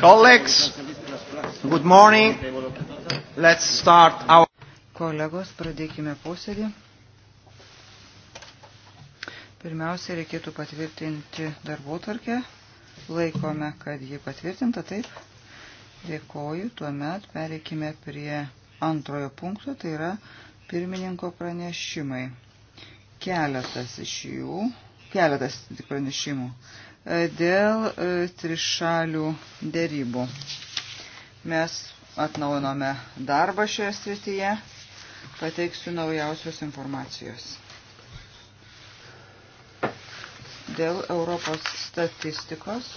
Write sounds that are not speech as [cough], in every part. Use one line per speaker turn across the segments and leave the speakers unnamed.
Colleagues,
good morning. Let's start our. Kolegos, pradėkime posėdį. Pirmiausia, reikėtų patvirtinti darbo tvarkę. Laikome, kad ji patvirtinta, taip. Dėkoju. Tuomet pereikime prie antrojo punkto, tai yra pirmininko pranešimai. Keletas iš jų, keletas pranešimų dėl e, trišalių dėrybų. Mes atnaujinome darbą šioje srityje, pateiksiu naujausios informacijos. Dėl Europos statistikos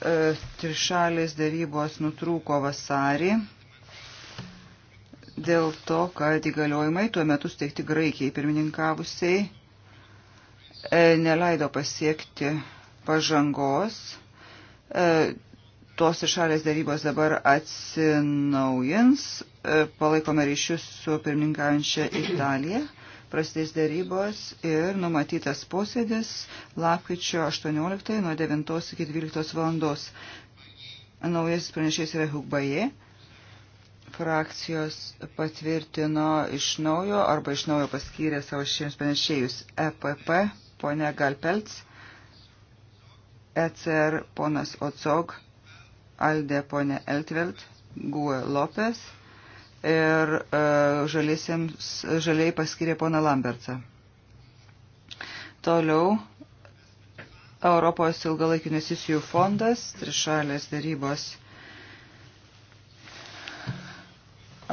e, trišalės dėrybos nutrūko vasarį dėl to, kad įgaliojimai tuo metu steigti Graikijai pirmininkavusiai E, neleido pasiekti pažangos. E, tos išalės darybos dabar atsinaujins. E, palaikome ryšius su pirmininkaujančia Italija. Prasidės darybos ir numatytas posėdis lapkričio 18 nuo 9 iki 12 valandos. Naujasis pranešėjas yra Hugbaje frakcijos patvirtino iš naujo arba iš naujo paskyrė savo šiems panašėjus EPP ponė Galpelts, ECR ponas Ocog, Alde ponė Eltvelt, Gue Lopes ir e, žaliai paskiria poną Lambertsą. Toliau Europos ilgalaikių investicijų fondas, trišalės darybos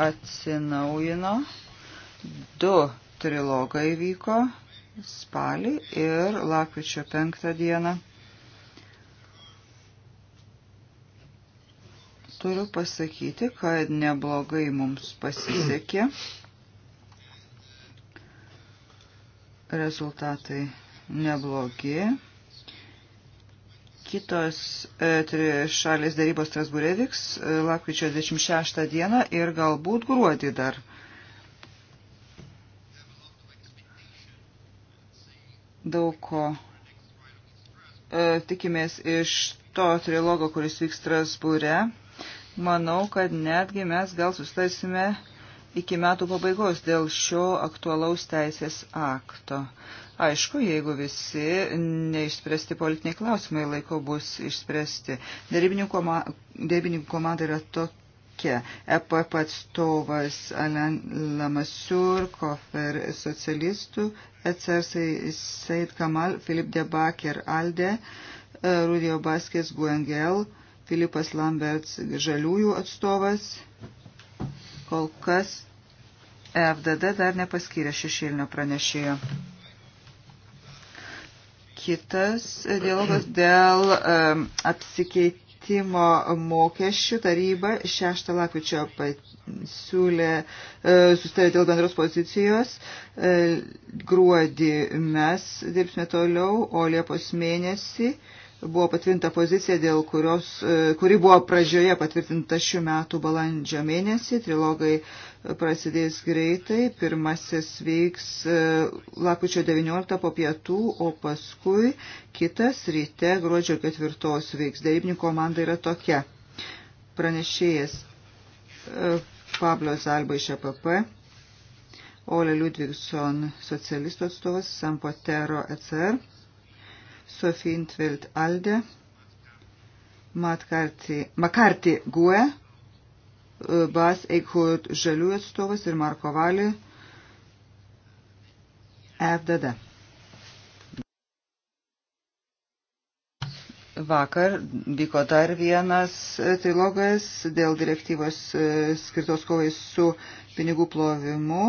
atsinaujino, du trilogai vyko, spalį ir lakvičio penktą dieną. Turiu pasakyti, kad neblogai mums pasisekė. Rezultatai neblogi. Kitos e, tri šalės darybos Strasbūrė vyks e, lakvičio 26 dieną ir galbūt gruodį dar. E, daug ko e, tikimės iš to trilogo, kuris vyks Strasbūre. Manau, kad netgi mes gal sustarsime iki metų pabaigos dėl šio aktualaus teisės akto. Aišku, jeigu visi neišspręsti politiniai klausimai laiko bus išspręsti. Dėrybininkų komanda yra tokia reikia. EPP atstovas Alen Lamasur, Kofer socialistų, Etsersai Seid Kamal, Filip Debaker Alde, e, Rudio Baskės Guengel, Filipas Lamberts Žaliųjų atstovas. Kol kas FDD dar nepaskyrė šešėlinio pranešėjo kitas dialogas dėl um, e, apsikeit švietimo mokesčių taryba 6 lakvičio siūlė e, sustarė dėl bendros pozicijos. E, gruodį mes dirbsime toliau, o Liepos mėnesį uh, buvo patvirtinta pozicija, dėl kurios, e, kuri buvo pradžioje patvirtinta šių metų balandžio mėnesį. Trilogai e, prasidės greitai. Pirmasis vyks e, lakučio 19 po pietų, o paskui kitas ryte gruodžio 4 vyks. Dėrybinių komanda yra tokia. Pranešėjas Pablo Zalba iš APP. Ole Ludvigson, socialistų atstovas, Sampotero ECR, Sophie Intveld Alde, Makarti Gue, e, Bas Eichhut Žalių atstovas ir Marko Valį FDD. Vakar vyko dar vienas trilogas dėl direktyvos e, skirtos kovai su pinigų plovimu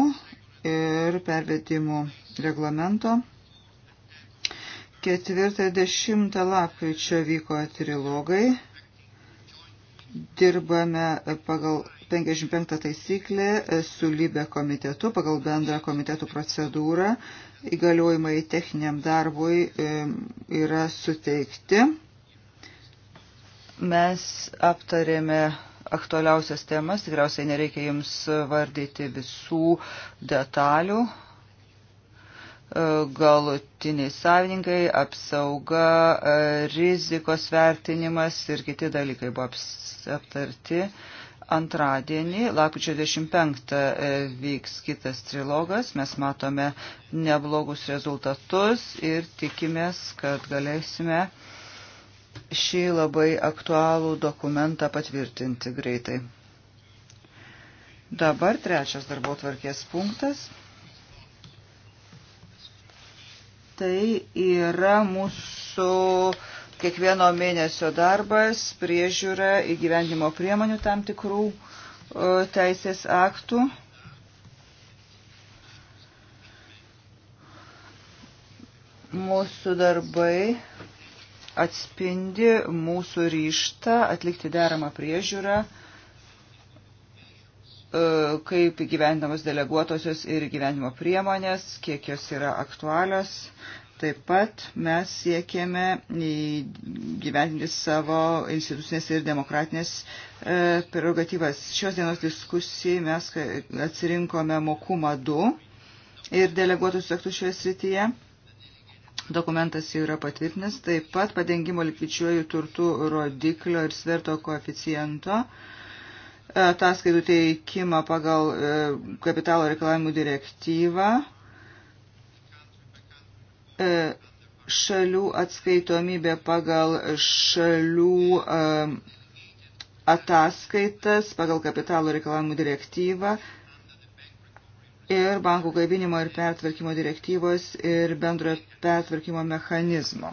ir pervedimu reglamento. 4-10 lapkričio vyko trilogai. Dirbame pagal 55 taisyklę su Libe komitetu, pagal bendrą komitetų procedūrą. Įgaliojimai techniniam darbui yra suteikti. Mes aptarėme aktualiausias temas, tikriausiai nereikia jums vardyti visų detalių, galutiniai savininkai, apsauga, e, rizikos vertinimas ir kiti dalykai buvo aptarti. Antradienį, lapkričio 25, e, vyks kitas trilogas. Mes matome neblogus rezultatus ir tikimės, kad galėsime šį labai aktualų dokumentą patvirtinti greitai. Dabar trečias darbo tvarkės punktas. tai yra mūsų kiekvieno mėnesio darbas, priežiūra įgyvendimo priemonių tam tikrų e, teisės aktų. Mūsų darbai atspindi mūsų ryštą atlikti deramą priežiūrą E, kaip gyvendamos deleguotosios ir gyvenimo priemonės, kiek jos yra aktualios. Taip pat mes siekėme gyventi savo institucinės ir demokratinės e, prerogatyvas. Šios dienos diskusijai mes atsirinkome mokumą 2 ir deleguotus aktus šioje srityje. Dokumentas jau yra patvirtinęs, taip pat padengimo likvičiuojų turtų rodiklio ir sverto koeficiento uh, ataskaitų teikimą pagal e, kapitalo reikalavimų direktyvą, e, šalių atskaitomybė pagal šalių e, ataskaitas pagal kapitalo reikalavimų direktyvą ir bankų gaivinimo ir pertvarkymo direktyvos ir bendrojo pertvarkymo mechanizmo.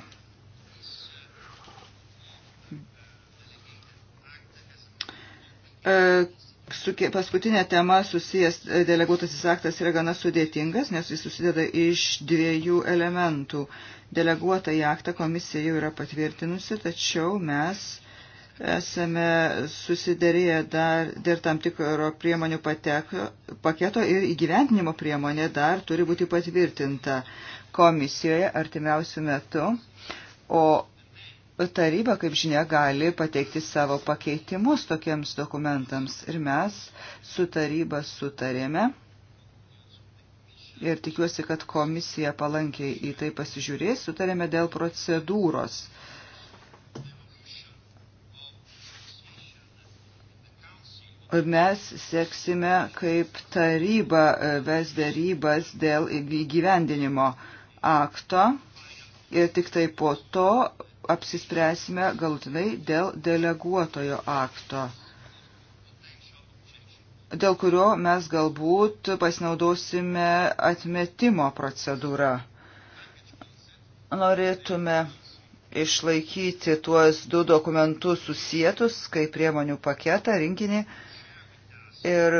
E, su paskutinė tema susijęs e, deleguotasis aktas yra gana sudėtingas, nes jis susideda iš dviejų elementų. Deleguotą į aktą komisija jau yra patvirtinusi, tačiau mes esame susidarėję dar dėl tam tikro priemonių pateko, paketo ir įgyventinimo priemonė dar turi būti patvirtinta komisijoje artimiausių metų. O taryba, kaip žinia, gali pateikti savo pakeitimus tokiems dokumentams. Ir mes su taryba sutarėme. Ir tikiuosi, kad komisija palankiai į tai pasižiūrės. Sutarėme dėl procedūros. Mes seksime, kaip taryba e, ves dėrybas dėl įgyvendinimo akto ir tik tai po to apsispręsime galutinai dėl deleguotojo akto, dėl kurio mes galbūt pasinaudosime atmetimo procedūrą. Norėtume išlaikyti tuos du dokumentus susijėtus, kaip priemonių paketą, rinkinį ir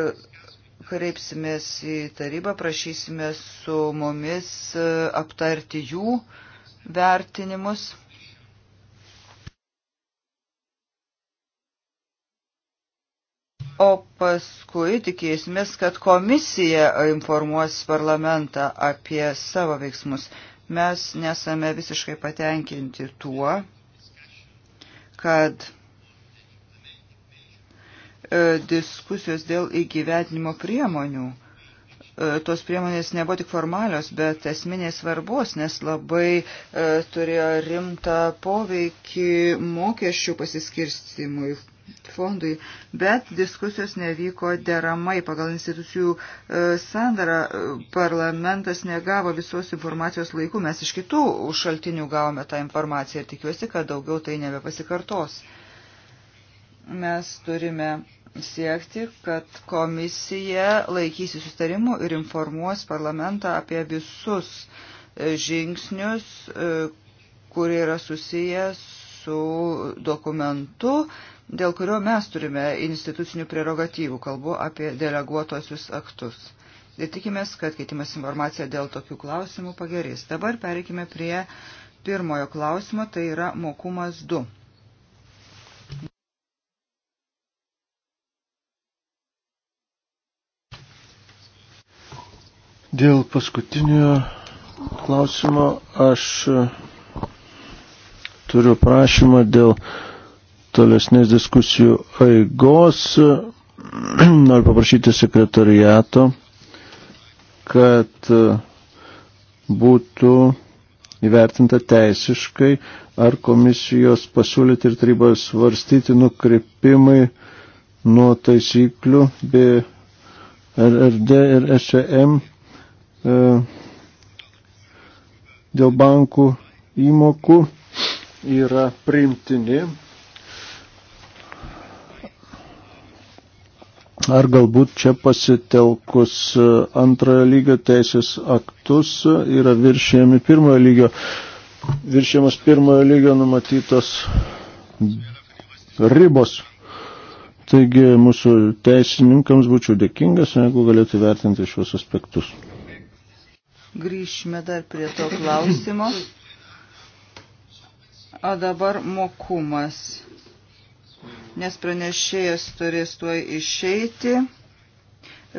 kreipsimės į tarybą, prašysime su mumis aptarti jų vertinimus. O paskui tikėsime, kad komisija informuos parlamentą apie savo veiksmus. Mes nesame visiškai patenkinti tuo, kad e, diskusijos dėl įgyvendinimo priemonių. E, tos priemonės nebuvo tik formalios, bet esminės svarbos, nes labai e, turėjo rimtą poveikį mokesčių pasiskirstimui fondui, bet diskusijos nevyko deramai. Pagal institucijų e, sandarą e, parlamentas negavo visos informacijos laikų, mes iš kitų šaltinių gavome tą informaciją ir tikiuosi, kad daugiau tai nebepasikartos. Mes turime siekti, kad komisija laikysi sustarimų ir informuos parlamentą apie visus e, žingsnius, kurie yra susiję su dokumentu, dėl kurio mes turime institucinių prerogatyvų, kalbu apie deleguotosius aktus. Ir tikimės, kad keitimas informacija dėl tokių klausimų pagerės. Dabar pereikime prie pirmojo klausimo, tai yra mokumas 2.
Dėl paskutinio klausimo aš turiu prašymą dėl tolesnės diskusijų eigos noriu paprašyti sekretariato, kad e, būtų įvertinta teisiškai, ar komisijos pasiūlyti ir tarybos svarstyti nukreipimai nuo taisyklių bei RRD ir SEM e, dėl bankų įmokų yra priimtini Ar galbūt čia pasitelkus e, antrojo lygio teisės aktus e, yra viršėjami pirmojo lygio, viršėjamas pirmojo lygio numatytos ribos. Taigi mūsų teisininkams būčiau dėkingas, jeigu galėtų vertinti šios aspektus.
Grįžime dar prie to klausimo. O dabar mokumas nes pranešėjas turės tuo išeiti.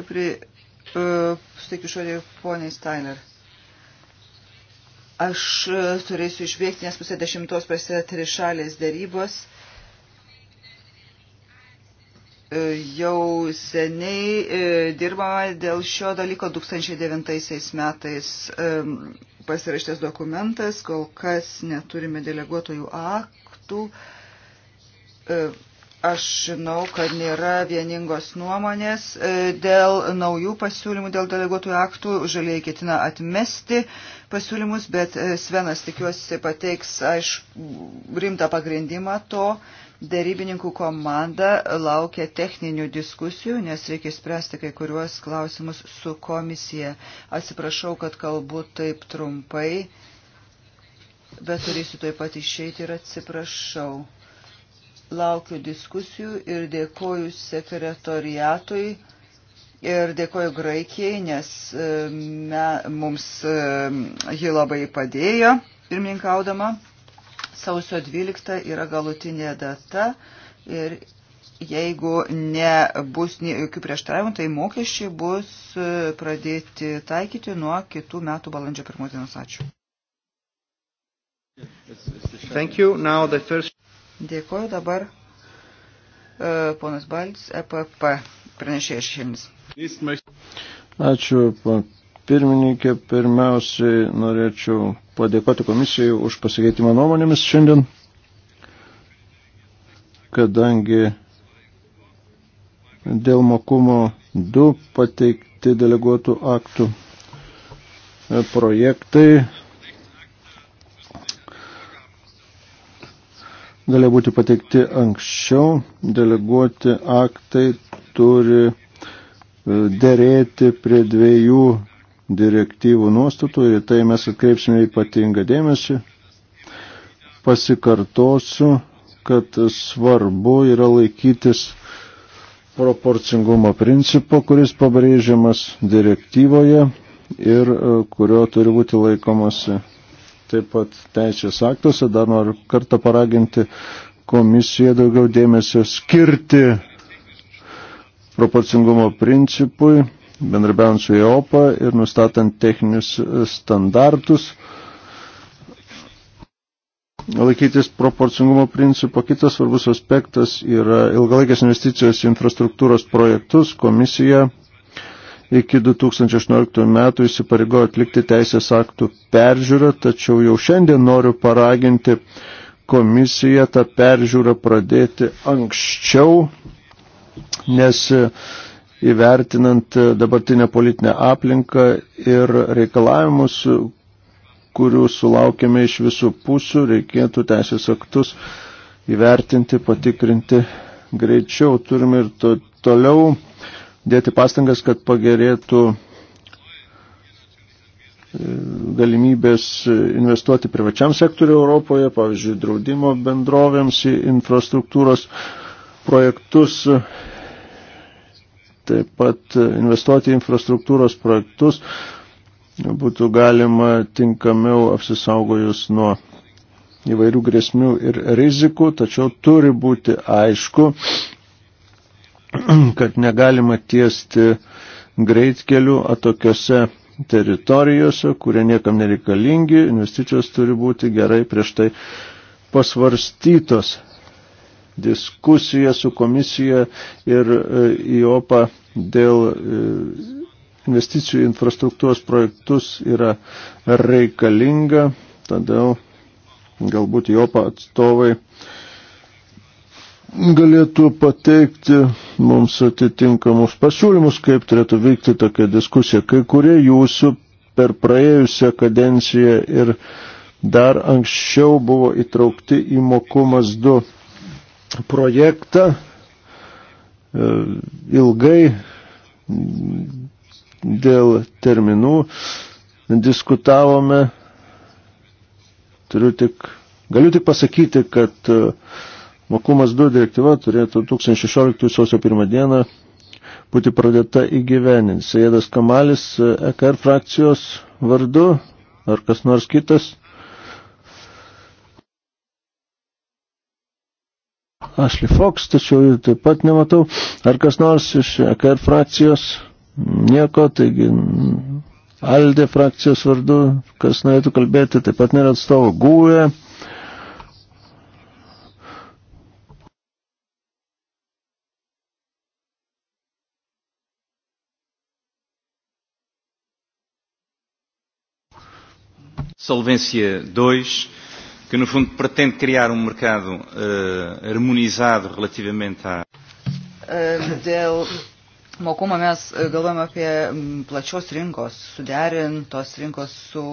Pri, uh, suteikiu šodį poniai Steiner. Aš uh, turėsiu išbėgti, nes pusė dešimtos prasideda trišalės dėrybos. Uh, e, jau seniai uh, dirbama dėl šio dalyko 2009 metais um, pasirašytas dokumentas, kol kas neturime deleguotojų aktų. Uh, Aš žinau, kad nėra vieningos nuomonės e, dėl naujų pasiūlymų, dėl deleguotų aktų. Žaliai ketina atmesti pasiūlymus, bet e, Svenas tikiuosi pateiks aiš, rimtą pagrindimą to. Dėrybininkų komanda laukia techninių diskusijų, nes reikia spręsti kai kuriuos klausimus su komisija. Atsiprašau, kad kalbu taip trumpai, bet turėsiu taip pat išeiti ir atsiprašau laukiu diskusijų ir dėkoju sekretoriatui ir dėkoju Graikijai, nes e, me, mums e, ji labai padėjo pirmininkaudama. Sausio 12 yra galutinė data ir jeigu nebus jokių prieštaravimų, tai mokesčiai bus e, pradėti taikyti nuo kitų metų balandžio pirmos dienos. Ačiū.
Thank you. Now the
first... Dėkuoju dabar e, ponas Balts, EPP, pranešėjas šiandien.
Ačiū, pirmininkė. Pirmiausiai norėčiau padėkoti komisijai už pasikeitimą nuomonėmis šiandien, kadangi dėl mokumo 2 pateikti deleguotų aktų e, projektai galėjo būti pateikti anksčiau, deleguoti aktai turi e, dėrėti prie dviejų direktyvų nuostatų ir tai mes atkreipsime ypatingą dėmesį. Pasikartosiu, kad svarbu yra laikytis proporcingumo principo, kuris pabrėžiamas direktyvoje ir e, kurio turi būti laikomasi taip pat teisės aktuose. Dar noriu kartą paraginti komisiją daugiau dėmesio skirti proporcingumo principui, bendrabiaujant su EOPA ir nustatant techninius standartus, laikytis proporcingumo principo. Kitas svarbus aspektas yra ilgalaikės investicijos į infrastruktūros projektus. Komisija iki 2018 metų įsipareigojo atlikti teisės aktų peržiūrą, tačiau jau šiandien noriu paraginti komisiją tą peržiūrą pradėti anksčiau, nes įvertinant dabartinę politinę aplinką ir reikalavimus, kurių sulaukėme iš visų pusių, reikėtų teisės aktus įvertinti, patikrinti greičiau. Turime ir to, toliau dėti pastangas, kad pagerėtų e, galimybės investuoti privačiam sektoriu Europoje, pavyzdžiui, draudimo bendrovėms į infrastruktūros projektus, taip pat investuoti į infrastruktūros projektus būtų galima tinkamiau apsisaugojus nuo įvairių grėsmių ir rizikų, tačiau turi būti aišku, [clears throat] kad negalima tiesti greitkelių atokiose teritorijose, kurie niekam nereikalingi, investicijos turi būti gerai prieš tai pasvarstytos. Diskusija su komisija ir e, IOPA dėl e, investicijų infrastruktūros projektus yra reikalinga, todėl galbūt IOPA atstovai galėtų pateikti mums atitinkamus pasiūlymus, kaip turėtų vykti tokia diskusija. Kai kurie jūsų per praėjusią kadenciją ir dar anksčiau buvo įtraukti į mokumas 2 projektą. E, ilgai dėl terminų diskutavome. Turiu tik, galiu tik pasakyti, kad uh, Mokumas 2 direktyva turėtų 2016 sausio 1 dieną būti pradėta įgyveninti. Sėdas Kamalis EKR frakcijos vardu ar kas nors kitas. Ashley Fox, tačiau jų taip pat nematau. Ar kas nors iš EKR frakcijos? Nieko, taigi Alde frakcijos vardu, kas norėtų kalbėti, taip pat nėra atstovo. Gūė Solvência 2,
que no fundo pretende criar um mercado uh, harmonizado relativamente à.
Eh, dėl mokumo mes eh, galvojame apie mm, plačios rinkos, suderintos rinkos su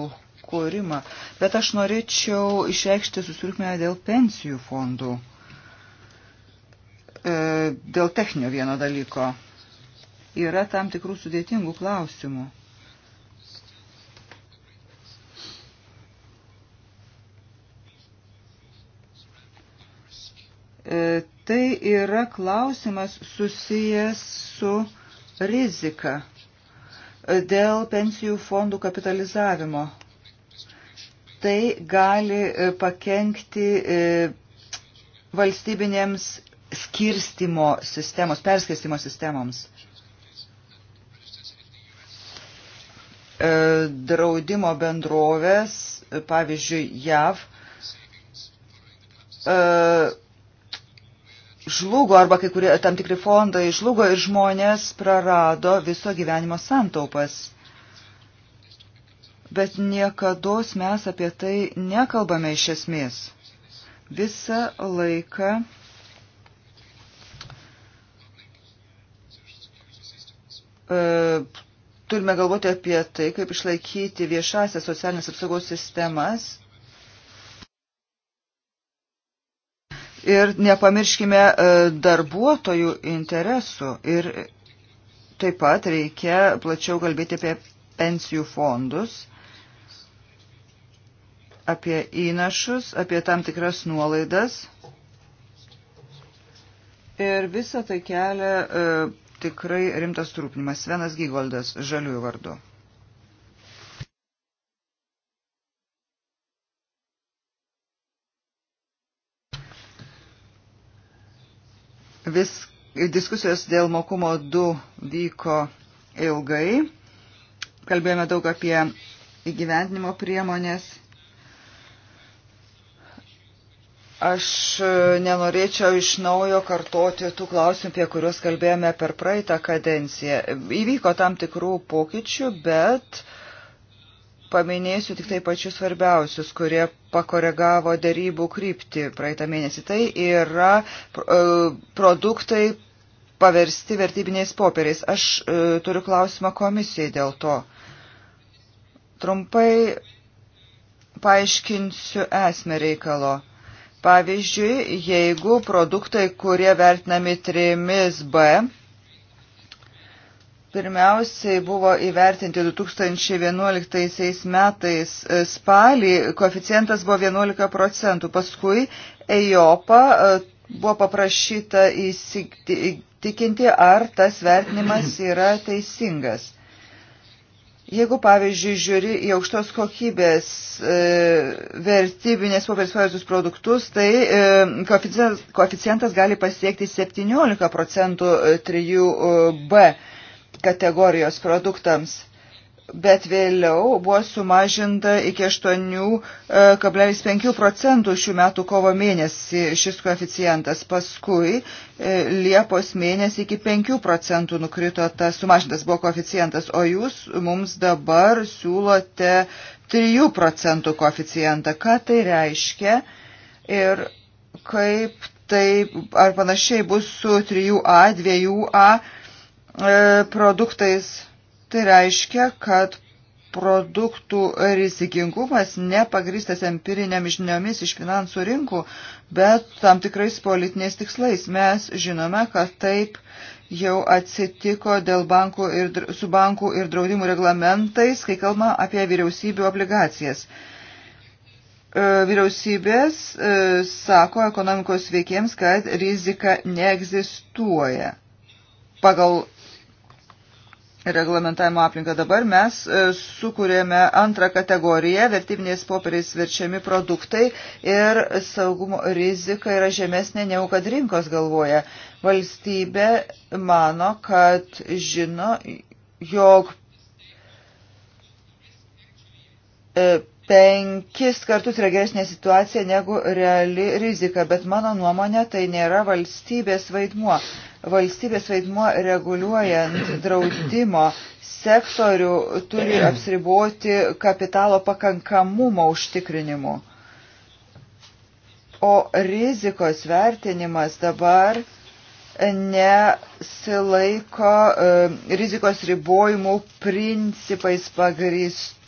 kūrimą. Bet aš norėčiau išreikšti susirūpinę dėl pensijų fondų, e, dėl techninio vieno dalyko. Yra tam tikrų sudėtingų klausimų. E, tai yra klausimas susijęs su rizika e, dėl pensijų fondų kapitalizavimo. Tai gali e, pakenkti valstybinėms skirstimo sistemos, perskirstimo sistemoms. Draudimo bendrovės, pavyzdžiui, JAV, žlugo arba kai kurie tam tikri fondai žlugo ir žmonės prarado viso gyvenimo santaupas. Bet niekada mes apie tai nekalbame iš esmės. Visą laiką e, turime galvoti apie tai, kaip išlaikyti viešasias socialinės apsaugos sistemas Ir nepamirškime e, darbuotojų interesų. Ir taip pat reikia plačiau kalbėti apie pensijų fondus, apie įnašus, apie tam tikras nuolaidas. Ir visą tai kelia e, tikrai rimtas trūknimas. Svenas Gygoldas, žaliųjų vardu. Vis diskusijos dėl mokumo 2 vyko ilgai. Kalbėjome daug apie įgyvendinimo priemonės. Aš e, nenorėčiau iš naujo kartoti tų klausimų, apie kuriuos kalbėjome per praeitą kadenciją. Įvyko tam tikrų pokyčių, bet uh, Paminėsiu tik tai pačius svarbiausius, kurie pakoregavo darybų krypti praeitą mėnesį. Tai yra e, produktai paversti vertybiniais popieriais. Aš e, turiu klausimą komisijai dėl to. Trumpai paaiškinsiu esmę reikalo. Pavyzdžiui, jeigu produktai, kurie vertinami 3B, Pirmiausiai buvo įvertinti 2011 metais e, spalį, koeficientas buvo 11 procentų, paskui EIOPA e, buvo paprašyta įsitikinti, ar tas vertinimas [clears throat] yra teisingas. Jeigu, pavyzdžiui, žiūri į aukštos kokybės e, vertybinės popierius produktus, tai e, koeficientas, koeficientas gali pasiekti 17 procentų 3B. E, e kategorijos produktams, bet vėliau buvo sumažinta iki 8,5 e, procentų šių metų kovo mėnesį šis koeficientas. Paskui e, Liepos mėnesį iki 5 procentų nukrito tas sumažintas buvo koeficientas, o jūs mums dabar siūlote 3 procentų koeficientą. Ką tai reiškia ir kaip tai ar panašiai bus su 3A, 2A? E, produktais. Tai reiškia, kad produktų rizikingumas nepagristas empiriniam žiniomis iš finansų rinkų, bet tam tikrais politiniais tikslais. Mes žinome, kad taip jau atsitiko dėl bankų ir, su bankų ir draudimų reglamentais, kai kalbama apie vyriausybių obligacijas e, vyriausybės e, sako ekonomikos veikiems, kad rizika neegzistuoja pagal reglamentavimo aplinką. Dabar mes e, sukūrėme antrą kategoriją, vertybiniais popieriais verčiami produktai ir saugumo rizika yra žemesnė negu kad rinkos galvoja. Valstybė mano, kad žino, jog e, penkis kartus yra geresnė situacija negu reali rizika, bet mano nuomonė tai nėra valstybės vaidmuo valstybės vaidmuo reguliuojant draudimo sektorių turi apsiriboti kapitalo pakankamumo užtikrinimu. O rizikos vertinimas dabar nesilaiko e, rizikos ribojimų principais pagristų,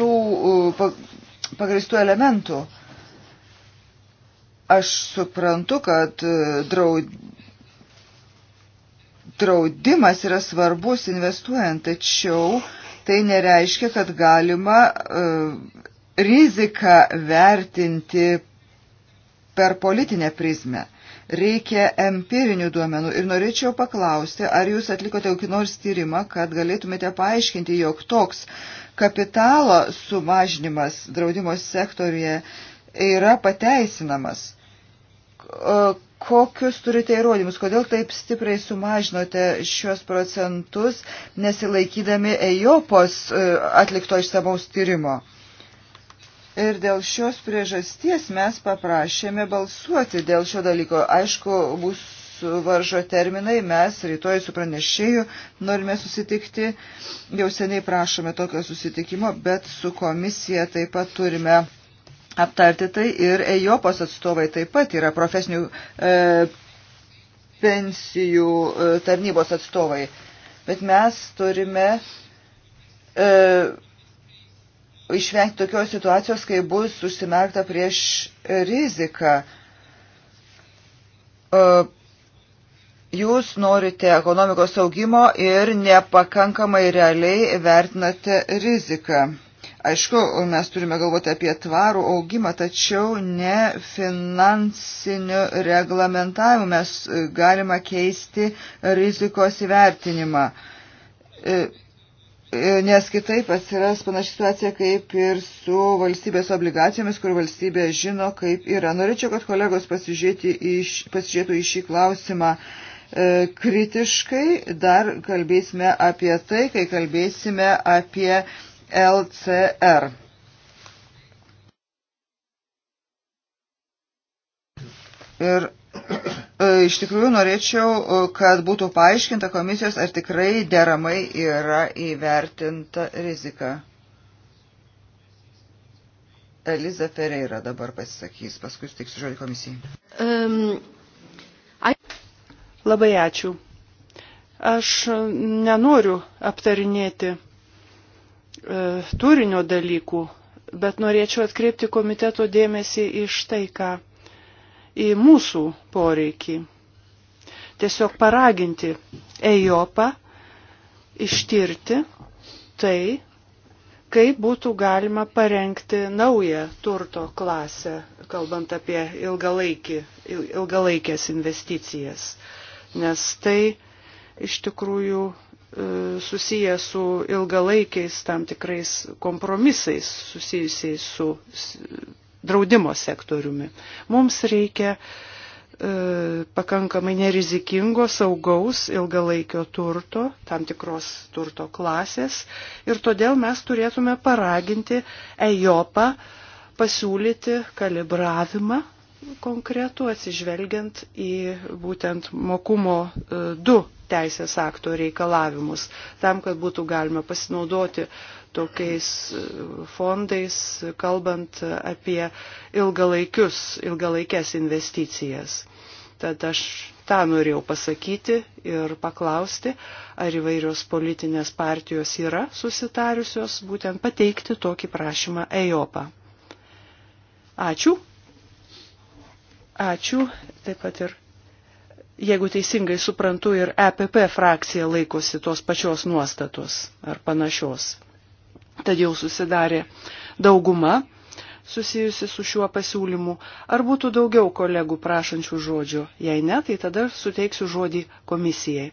e, pagristų elementų. Aš suprantu, kad e, draudimas yra svarbus investuojant, tačiau tai nereiškia, kad galima e, riziką vertinti per politinę prizmę. Reikia empirinių duomenų ir norėčiau paklausti, ar jūs atlikote kokį nors tyrimą, kad galėtumėte paaiškinti, jog toks kapitalo sumažinimas draudimo sektorija yra pateisinamas. E, kokius turite įrodymus, kodėl taip stipriai sumažinote šios procentus, nesilaikydami EIOPOS e, atlikto išsamaus tyrimo. Ir dėl šios priežasties mes paprašėme balsuoti dėl šio dalyko. Aišku, bus varžo terminai, mes rytoj su pranešėju norime susitikti, jau seniai prašome tokio susitikimo, bet su komisija taip pat turime aptarti tai ir EJOPOS atstovai taip pat yra profesinių e, pensijų e, tarnybos atstovai. Bet mes turime e, išvengti tokios situacijos, kai bus užsimerkta prieš riziką. E, jūs norite ekonomikos augimo ir nepakankamai realiai vertinate riziką. Aišku, mes turime galvoti apie tvarų augimą, tačiau ne finansiniu reglamentavimu mes e, galima keisti rizikos įvertinimą. E, e, nes kitaip atsiras panaši situacija kaip ir su valstybės obligacijomis, kur valstybė žino, kaip yra. Norėčiau, kad kolegos pasižiūrėtų į šį klausimą kritiškai dar kalbėsime apie tai, kai kalbėsime apie LCR. Ir e, iš tikrųjų norėčiau, e, kad būtų paaiškinta komisijos, ar tikrai deramai yra įvertinta rizika. Eliza Ferreira dabar pasisakys, paskui sutiksiu žodį komisijai.
Um, I...
Labai ačiū. Aš nenoriu aptarinėti E, turinio dalykų, bet norėčiau atkreipti komiteto dėmesį iš tai, ką į mūsų poreikį. Tiesiog paraginti Ejopą ištirti tai, kaip būtų galima parengti naują turto klasę, kalbant apie ilgalaikį, ilgalaikės investicijas. Nes tai iš tikrųjų E, susiję su ilgalaikiais tam tikrais kompromisais susijusiais su draudimo sektoriumi. Mums reikia e, pakankamai nerizikingo, saugaus, ilgalaikio turto, tam tikros turto klasės ir todėl mes turėtume paraginti EJOPą pasiūlyti kalibravimą konkretų atsižvelgiant į būtent mokumo 2 e, teisės akto reikalavimus, tam, kad būtų galima pasinaudoti tokiais e, fondais, kalbant apie ilgalaikius, ilgalaikės investicijas. Tad aš tą norėjau pasakyti ir paklausti, ar įvairios politinės partijos yra susitariusios būtent pateikti tokį prašymą EIOPA. Ačiū. Ačiū taip pat ir jeigu teisingai suprantu, ir EPP frakcija laikosi tos pačios nuostatos ar panašios. Tad jau susidarė dauguma susijusi su šiuo pasiūlymu. Ar būtų daugiau kolegų prašančių žodžio? Jei ne, tai tada suteiksiu žodį komisijai.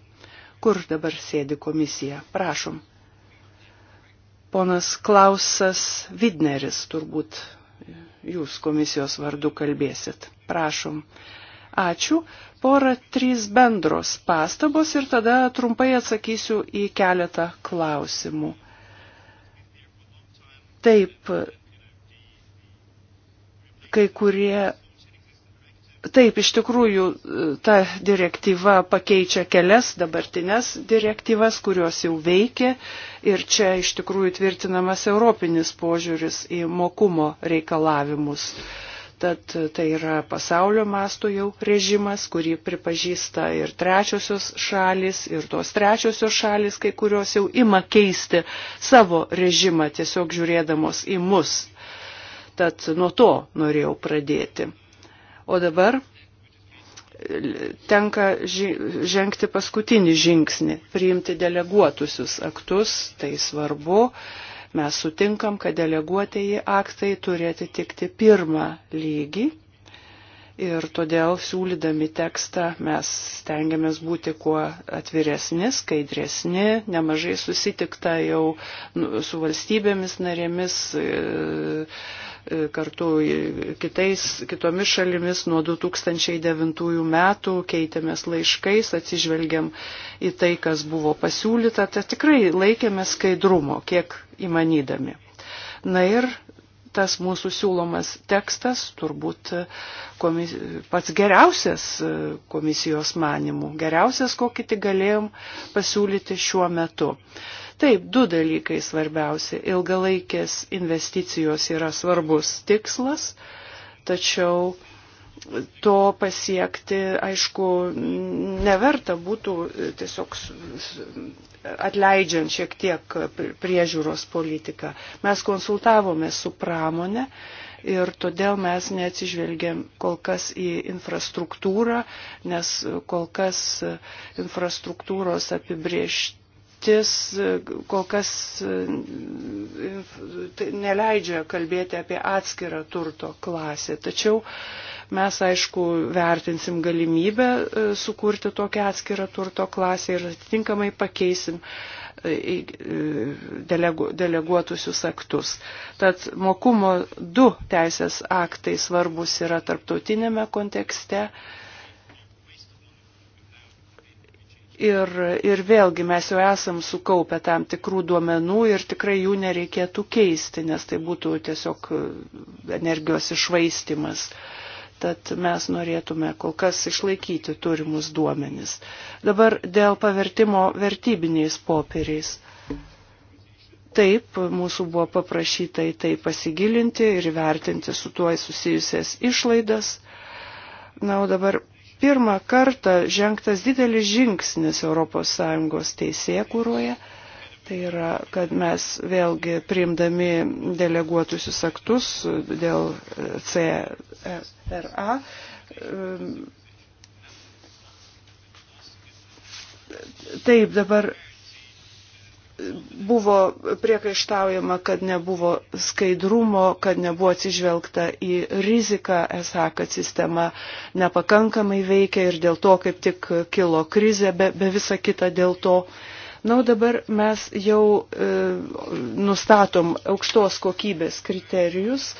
Kur dabar sėdi komisija? Prašom. Ponas Klausas Vidneris, turbūt jūs komisijos vardu kalbėsit. Prašom. Ačiū. Pora trys bendros pastabos ir tada trumpai atsakysiu į keletą klausimų. Taip, kai kurie Taip, iš tikrųjų, ta direktyva pakeičia kelias dabartinės direktyvas, kurios jau veikia ir čia iš tikrųjų tvirtinamas europinis požiūris į mokumo reikalavimus. Uh, Tad tai yra pasaulio mastų jau režimas, kurį pripažįsta ir trečiosios šalis, ir tos trečiosios šalis, kai kurios jau ima keisti savo režimą, tiesiog žiūrėdamos į mus. Tad nuo to norėjau pradėti. O dabar tenka žengti paskutinį žingsnį, priimti deleguotusius aktus, tai svarbu. Uh, Mes sutinkam, kad deleguotieji aktai turi atitikti pirmą lygį ir todėl siūlydami tekstą mes stengiamės būti kuo atviresni, skaidresni, nemažai susitikta jau nu, su valstybėmis narėmis. E, e kartu kitais, kitomis šalimis nuo 2009 metų keitėmės laiškais, atsižvelgiam į tai, kas buvo pasiūlyta, tai tikrai laikėmės skaidrumo, kiek įmanydami. Na ir tas mūsų siūlomas tekstas turbūt e, komis, pats geriausias e, komisijos manimų, geriausias, kokį tik galėjom pasiūlyti šiuo metu. Taip, du dalykai svarbiausia. Ilgalaikės investicijos yra svarbus tikslas, tačiau to pasiekti, aišku, neverta būtų tiesiog atleidžiant šiek tiek priežiūros politiką. Mes konsultavome su pramonė ir todėl mes neatsižvelgėm kol kas į infrastruktūrą, nes kol kas infrastruktūros apibriežti patirtis kol kas tai neleidžia kalbėti apie atskirą turto klasę. Tačiau Mes, aišku, vertinsim galimybę e, sukurti tokią atskirą turto klasę ir atitinkamai pakeisim e, e, delegu, deleguotusius aktus. Tad mokumo du teisės aktai svarbus yra tarptautinėme kontekste. Ir, ir vėlgi mes jau esam sukaupę tam tikrų duomenų ir tikrai jų nereikėtų keisti, nes tai būtų tiesiog energijos išvaistimas. Uh, Tad mes norėtume kol kas išlaikyti turimus duomenis. Dabar dėl pavertimo vertybiniais popieriais. Taip, mūsų buvo paprašyta į tai pasigilinti ir vertinti su tuo susijusias išlaidas. Na, o dabar pirmą kartą žengtas didelis žingsnis ES teisėje, kuruoja Tai yra, kad mes vėlgi priimdami deleguotusius aktus dėl CRA um, Taip, dabar buvo priekaištaujama, kad nebuvo skaidrumo, kad nebuvo atsižvelgta į riziką, esą, kad sistema nepakankamai veikia ir dėl to kaip tik kilo krizė, be, be visa kita dėl to. Uh, Na, o dabar mes jau e, nustatom aukštos kokybės kriterijus,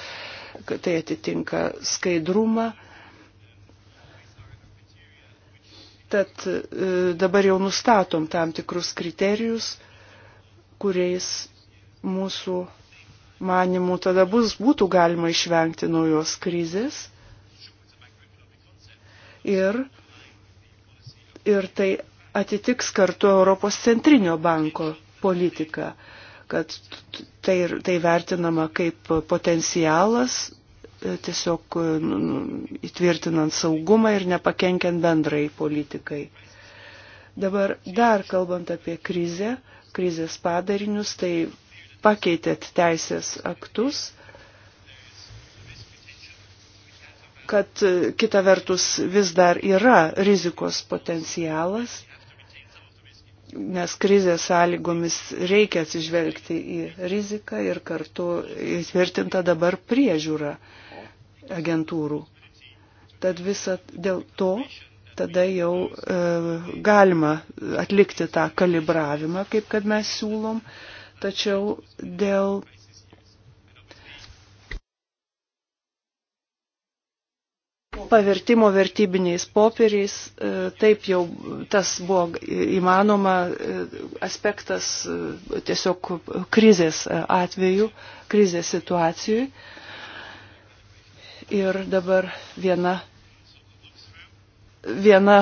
kad tai atitinka skaidrumą. Tad e, dabar jau nustatom tam tikrus kriterijus, kuriais mūsų manimų tada bus, būtų galima išvengti naujos krizės. Ir, ir tai atitiks kartu Europos centrinio banko politiką, kad tai, tai vertinama kaip potencialas e, tiesiog e, nu, nu, įtvirtinant saugumą ir nepakenkiant bendrai politikai. Dabar dar kalbant apie krizę, krizės padarinius, tai pakeitėt teisės aktus, kad e, kita vertus vis dar yra rizikos potencialas nes krizės sąlygomis reikia atsižvelgti į riziką ir kartu įtvirtinta dabar priežiūra agentūrų. Tad visą dėl to tada jau e, galima atlikti tą kalibravimą, kaip kad mes siūlom, tačiau dėl pavertimo vertybiniais popieriais, e, taip jau tas buvo įmanoma e, aspektas e, tiesiog krizės atveju, krizės situacijui. Ir dabar viena, viena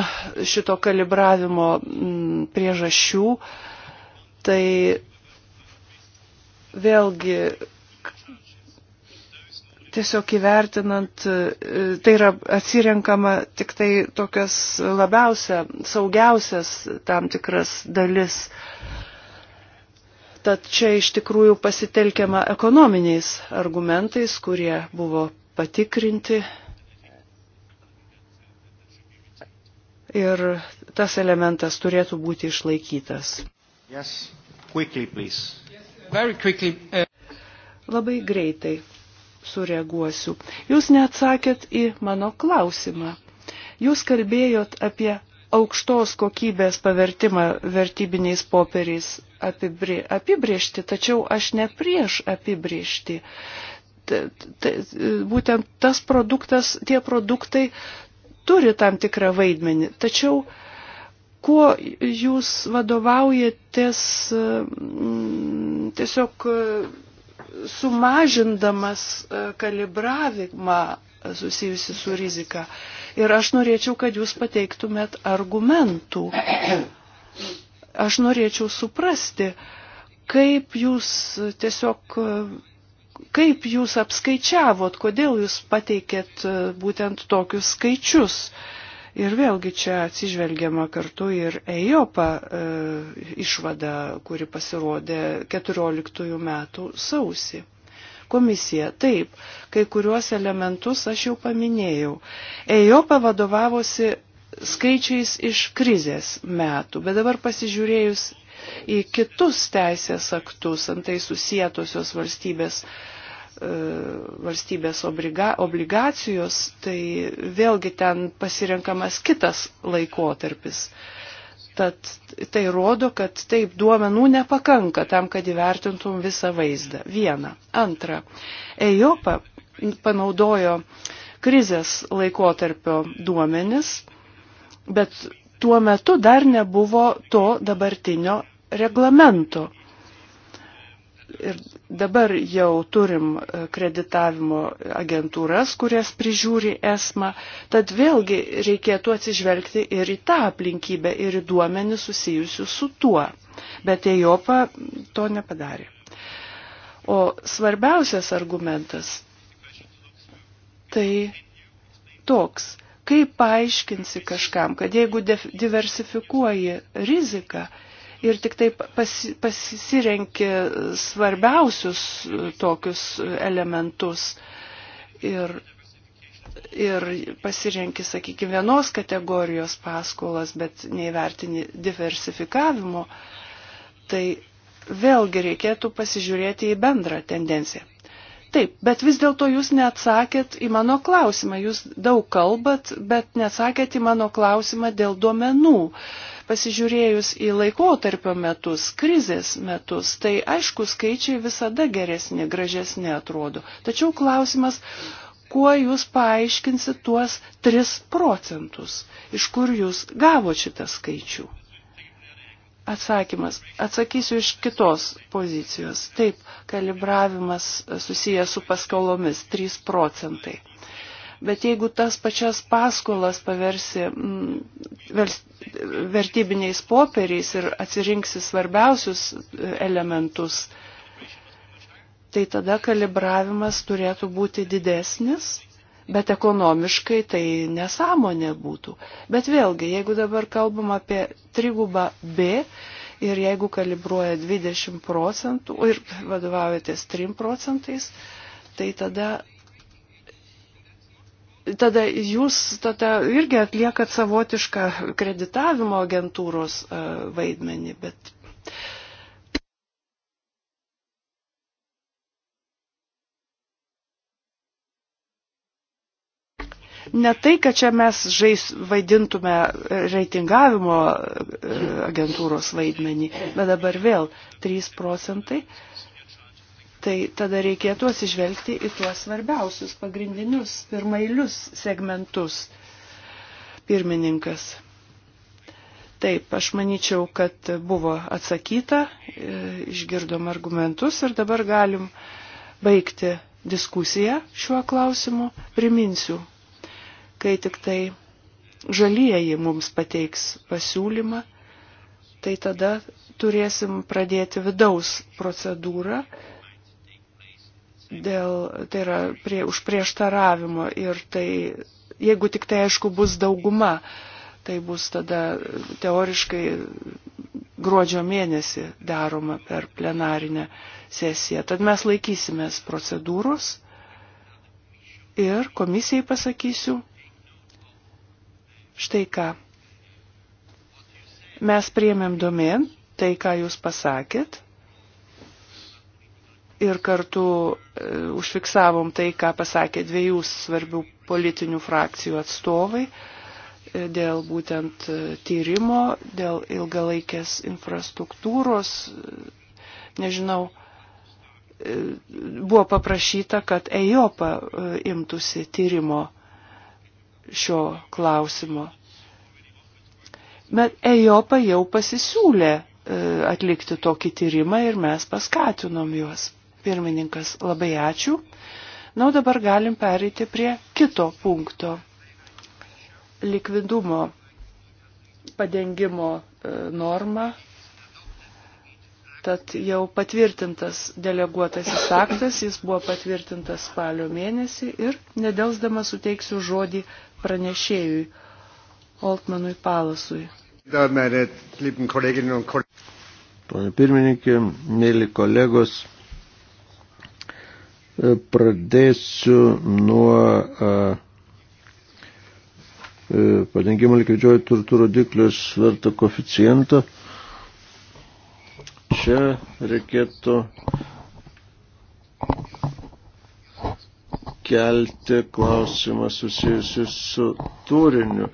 šito kalibravimo priežasčių, tai vėlgi tiesiog įvertinant, e, tai yra atsirenkama tik tai tokias labiausia, saugiausias tam tikras dalis. Tad čia iš tikrųjų pasitelkiama ekonominiais argumentais, kurie buvo patikrinti. Ir tas elementas turėtų būti išlaikytas. Yes, quickly, please. Yes, very quickly. Uh... Labai greitai sureaguosiu. Jūs neatsakėt į mano klausimą. Jūs kalbėjot apie aukštos kokybės pavertimą vertybiniais popieriais apibri, apibriežti, tačiau aš ne prieš apibriežti. T, t, būtent tas produktas, tie produktai turi tam tikrą vaidmenį. Tačiau kuo jūs vadovaujatės tiesiog sumažindamas e, kalibravimą susijusi su rizika. Ir aš norėčiau, kad jūs pateiktumėt argumentų. Aš norėčiau suprasti, kaip jūs tiesiog, kaip jūs apskaičiavot, kodėl jūs pateikėt e, būtent tokius skaičius. Uh, Ir vėlgi čia atsižvelgiama kartu ir EIOPA e, išvada, kuri pasirodė 14 metų sausį. Komisija, taip, kai kuriuos elementus aš jau paminėjau. EIOPA vadovavosi skaičiais iš krizės metų, bet dabar pasižiūrėjus į kitus teisės aktus, antai susijėtosios valstybės E, valstybės obliga, obligacijos, tai vėlgi ten pasirenkamas kitas laikotarpis. Tad tai rodo, kad taip duomenų nepakanka tam, kad įvertintum visą vaizdą. Viena. Antra. EJOPA panaudojo krizės laikotarpio duomenis, bet tuo metu dar nebuvo to dabartinio reglamento Ir dabar jau turim e, kreditavimo agentūras, kurias prižiūri ESMA, tad vėlgi reikėtų atsižvelgti ir į tą aplinkybę, ir į duomenį susijusių su tuo. Bet EJOPA to nepadarė. O svarbiausias argumentas tai toks, kaip paaiškinsi kažkam, kad jeigu diversifikuoji riziką, ir tik taip pasi, pasirenki svarbiausius e, tokius e, elementus ir, ir pasirenki, sakykime, vienos kategorijos paskolas, bet neįvertini diversifikavimo, tai vėlgi reikėtų pasižiūrėti į bendrą tendenciją. Taip, bet vis dėlto jūs neatsakėt į mano klausimą. Jūs daug kalbat, bet neatsakėt į mano klausimą dėl duomenų. Uh, pasižiūrėjus į laikotarpio metus, krizės metus, tai aišku, skaičiai visada geresni, gražesni atrodo. Tačiau klausimas, kuo jūs paaiškinsit tuos 3 procentus, iš kur jūs gavo šitą skaičių? Atsakymas. Atsakysiu iš kitos pozicijos. Taip, kalibravimas susijęs su paskolomis 3 procentai. Bet jeigu tas pačias paskolas paversi mm, vertybiniais popieriais ir atsirinksi svarbiausius e, elementus, tai tada kalibravimas turėtų būti didesnis, bet ekonomiškai tai nesąmonė būtų. Bet vėlgi, jeigu dabar kalbam apie trigubą B ir jeigu kalibruoja 20 procentų ir vadovaujatės 3 procentais, tai tada tada jūs tada irgi atliekat savotišką kreditavimo agentūros e, vaidmenį, bet. Ne tai, kad čia mes žais vaidintume reitingavimo e, agentūros vaidmenį, bet dabar vėl 3 procentai tai tada reikėtų atsižvelgti į tuos svarbiausius, pagrindinius, pirmailius segmentus. Pirmininkas. Taip, aš manyčiau, kad buvo atsakyta, e, išgirdom argumentus ir dabar galim baigti diskusiją šiuo klausimu. Priminsiu, kai tik tai žalieji mums pateiks pasiūlymą, tai tada turėsim pradėti vidaus procedūrą dėl, tai yra prie, už prieštaravimo ir tai, jeigu tik tai aišku bus dauguma, tai bus tada teoriškai gruodžio mėnesį daroma per plenarinę sesiją. Tad mes laikysimės procedūros ir komisijai pasakysiu štai ką. Mes priemėm domen tai, ką jūs pasakėt ir kartu e, užfiksavom tai, ką pasakė dviejų svarbių politinių frakcijų atstovai e, dėl būtent e, tyrimo, dėl ilgalaikės infrastruktūros. Nežinau, buvo paprašyta, kad EIOPA imtųsi tyrimo šio klausimo. Bet EIOPA jau pasisiūlė atlikti tokį tyrimą ir mes paskatinom juos. Pirmininkas, labai ačiū. Na, o dabar galim pereiti prie kito punkto. Likvidumo padengimo e, norma. Tad jau patvirtintas deleguotasis aktas, jis buvo patvirtintas spalio mėnesį ir nedelsdama suteiksiu žodį pranešėjui Altmanui Palasui.
Pane pirmininkė, mėly kolegos, E, pradėsiu nuo e, e, padengimo likvidžiojų turtų rodiklio sverto koficijento. Čia reikėtų kelti klausimą susijusiu su turiniu.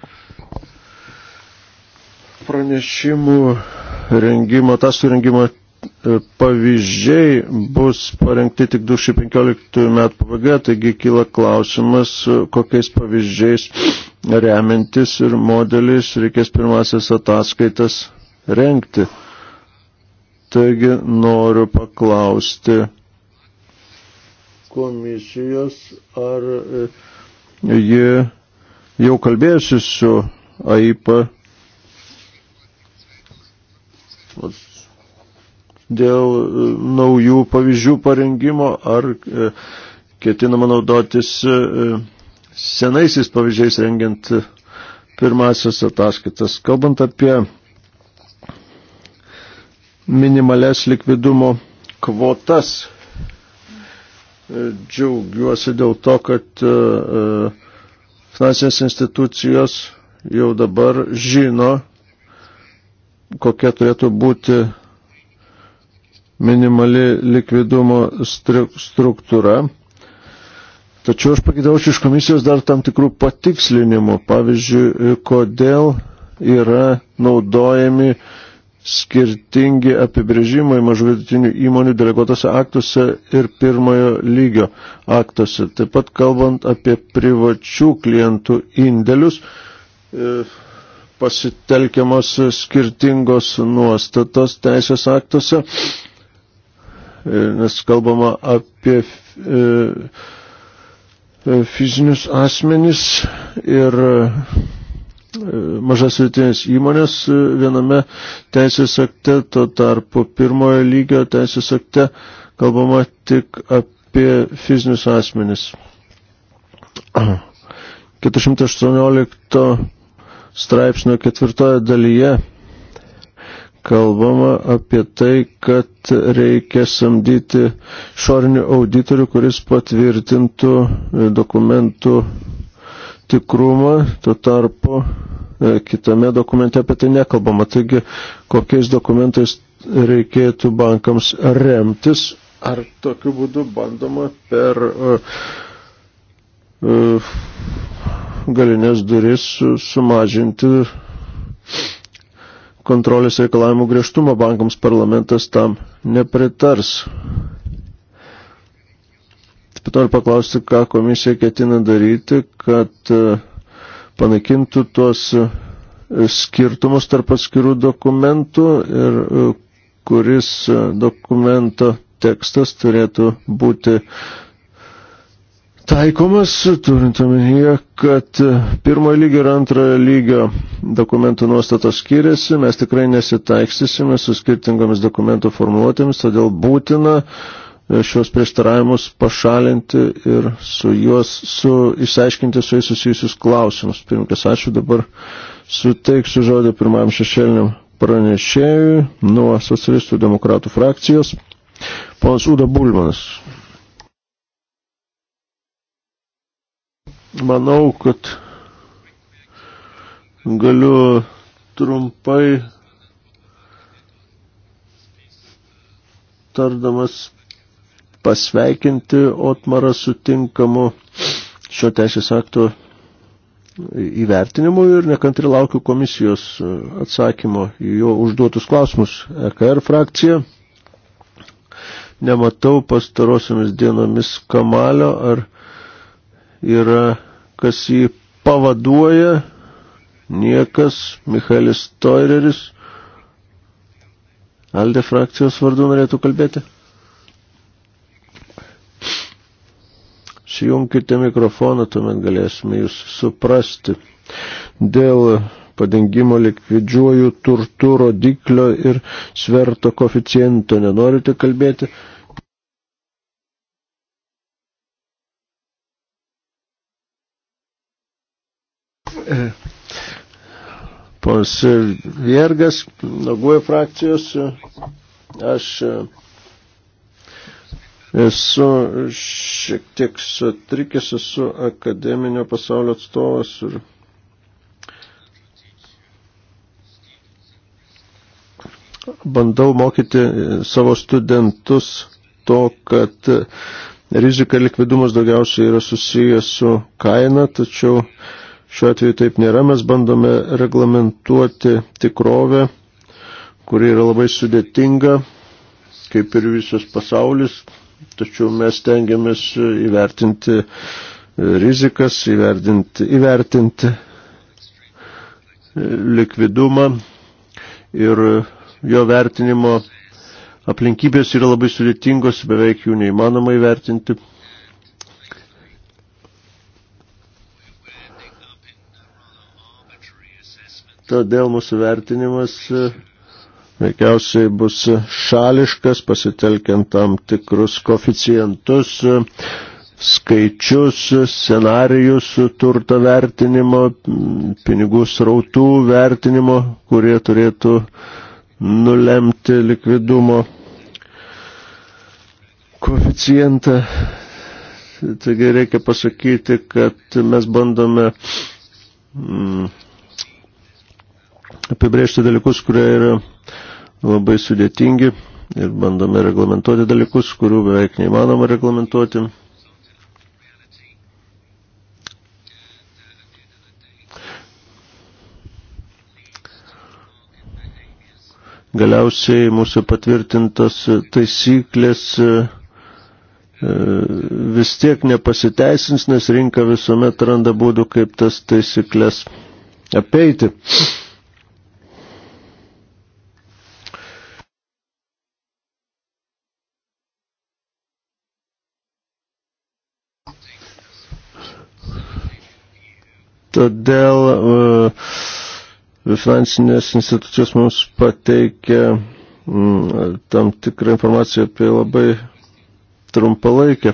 Pranešimų rengimo, tas surengimo pavyzdžiai bus parengti tik 2015 metų pabaigoje, taigi kyla klausimas, kokiais pavyzdžiais remiantis ir modeliais reikės pirmasis ataskaitas renkti. Taigi noriu paklausti komisijos, ar e, ji jau kalbėjusi su AIPA dėl e, naujų pavyzdžių parengimo, ar e, ketinama naudotis e, senaisiais pavyzdžiais rengiant pirmasis ataskaitas. Kalbant apie minimales likvidumo kvotas, džiaugiuosi dėl to, kad finansinės institucijos jau dabar žino, kokia turėtų būti minimali likvidumo struktūra. Tačiau aš pagidaučiu iš komisijos dar tam tikrų patikslinimų. Pavyzdžiui, kodėl yra naudojami skirtingi apibrėžimai mažų vidutinių įmonių deleguotose aktuose ir pirmojo lygio aktuose. Taip pat kalbant apie privačių klientų indėlius, e, pasitelkiamos skirtingos nuostatos teisės aktuose E, nes kalbama apie e, fizinius asmenis ir e, mažas rytinės įmonės viename teisės akte, to tarpu pirmojo lygio teisės akte kalbama tik apie fizinius asmenis. 418 [clears throat] straipsnio ketvirtoje dalyje kalbama apie tai, kad reikia samdyti šorinių auditorių, kuris patvirtintų e, dokumentų tikrumą, tuo tarpu e, kitame dokumente apie tai nekalbama. Taigi, kokiais dokumentais reikėtų bankams remtis, ar tokiu būdu bandoma per uh, e, uh, galinės duris sumažinti kontrolės reikalavimų griežtumo bankams parlamentas tam nepritars. Taip pat noriu paklausti, ką komisija ketina daryti, kad e, panaikintų tuos e, skirtumus tarp atskirų dokumentų ir e, kuris dokumento tekstas turėtų būti uh, taikomas, turint omenyje, kad e, pirmojo lygio ir antrojo lygio dokumentų nuostatos skiriasi, mes tikrai nesitaikstysime su skirtingomis dokumentų formuotėmis, todėl būtina e, šios prieštaravimus pašalinti ir su juos, su, išsiaiškinti su jais susijusius klausimus. Pirmkas, ačiū dabar suteiksiu žodį pirmam šešėliniam pranešėjui nuo socialistų demokratų frakcijos. Ponas Uda Bulmanas. Manau, kad galiu trumpai tardamas pasveikinti Otmarą sutinkamu šio teisės akto įvertinimu ir nekantri laukiu komisijos atsakymo į jo užduotus klausimus. EKR frakcija nematau pastarosiamis dienomis Kamalio ar yra, kas jį pavaduoja, niekas, Michaelis Toireris. Alde frakcijos vardu norėtų kalbėti. Sijunkite mikrofoną, tuomet galėsime jūs suprasti. Dėl padengimo likvidžiuojų turtų rodiklio ir sverto koficiento nenorite kalbėti. Ponas Viergas, Naguoja frakcijos, aš esu šiek tiek sutrikęs, esu akademinio pasaulio atstovas ir bandau mokyti savo studentus to, kad rizika likvidumas daugiausiai yra susijęs su kaina, tačiau Šiuo atveju taip nėra, mes bandome reglamentuoti tikrovę, kuri yra labai sudėtinga, kaip ir visas pasaulis, tačiau mes tengiamės įvertinti rizikas, įvertinti, įvertinti likvidumą ir jo vertinimo aplinkybės yra labai sudėtingos, beveik jų neįmanoma įvertinti. Todėl mūsų vertinimas e, veikiausiai bus šališkas, pasitelkiant tam tikrus koficijantus, e, skaičius, scenarijus turto vertinimo, pinigų srautų vertinimo, kurie turėtų nulemti likvidumo koficijantą. Taigi reikia pasakyti, kad mes bandome mm, apibrėžti dalykus, kurie yra labai sudėtingi ir bandome reglamentuoti dalykus, kurių beveik neįmanoma reglamentuoti. galiausiai mūsų patvirtintos taisyklės e, e, vis tiek nepasiteisins, nes rinka visuomet randa būdų, kaip tas taisyklės apeiti. Todėl e, finansinės institucijos mums pateikia mm, tam tikrą informaciją apie labai trumpalaikę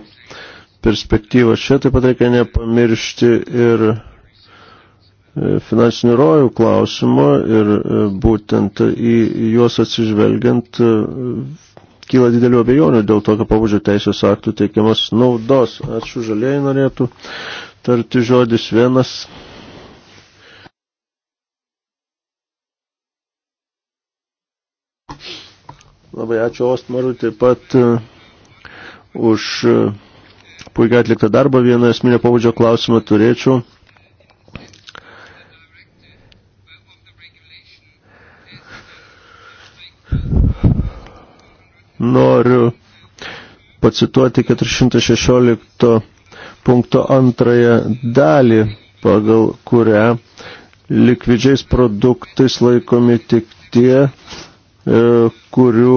perspektyvą. Čia taip pat reikia nepamiršti ir e, finansinių rojų klausimo ir e, būtent į juos atsižvelgiant kyla didelių abejonių dėl tokio pabudžio teisės aktų teikiamas naudos. Ačiū žalėjai norėtų tarti žodis vienas. Labai ačiū Ostmarui taip pat uh, už e, puikiai atliktą darbą. Vieną esminę pavadžio klausimą turėčiau. Noriu pacituoti 416 punkto antrąją dalį, pagal kurią likvidžiais produktais laikomi tik tie E, kurių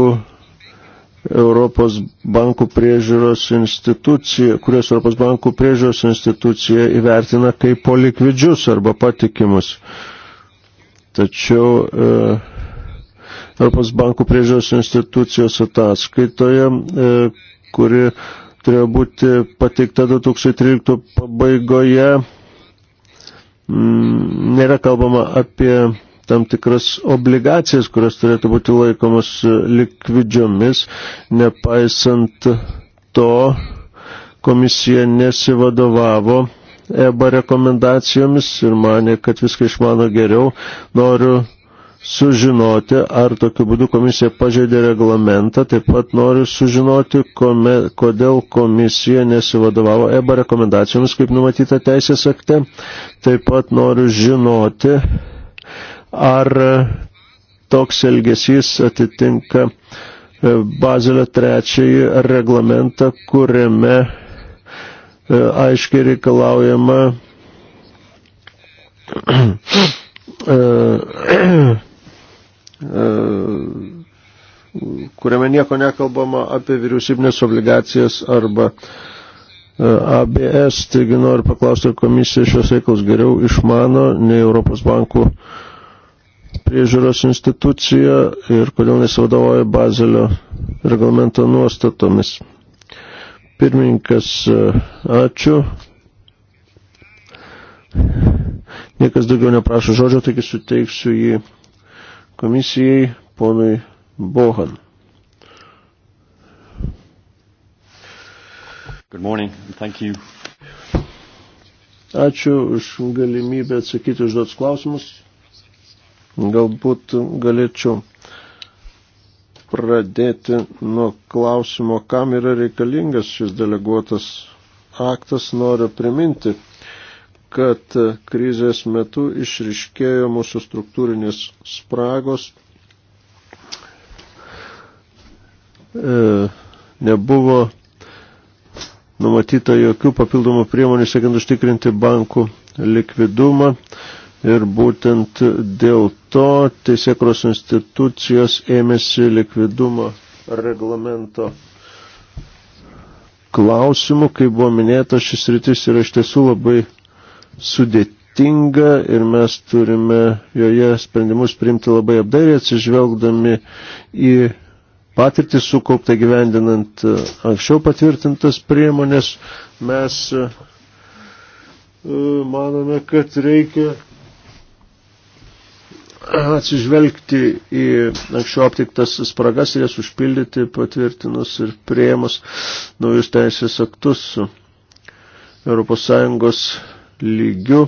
Europos bankų priežiūros institucija, kurios Europos bankų priežiūros institucija įvertina kaip polikvidžius arba patikimus. Tačiau e, Europos bankų priežiūros institucijos ataskaitoje, e, kuri turėjo būti pateikta 2013 pabaigoje, m, nėra kalbama apie tam tikras obligacijas, kurios turėtų būti laikomas e, likvidžiomis, nepaisant to komisija nesivadovavo EBA rekomendacijomis ir mane, kad viską išmano geriau. Noriu sužinoti, ar tokiu būdu komisija pažeidė reglamentą, taip pat noriu sužinoti, kome, kodėl komisija nesivadovavo EBA rekomendacijomis, kaip numatyta teisės akte, taip pat noriu žinoti, ar e, toks elgesys atitinka e, Bazilio trečiąjį reglamentą, kuriame e, aiškiai reikalaujama kuriame nieko nekalbama apie vyriausybinės obligacijas arba ABS, taigi noriu paklausti, komisija šios reikalus geriau išmano nei Europos bankų uh, priežiūros institucija ir kodėl nesivadovauja Bazelio reglamento nuostatomis. Pirmininkas, e, ačiū. Niekas daugiau neprašo žodžio, taigi suteiksiu jį komisijai ponui Bohan. Good morning. Thank you. Ačiū už galimybę atsakyti užduotus klausimus. Galbūt galėčiau pradėti nuo klausimo, kam yra reikalingas šis deleguotas aktas. Noriu priminti, kad krizės metu išriškėjo mūsų struktūrinės spragos. E, nebuvo numatyta jokių papildomų priemonių, siekiant užtikrinti bankų likvidumą. E, Ir būtent dėl to teisėkros institucijos ėmėsi likvidumo reglamento klausimų. Kaip buvo minėta, šis rytis yra iš tiesų labai sudėtinga ir mes turime joje sprendimus priimti labai apdairiai atsižvelgdami į patirtį sukauptą gyvendinant anksčiau patvirtintas priemonės. Mes e, manome, kad reikia atsižvelgti į anksčiau aptiktas spragas ir jas užpildyti, patvirtinus ir prieimus naujus teisės aktus ES lygių.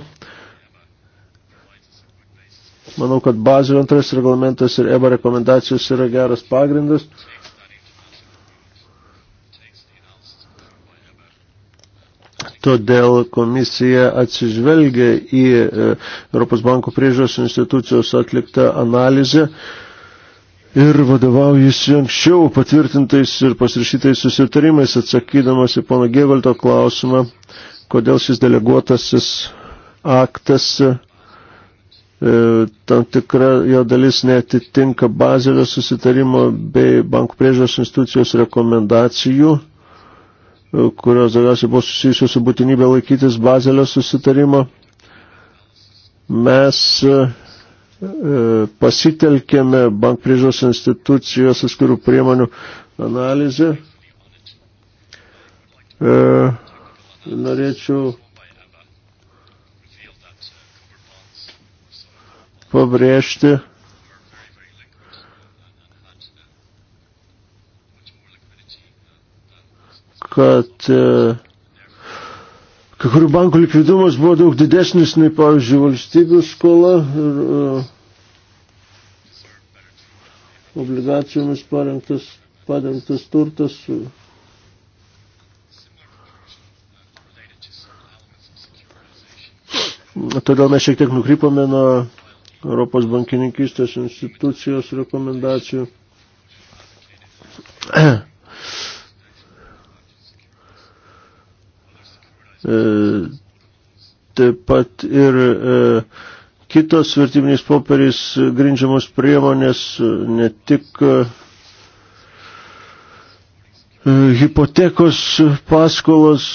Manau, kad bazių antras reglamentas ir EBA rekomendacijos yra geras pagrindas. Todėl komisija atsižvelgia į e, Europos banko priežiūros institucijos atliktą analizę ir vadovaujasi anksčiau patvirtintais ir pasirašytais susitarimais, atsakydamas į pono Gėvalto klausimą, kodėl šis deleguotasis aktas, e, tam tikra jo dalis netitinka bazelio susitarimo bei bankų priežiūros institucijos rekomendacijų kurios daugiausiai buvo susijusios su būtinybė laikytis Bazelio susitarimo, mes e, e, pasitelkėme bank priežos institucijos atskirų priemonių analizę. E, norėčiau pabrėžti, kad e, kai kurių bankų likvidumas buvo daug didesnis nei, pavyzdžiui, valstybių skola ir e, obligacijomis parengtas, parengtas turtas. Todėl mes šiek tiek nukrypome nuo Europos bankininkistės institucijos rekomendacijų. E, taip pat ir e, kitos vertybiniais popieriais grindžiamos priemonės, ne tik e, hipotekos paskolos,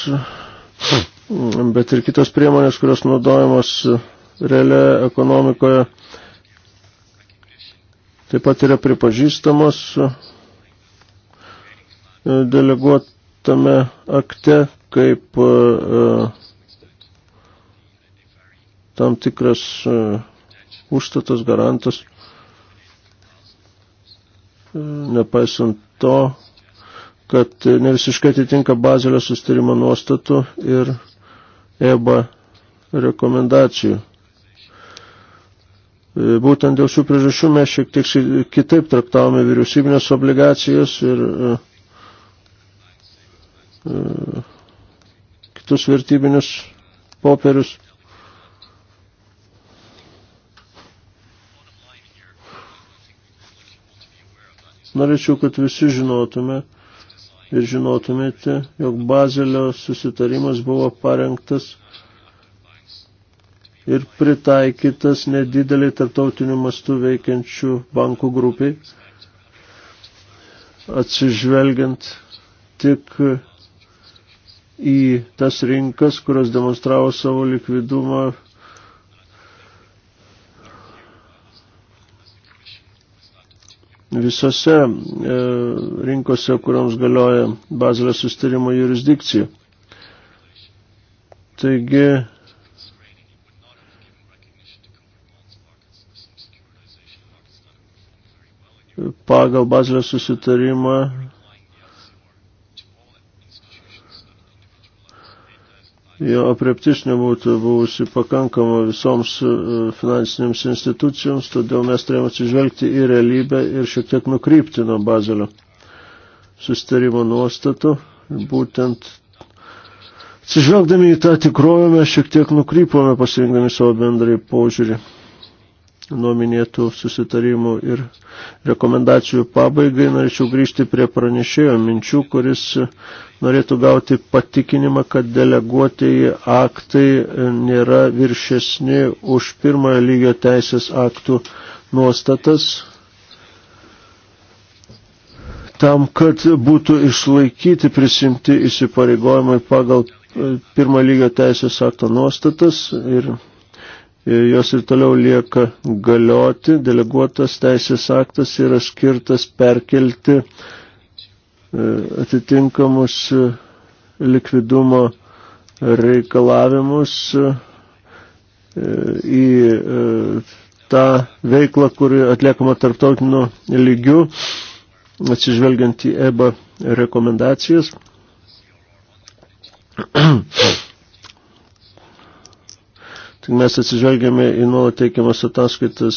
bet ir kitos priemonės, kurios naudojamos realioje ekonomikoje, taip pat yra pripažįstamos deleguot tame akte kaip e, e, tam tikras e, užstatas garantas. Nepaisant to, kad ne visiškai atitinka bazilio sustarimo nuostatų ir EBA rekomendacijų. Būtent dėl šių priežasčių mes šiek tiek kitaip traktavome vyriausybinės obligacijas ir uh, Mm. kitus vertybinius popierius. Norėčiau, kad visi žinotume ir žinotumėte, jog Bazelio susitarimas buvo parengtas ir pritaikytas nedideliai tarptautiniu mastu veikiančių bankų grupiai, atsižvelgiant tik į tas rinkas, kurios demonstravo savo likvidumą. Visose e, rinkose, kuriams galioja bazilio sustarimo jurisdikcija. Taigi, pagal bazilio susitarimą jo apreptis nebūtų buvusi pakankama visoms e, finansinėms institucijoms, todėl mes turėjome atsižvelgti į realybę ir šiek tiek nukrypti nuo bazelio sustarimo nuostatų. Būtent atsižvelgdami į tą tikrovę mes šiek tiek nukrypome pasirinkdami savo bendrąjį požiūrį nuo minėtų susitarimų ir rekomendacijų pabaigai norėčiau grįžti prie pranešėjo minčių, kuris norėtų gauti patikinimą, kad deleguotieji aktai nėra viršesni už pirmojo lygio teisės aktų nuostatas. Tam, kad būtų išlaikyti prisimti įsipareigojimai pagal pirmo lygio teisės akto nuostatas ir jos ir toliau lieka galioti. Deleguotas teisės aktas yra skirtas perkelti e, atitinkamus e, likvidumo reikalavimus e, į tą veiklą, kuri atliekama tarptautiniu lygiu, atsižvelgiant į EBA rekomendacijas. [clears throat] Mes atsižvelgiame į nuolat teikiamas ataskaitas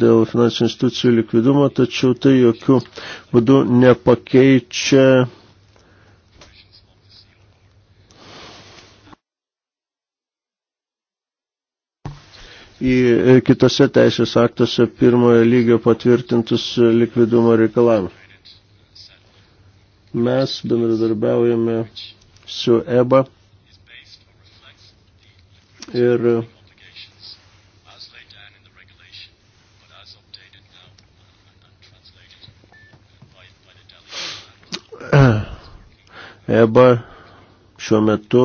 dėl finansinių institucijų likvidumo, tačiau tai jokių būdų nepakeičia į kitose teisės aktuose pirmojo lygio patvirtintus likvidumo reikalavimus. Mes bendradarbiaujame su EBA ir EBA šiuo metu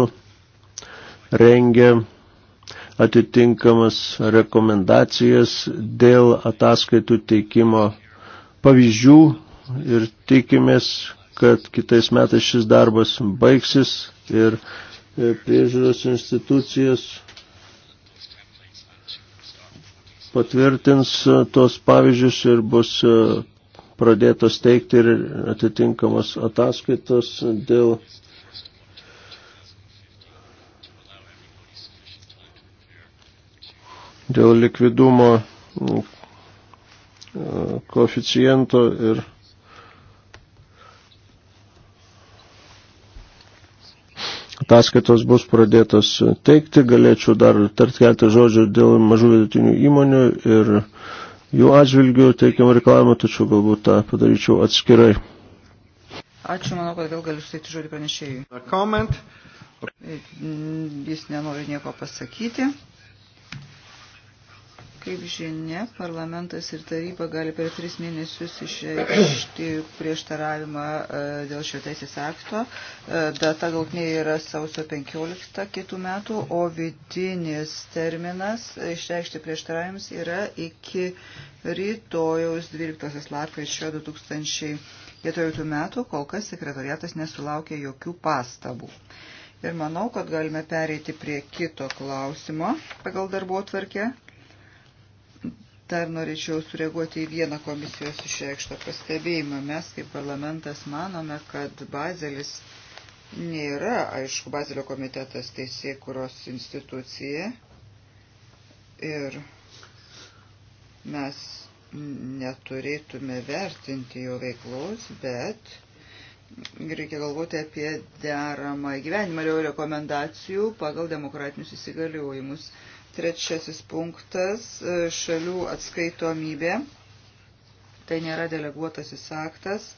rengia atitinkamas rekomendacijas dėl ataskaitų teikimo pavyzdžių ir tikimės, kad kitais metais šis darbas baigsis ir e, priežiūros institucijos patvirtins e, tos pavyzdžius ir bus e, pradėtos teikti ir atitinkamos ataskaitos dėl dėl likvidumo mm, koeficiento ir ataskaitos bus pradėtos teikti. Galėčiau dar tart keletą žodžių dėl mažų vidutinių įmonių ir uh, jų atžvilgių teikiamą reikalavimą, tačiau galbūt tą padaryčiau atskirai.
Ačiū, manau, kad vėl galiu suteikti žodį pranešėjui. Comment. Jis nenori nieko pasakyti. Kaip žinia, parlamentas ir taryba gali per tris mėnesius išreikšti prieštaravimą e, dėl šio teisės akto. E, data galtinė yra sausio 15 kitų metų, o vidinis terminas išreikšti prieštaravimus yra iki rytojaus 12 lapkričio 2014 metų, kol kas sekretariatas nesulaukė jokių pastabų. Ir manau, kad galime pereiti prie kito klausimo pagal darbo tvarkę. Dar norėčiau sureaguoti į vieną komisijos išreikštą pastebėjimą. Mes kaip parlamentas manome, kad Bazelis nėra, aišku, Bazelio komitetas teisė, kurios institucija. Ir mes neturėtume vertinti jo veiklos, bet reikia galvoti apie deramą gyvenimą ir jo rekomendacijų pagal demokratinius įsigaliojimus trečiasis punktas e, - šalių atskaitomybė. Tai nėra deleguotasis aktas,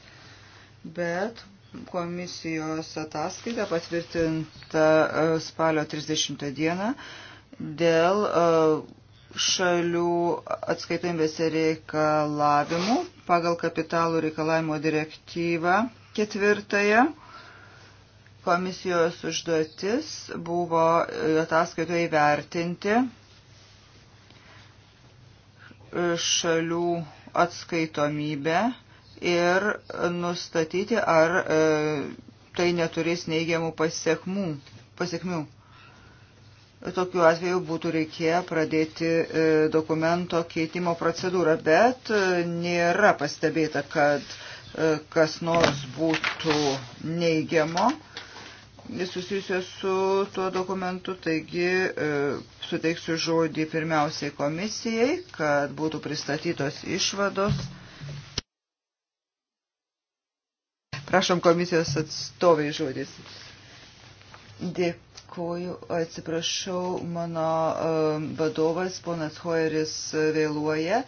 bet komisijos ataskaita patvirtinta e, spalio 30 dieną dėl e, šalių atskaitomybės reikalavimų pagal kapitalų reikalavimo direktyvą ketvirtąją Komisijos užduotis buvo ataskaitoje įvertinti šalių atskaitomybę ir nustatyti, ar e, tai neturės neigiamų pasiekmų, pasiekmių. Tokiu atveju būtų reikėję pradėti e, dokumento keitimo procedūrą, bet e, nėra pastebėta, kad e, kas nors būtų neigiamo. E, susijusios su tuo dokumentu, taigi e, suteiksiu žodį pirmiausiai komisijai, kad būtų pristatytos išvados. Prašom komisijos atstoviai žodis. Dėkuoju, atsiprašau, mano e, vadovas, ponas Hoeris, vėluoja,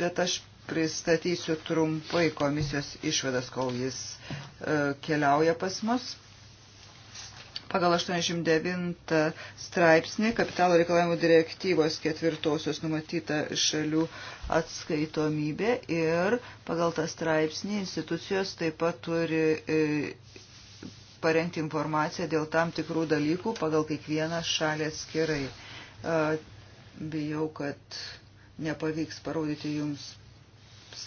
bet aš pristatysiu trumpai komisijos išvadas, kol jis e, keliauja pas mus pagal 89 straipsnį kapitalo reikalavimų direktyvos ketvirtosios numatyta šalių atskaitomybė ir pagal tą straipsnį institucijos taip pat turi e, parengti informaciją dėl tam tikrų dalykų pagal kiekvieną šalį atskirai. Bijau, kad nepavyks parodyti jums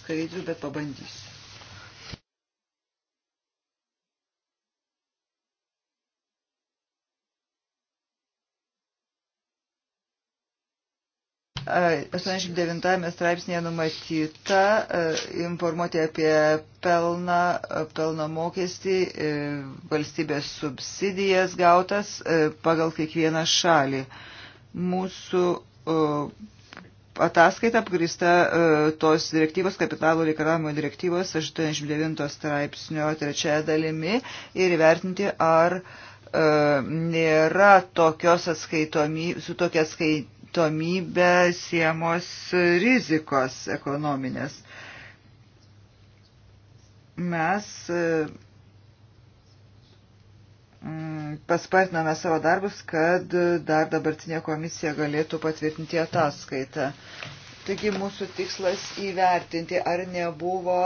skaidrių, bet pabandysiu. 89 straipsnėje numatyta e, informuoti apie pelną, e, pelno mokestį, e, valstybės subsidijas gautas pagal kiekvieną šalį. Mūsų ataskaita apgrįsta tos direktyvos, kapitalo reikalavimo direktyvos 89 straipsnio trečiaja dalimi ir įvertinti, ar nėra tokios atskaitomybės, su tokia atskaitomybė atskaitomybę siemos rizikos ekonominės. Mes mm, paspartiname savo darbus, kad dar dabartinė komisija galėtų patvirtinti ataskaitą. Taigi mūsų tikslas įvertinti, ar nebuvo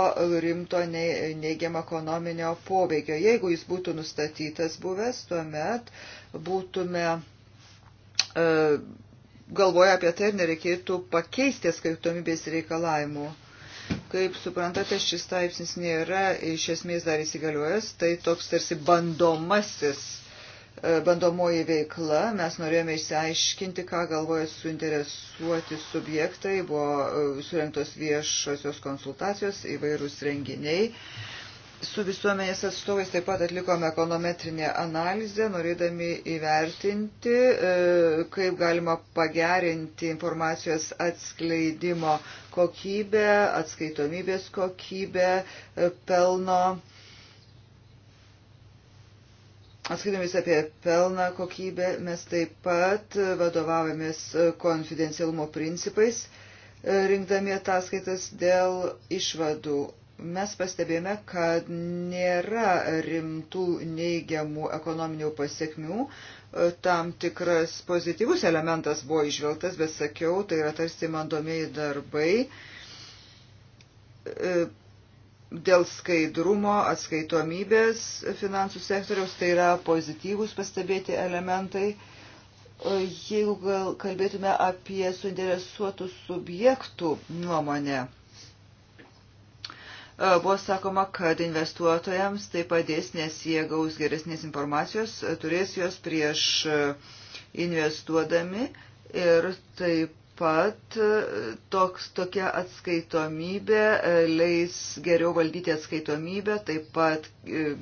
rimto neigiamo ekonominio poveikio. Jeigu jis būtų nustatytas buvęs, tuomet būtume. Uh, galvoja apie tai, ar nereikėtų pakeisti atskaitomybės reikalavimų. Kaip suprantate, šis taipsnis nėra iš esmės dar įsigaliojęs, tai toks tarsi bandomasis, e, bandomoji veikla. Mes norėjome išsiaiškinti, ką galvoja suinteresuoti subjektai, buvo e, surinktos viešosios konsultacijos, įvairūs renginiai. Su visuomenės atstovais taip pat atlikome ekonometrinę analizę, norėdami įvertinti, e, kaip galima pagerinti informacijos atskleidimo kokybę, atskaitomybės kokybę, e, pelno, atskaitomis apie pelną kokybę. Mes taip pat vadovavomės konfidencialumo principais e, rinkdami ataskaitas dėl išvadų mes pastebėjome, kad nėra rimtų neigiamų ekonominių pasiekmių. Tam tikras pozityvus elementas buvo išvelgtas, bet sakiau, tai yra tarsi mandomieji darbai e, dėl skaidrumo, atskaitomybės finansų sektoriaus, tai yra pozityvus pastebėti elementai. E, jeigu kalbėtume apie suinteresuotų subjektų nuomonę, E, buvo sakoma, kad investuotojams tai padės, nes jie gaus geresnės informacijos, e, turės jos prieš e, investuodami ir taip pat toks, tokia atskaitomybė leis geriau valdyti atskaitomybę, taip pat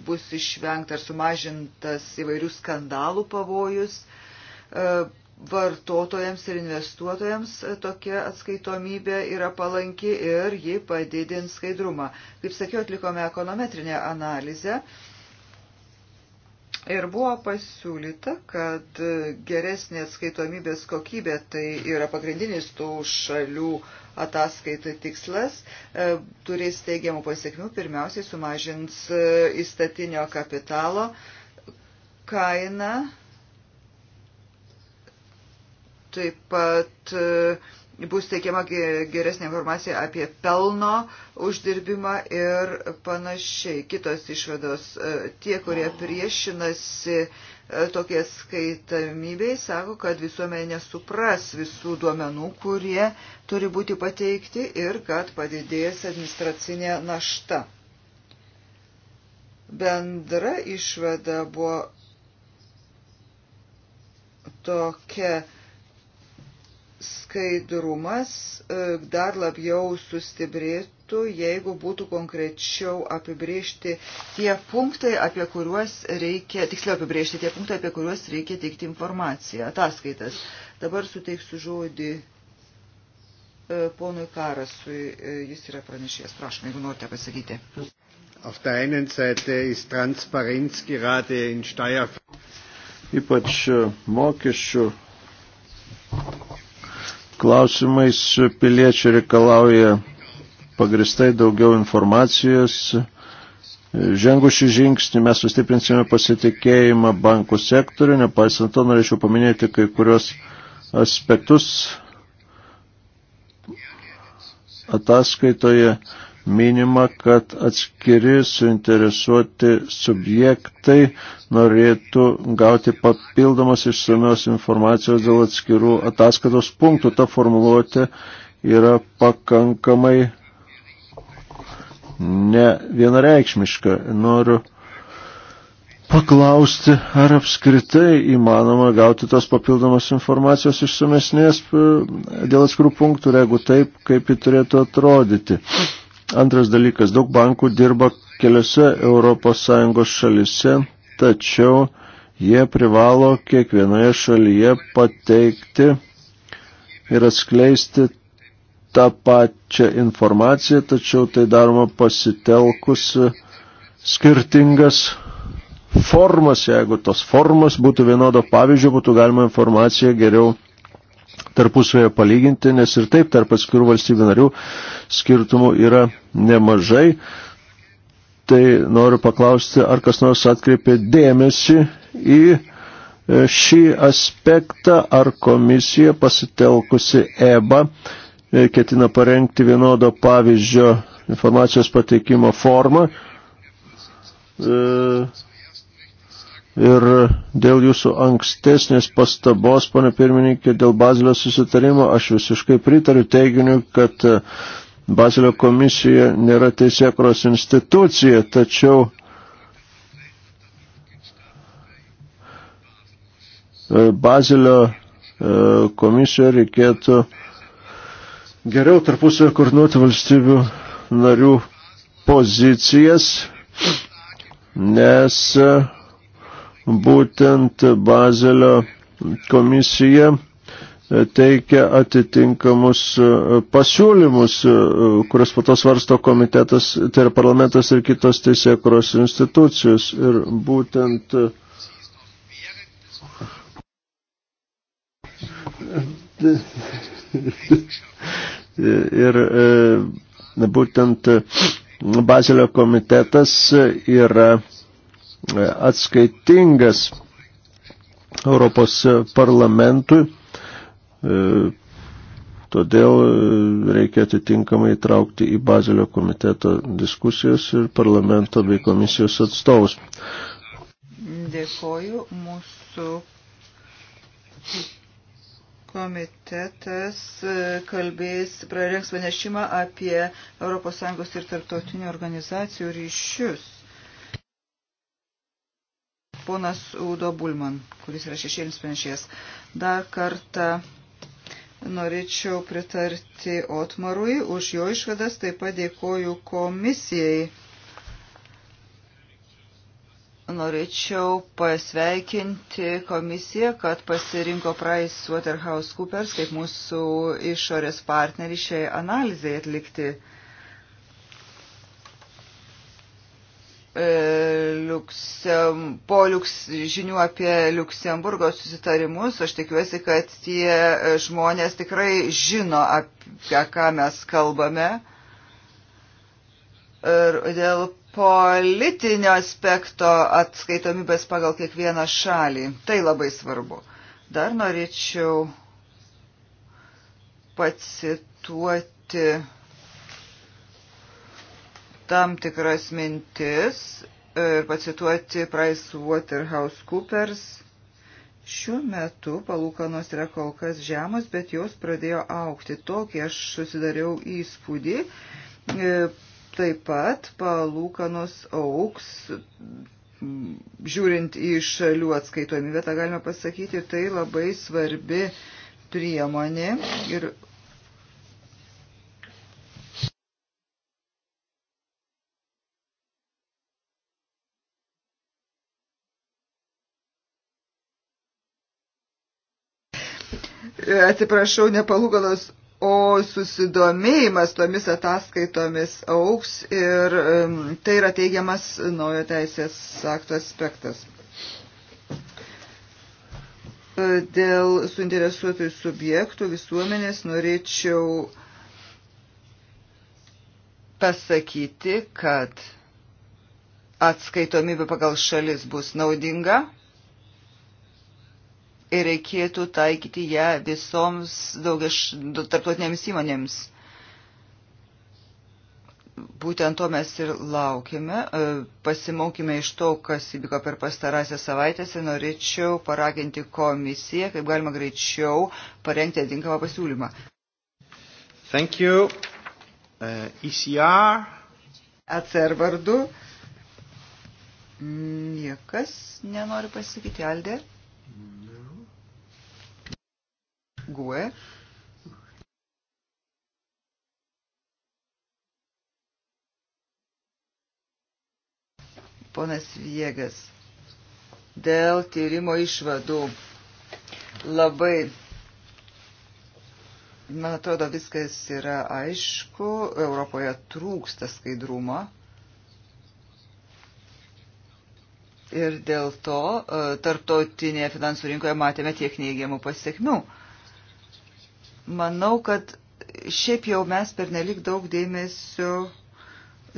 bus išvengta ar sumažintas įvairių skandalų pavojus, vartotojams ir investuotojams tokia atskaitomybė yra palanki ir ji padidins skaidrumą. Kaip sakiau, atlikome ekonometrinę analizę ir buvo pasiūlyta, kad geresnė atskaitomybės kokybė, tai yra pagrindinis tų šalių ataskaitų tikslas, e, turės teigiamų pasiekmių, pirmiausiai sumažins e, įstatinio kapitalo kainą Taip pat e, bus teikiama geresnė informacija apie pelno uždirbimą ir panašiai. Kitos išvados. E, tie, kurie priešinasi e, tokie skaitamybei, sako, kad visuomenė nesupras visų duomenų, kurie turi būti pateikti ir kad padidės administracinė našta. Bendra išvada buvo tokia skaidrumas e, dar labiau sustiprėtų, jeigu būtų konkrečiau apibriežti tie punktai, apie kuriuos reikia, tiksliau apibriežti tie punktai, apie kuriuos reikia teikti informaciją, ataskaitas. Dabar suteiksiu žodį e, ponui Karasui, e, jis yra pranešėjęs. Prašom, jeigu norite pasakyti.
Auf der einen Seite ist Transparenz gerade in Steuer. Ypač mokesčių klausimais piliečiai reikalauja pagristai daugiau informacijos. Žengų šį žingsnį mes sustiprinsime pasitikėjimą bankų sektoriu, nepaisant to norėčiau paminėti kai kurios aspektus ataskaitoje minima, kad atskiri suinteresuoti subjektai norėtų gauti papildomas išsamios informacijos dėl atskirų ataskaitos punktų. Ta formuluotė yra pakankamai ne vienareikšmiška. Noriu paklausti, ar apskritai įmanoma gauti tos papildomos informacijos išsamesnės e, dėl atskirų punktų, jeigu taip, kaip ji turėtų atrodyti. Antras dalykas, daug bankų dirba keliose ES šalise, tačiau jie privalo kiekvienoje šalyje pateikti ir atskleisti tą pačią informaciją, tačiau tai daroma pasitelkus skirtingas formas. Jeigu tos formas būtų vienodo pavyzdžio, būtų galima informaciją geriau tarpusvėje palyginti, nes ir taip tarp atskirų valstybių narių skirtumų yra nemažai. Tai noriu paklausti, ar kas nors atkreipė dėmesį į e, šį aspektą, ar komisija pasitelkusi EBA e, ketina parengti vienodo pavyzdžio informacijos pateikimo formą. E, Ir dėl jūsų ankstesnės pastabos, pane pirmininkė, dėl Bazilio susitarimo, aš visiškai pritariu teiginiu, kad Bazilio komisija nėra teisėkros institucija, tačiau e, Bazilio e, komisijoje reikėtų geriau tarpusavę koordinuoti valstybių narių pozicijas, nes uh, būtent Bazelio komisija e, teikia atitinkamus e, pasiūlymus, e, kurias po to svarsto komitetas, tai yra parlamentas ir kitos teisėkuros institucijos. Ir būtent ir būtent Bazelio komitetas yra atskaitingas Europos parlamentui, e, todėl e, reikia atitinkamai įtraukti į Bazelio komiteto diskusijos ir parlamento bei komisijos atstovus.
Dėkoju mūsų komitetas e, kalbės, prarengs panešimą apie ES ir tarptautinių organizacijų ryšius ponas Udo Bulman, kuris yra šešėlis pranešėjas. Dar kartą norėčiau pritarti Otmarui už jo išvadas, taip pat dėkoju komisijai. Norėčiau pasveikinti komisiją, kad pasirinko PricewaterhouseCoopers kaip mūsų išorės partnerį šiai analizai atlikti. E, Liuksem, po liuks, žinių apie Luksemburgo susitarimus, aš tikiuosi, kad tie e, žmonės tikrai žino, apie ką mes kalbame. Ir dėl politinio aspekto atskaitomybės pagal kiekvieną šalį. Tai labai svarbu. Dar norėčiau pacituoti tam tikras mintis e, ir pacituoti PricewaterhouseCoopers. Šiuo metu palūkanos yra kol kas žemos, bet jos pradėjo aukti. Tokį aš susidariau įspūdį. E, taip pat palūkanos auks, žiūrint į šalių atskaitomybę, tą galima pasakyti, tai labai svarbi priemonė ir atsiprašau, ne palūkanos, o susidomėjimas tomis ataskaitomis auks ir tai yra teigiamas naujo teisės akto aspektas. E, dėl suinteresuotųjų subjektų visuomenės norėčiau pasakyti, kad atskaitomybė pagal šalis bus naudinga ir reikėtų taikyti ją visoms daugiaš tarptautinėms įmonėms. Būtent to mes ir laukime, e, pasimokime iš to, kas įvyko per pastarąsią savaitę ir norėčiau paraginti komisiją, kaip galima greičiau parengti atinkamą pasiūlymą.
Thank you. Uh, e,
ECR. ACR vardu. Mm, niekas nenori pasakyti, Aldė. GUE. Ponas Viegas, dėl tyrimo išvadų labai, man atrodo, viskas yra aišku, Europoje trūksta skaidrumo. Ir dėl to e, tarptautinėje finansų rinkoje matėme tiek neigiamų pasiekmių. Manau, kad šiaip jau mes pernelik daug dėmesio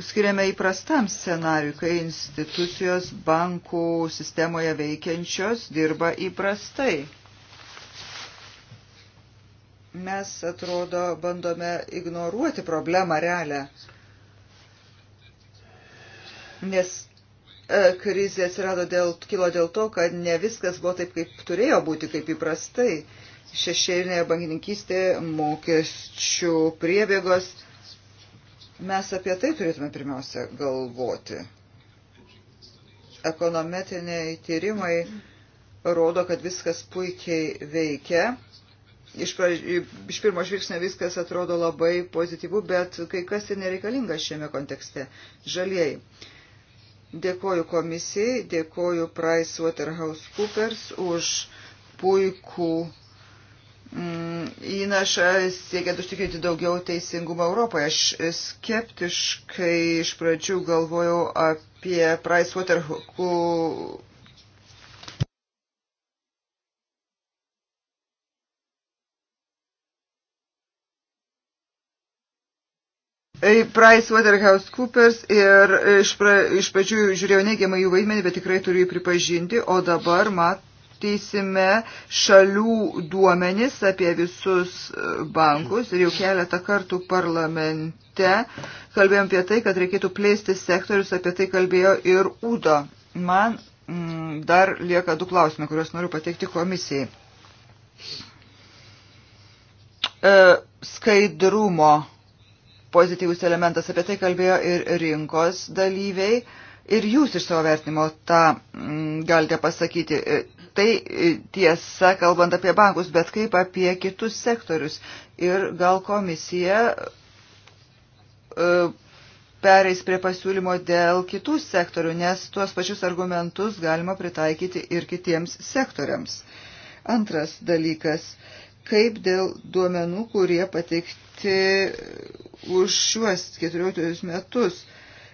skiriame įprastam scenariui, kai institucijos bankų sistemoje veikiančios dirba įprastai. Mes, atrodo, bandome ignoruoti problemą realią, nes e, krizė atsirado dėl, kilo dėl to, kad ne viskas buvo taip, kaip turėjo būti, kaip įprastai. E, šešėlinė bankininkystė, mokesčių priebėgos. Mes apie tai turėtume pirmiausia galvoti. Ekonometriniai tyrimai rodo, kad viskas puikiai veikia. Iš, pra, iš pirmo žvilgsnio viskas atrodo labai pozityvu, bet kai kas ir nereikalinga šiame kontekste. Žalieji. Dėkoju komisijai, dėkoju PricewaterhouseCoopers už puikų Mm, įnašą siekiant užtikrinti daugiau teisingumo Europoje. Aš skeptiškai iš pradžių galvojau apie Pricewaterhouse PricewaterhouseCoopers ir iš, pra, iš pačių žiūrėjau neigiamą jų vaidmenį, bet tikrai turiu jį pripažinti, o dabar mat, teisime šalių duomenis apie visus e, bankus ir jau keletą kartų parlamente kalbėjom apie tai, kad reikėtų plėsti sektorius, apie tai kalbėjo ir Udo. Man mm, dar lieka du klausimai, kuriuos noriu pateikti komisijai. E, skaidrumo pozityvus elementas, apie tai kalbėjo ir rinkos dalyviai. Ir jūs iš savo vertinimo tą mm, galite pasakyti. E, tai e, tiesa, kalbant apie bankus, bet kaip apie kitus sektorius. Ir gal komisija e, pereis prie pasiūlymo dėl kitų sektorių, nes tuos pačius argumentus galima pritaikyti ir kitiems sektoriams. Antras dalykas kaip dėl duomenų, kurie pateikti už šiuos 14 metus.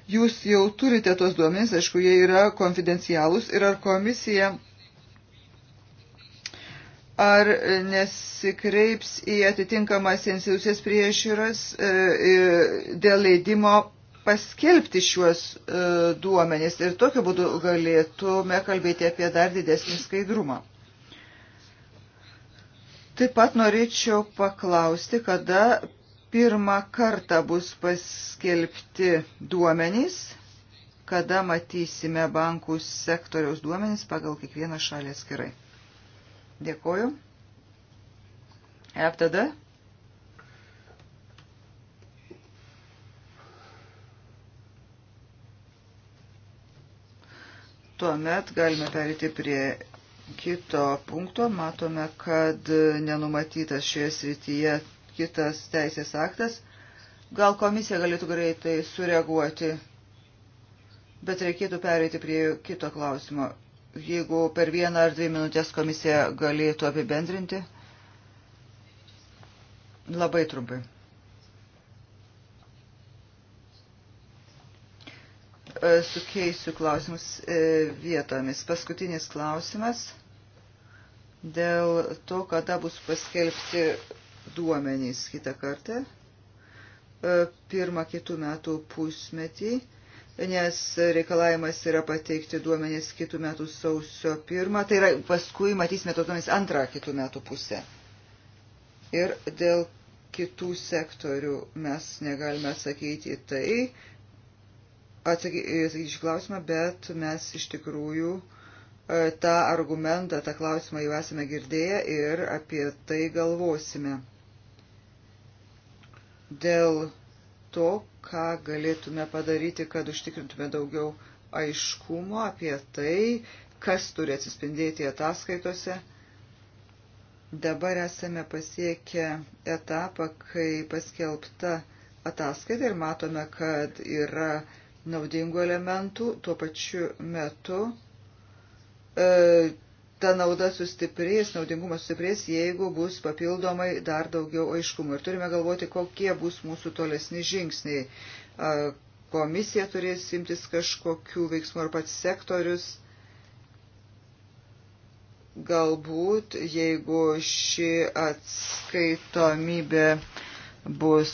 Jūs jau turite tos duomenys, aišku, jie yra konfidencialūs ir ar komisija ar nesikreips į atitinkamas institucijas priežiūras e, dėl leidimo paskelbti šiuos e, duomenys ir tokiu būdu galėtume kalbėti apie dar didesnį skaidrumą. Taip pat norėčiau paklausti, kada pirmą kartą bus paskelbti duomenys, kada matysime bankų sektoriaus duomenys pagal kiekvieną šalį atskirai. Dėkuoju. FTD. Tuomet galime perėti prie kito punkto. Matome, kad nenumatytas šioje srityje kitas teisės aktas. Gal komisija galėtų greitai sureaguoti, bet reikėtų perėti prie kito klausimo jeigu per vieną ar dvi minutės komisija galėtų apibendrinti. Labai trumpai. E, sukeisiu klausimus e, vietomis. Paskutinis klausimas dėl to, kada bus paskelbti duomenys kitą kartą. E, pirmą kitų metų pusmetį nes reikalavimas yra pateikti duomenės kitų metų sausio pirmą, tai yra paskui matysime tos duomenys antrą kitų metų pusę. Ir dėl kitų sektorių mes negalime atsakyti į tai, atsakyti iš klausimą, bet mes iš tikrųjų e, tą argumentą, tą klausimą jau esame girdėję ir apie tai galvosime. Dėl to, ką galėtume padaryti, kad užtikrintume daugiau aiškumo apie tai, kas turi atsispindėti ataskaitose. Dabar esame pasiekę etapą, kai paskelbta ataskaita ir matome, kad yra naudingų elementų, tuo pačiu metu e, ta nauda sustiprės, naudingumas sustiprės, jeigu bus papildomai dar daugiau aiškumų. Ir turime galvoti, kokie bus mūsų tolesni žingsniai. Komisija turės imtis kažkokių veiksmų ar pats sektorius galbūt, jeigu ši atskaitomybė bus,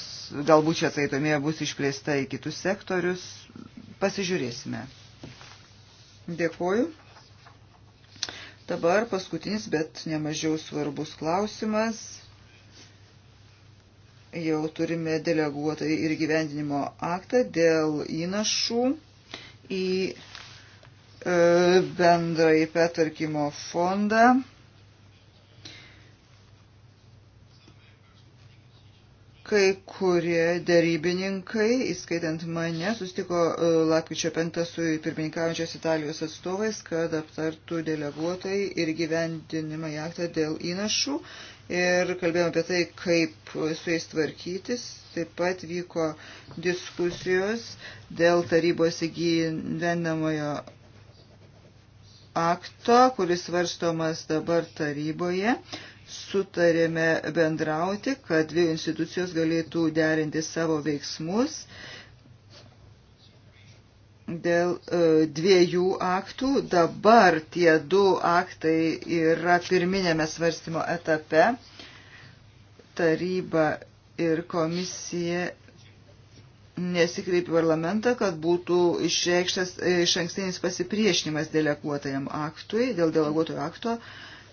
galbūt ši atskaitomybė bus išplėsta į kitus sektorius, pasižiūrėsime. Dėkuoju. Dabar paskutinis, bet nemažiau svarbus klausimas. Jau turime deleguotą ir gyvendinimo aktą dėl įnašų į e, bendrąjį petvarkymo fondą. Kai kurie dėrybininkai, įskaitant mane, sustiko e, lapkričio 5 su pirmininkaujančios Italijos atstovais, kad aptartų deleguotai ir gyvendinimą į aktą dėl įnašų ir kalbėjome apie tai, kaip su jais tvarkytis. Taip pat vyko diskusijos dėl tarybos įgyvendamojo akto, kuris svarstomas dabar taryboje sutarėme bendrauti, kad dvi institucijos galėtų derinti savo veiksmus dėl e, dviejų aktų. Dabar tie du aktai yra pirminėme svarstymo etape. Taryba ir komisija nesikreipė parlamentą, kad būtų išreikštas e, iš ankstinis pasipriešinimas deleguotajam aktui, dėl deleguotojo akto. Uh,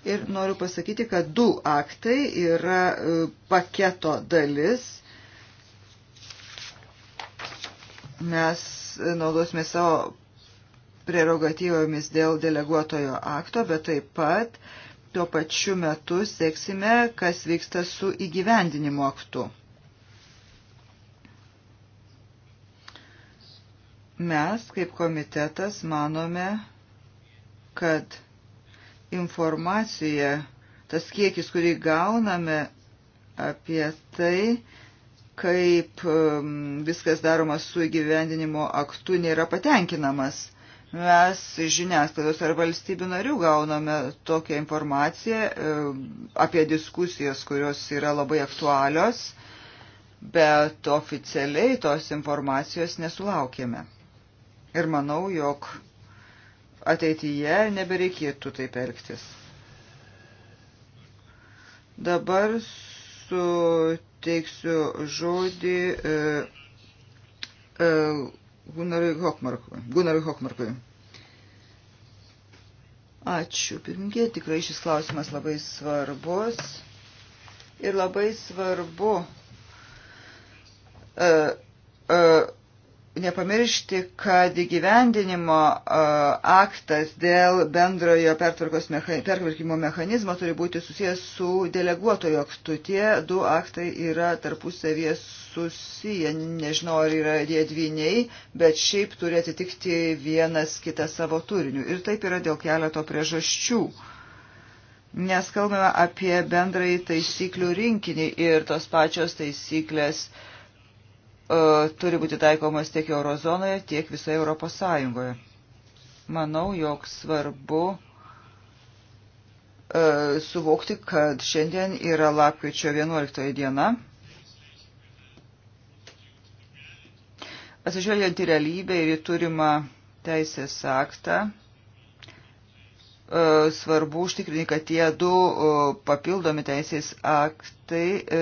Ir noriu pasakyti, kad du aktai yra e, paketo dalis. Mes e, naudosime savo prerogatyvomis dėl deleguotojo akto, bet taip pat tuo pačiu metu seksime, kas vyksta su įgyvendinimo aktu. Mes, kaip komitetas, manome, kad informacija, tas kiekis, kurį gauname apie tai, kaip um, viskas daroma su įgyvendinimo aktu, nėra patenkinamas. Mes žiniasklaidos ar valstybių narių gauname tokią informaciją um, apie diskusijas, kurios yra labai aktualios, bet oficialiai tos informacijos nesulaukėme. Ir manau, jog ateityje nebereikėtų taip elgtis. Dabar suteiksiu žodį e, e, Gunarui Hokmarkui. Gunarui Hokmarkui. Ačiū, pirmininkė, tikrai šis klausimas labai svarbus ir labai svarbu e, e, nepamiršti, kad įgyvendinimo aktas dėl bendrojo pertvarkymo mechanizmo turi būti susijęs su deleguotojo aktu. Tie du aktai yra tarpusavie susiję, nežinau ar yra riedviniai, bet šiaip turi atitikti vienas kitą savo turiniu. Ir taip yra dėl keleto priežasčių. Nes kalbame apie bendrąjį taisyklių rinkinį ir tos pačios taisyklės uh, E, turi būti taikomas tiek eurozonoje, tiek visoje Europos Sąjungoje. Manau, jog svarbu e, suvokti, kad šiandien yra lapkričio 11 diena. Atsižvelgiant į realybę ir į turimą teisės aktą, E, svarbu užtikrinti, kad tie du e, papildomi teisės aktai e,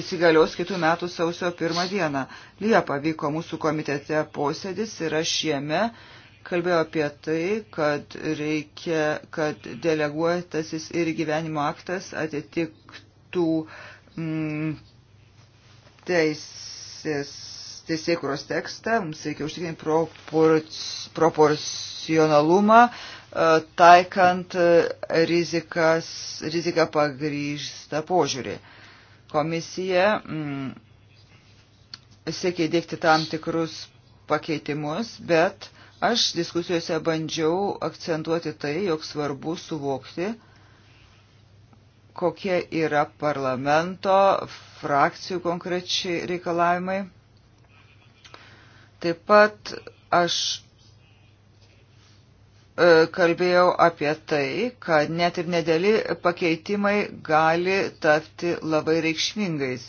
įsigalios kitų metų sausio pirmą dieną. Liepa vyko mūsų komitete posėdis ir aš jame kalbėjau apie tai, kad reikia, kad deleguotasis ir gyvenimo aktas atitiktų mm, teisės, teisėkuros tekstą, mums reikia užtikrinti propor, proporcionalumą, uh, E, taikant e, rizikas, riziką pagrįžtą požiūrį. Komisija mm, siekia įdėkti tam tikrus pakeitimus, bet aš diskusijose bandžiau akcentuoti tai, jog svarbu suvokti, kokie yra parlamento frakcijų konkrečiai reikalavimai. Taip pat aš E, kalbėjau apie tai, kad net ir nedėli pakeitimai gali tapti labai reikšmingais.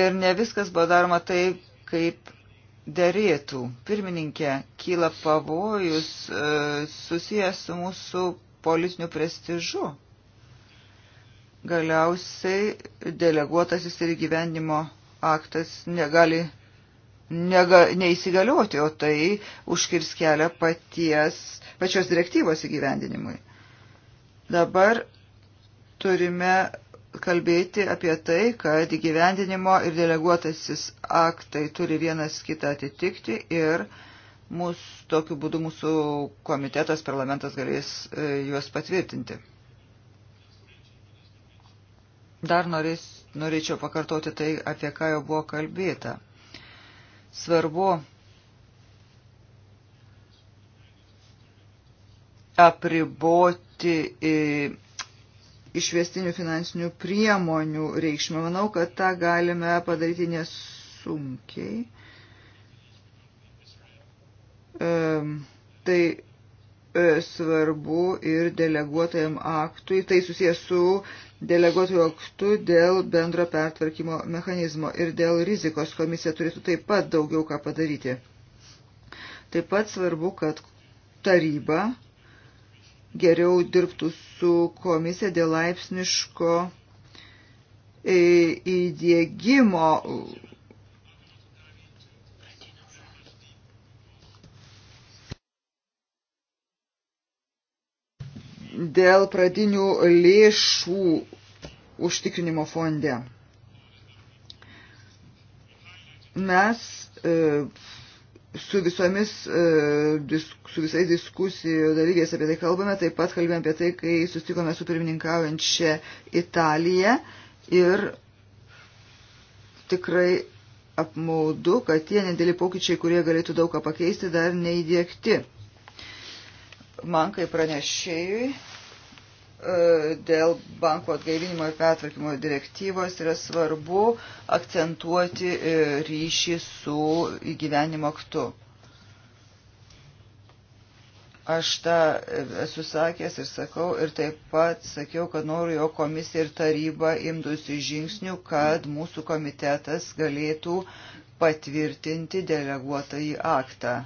Ir ne viskas buvo daroma taip, kaip dėrėtų. Pirmininkė, kyla pavojus e, susijęs su mūsų politiniu prestižu. Galiausiai deleguotasis ir gyvenimo aktas negali nega, neįsigalioti, o tai užkirs kelią paties, pačios direktyvos įgyvendinimui. Dabar turime kalbėti apie tai, kad įgyvendinimo ir deleguotasis aktai turi vienas kitą atitikti ir mūsų, tokiu būdu mūsų komitetas, parlamentas galės e, juos patvirtinti. Dar norės, norėčiau pakartoti tai, apie ką jau buvo kalbėta. Svarbu apriboti e, išvestinių finansinių priemonių reikšmę. Manau, kad tą galime padaryti nesunkiai. E, tai E, svarbu ir deleguotojam aktui, tai susijęs su deleguotojų aktu dėl bendro pertvarkymo mechanizmo ir dėl rizikos komisija turėtų taip pat daugiau ką padaryti. Taip pat svarbu, kad taryba geriau dirbtų su komisija dėl laipsniško e, įdėgymo dėl pradinių lėšų užtikrinimo fonde. Mes e, su, visomis, e, su visais diskusijų dalyviais apie tai kalbame, taip pat kalbėjome apie tai, kai sustikome su pirmininkaujančia Italija ir tikrai apmaudu, kad tie nedėlį pokyčiai, kurie galėtų daug ką pakeisti, dar neįdėkti man kaip pranešėjui e, dėl banko atgaivinimo ir pertvarkymo direktyvos yra svarbu akcentuoti e, ryšį su įgyvenimo aktu. Aš tą esu sakęs ir sakau ir taip pat sakiau, kad noriu jo komisija ir taryba imtųsi žingsnių, kad mūsų komitetas galėtų patvirtinti deleguotąjį aktą.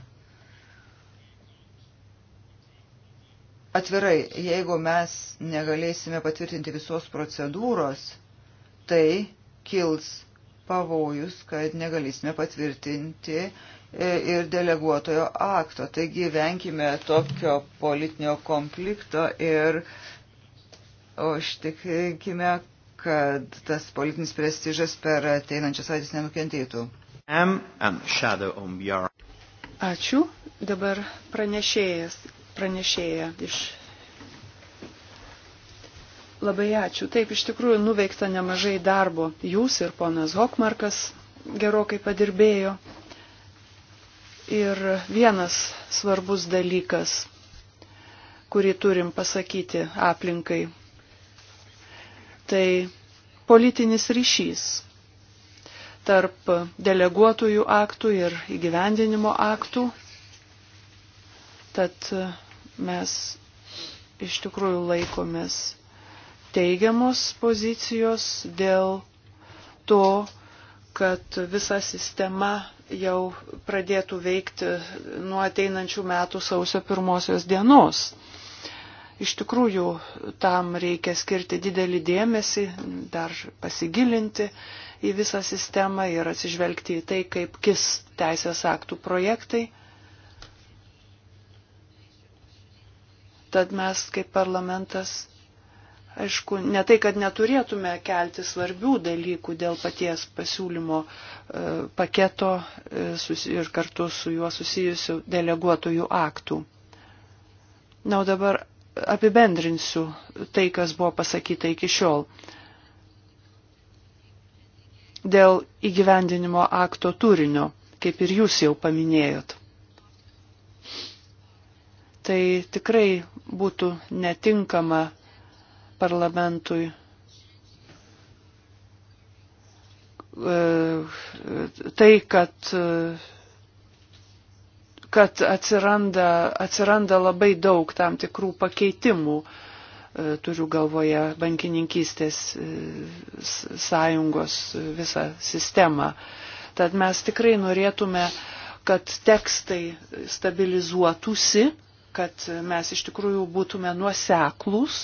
atvirai, jeigu mes negalėsime patvirtinti visos procedūros, tai kils pavojus, kad negalėsime patvirtinti e, ir deleguotojo akto. Taigi venkime tokio politinio konflikto ir užtikrinkime, kad tas politinis prestižas per ateinančias savaitės nenukentėtų.
Ačiū. Dabar pranešėjas pranešėja iš. Labai ačiū. Taip, iš tikrųjų nuveikta nemažai darbo. Jūs ir ponas Hokmarkas gerokai padirbėjo. Ir vienas svarbus dalykas, kurį turim pasakyti aplinkai, tai politinis ryšys tarp deleguotųjų aktų ir įgyvendinimo aktų. Tad mes iš tikrųjų laikomės teigiamos pozicijos dėl to, kad visa sistema jau pradėtų veikti nuo ateinančių metų sausio pirmosios dienos. Iš tikrųjų, tam reikia skirti didelį dėmesį, dar pasigilinti į visą sistemą ir atsižvelgti į tai, kaip kis teisės aktų projektai Tad mes kaip parlamentas, aišku, ne tai, kad neturėtume kelti svarbių dalykų dėl paties pasiūlymo e, paketo e, ir kartu su juo susijusių deleguotojų aktų. Na, o dabar apibendrinsiu tai, kas buvo pasakyta iki šiol. Dėl įgyvendinimo akto turinio, kaip ir jūs jau paminėjot tai tikrai būtų netinkama parlamentui e, tai, kad, kad atsiranda, atsiranda labai daug tam tikrų pakeitimų, e, turiu galvoje bankininkystės e, sąjungos visą sistemą. Tad mes tikrai norėtume, kad tekstai stabilizuotųsi kad mes iš tikrųjų būtume nuoseklus.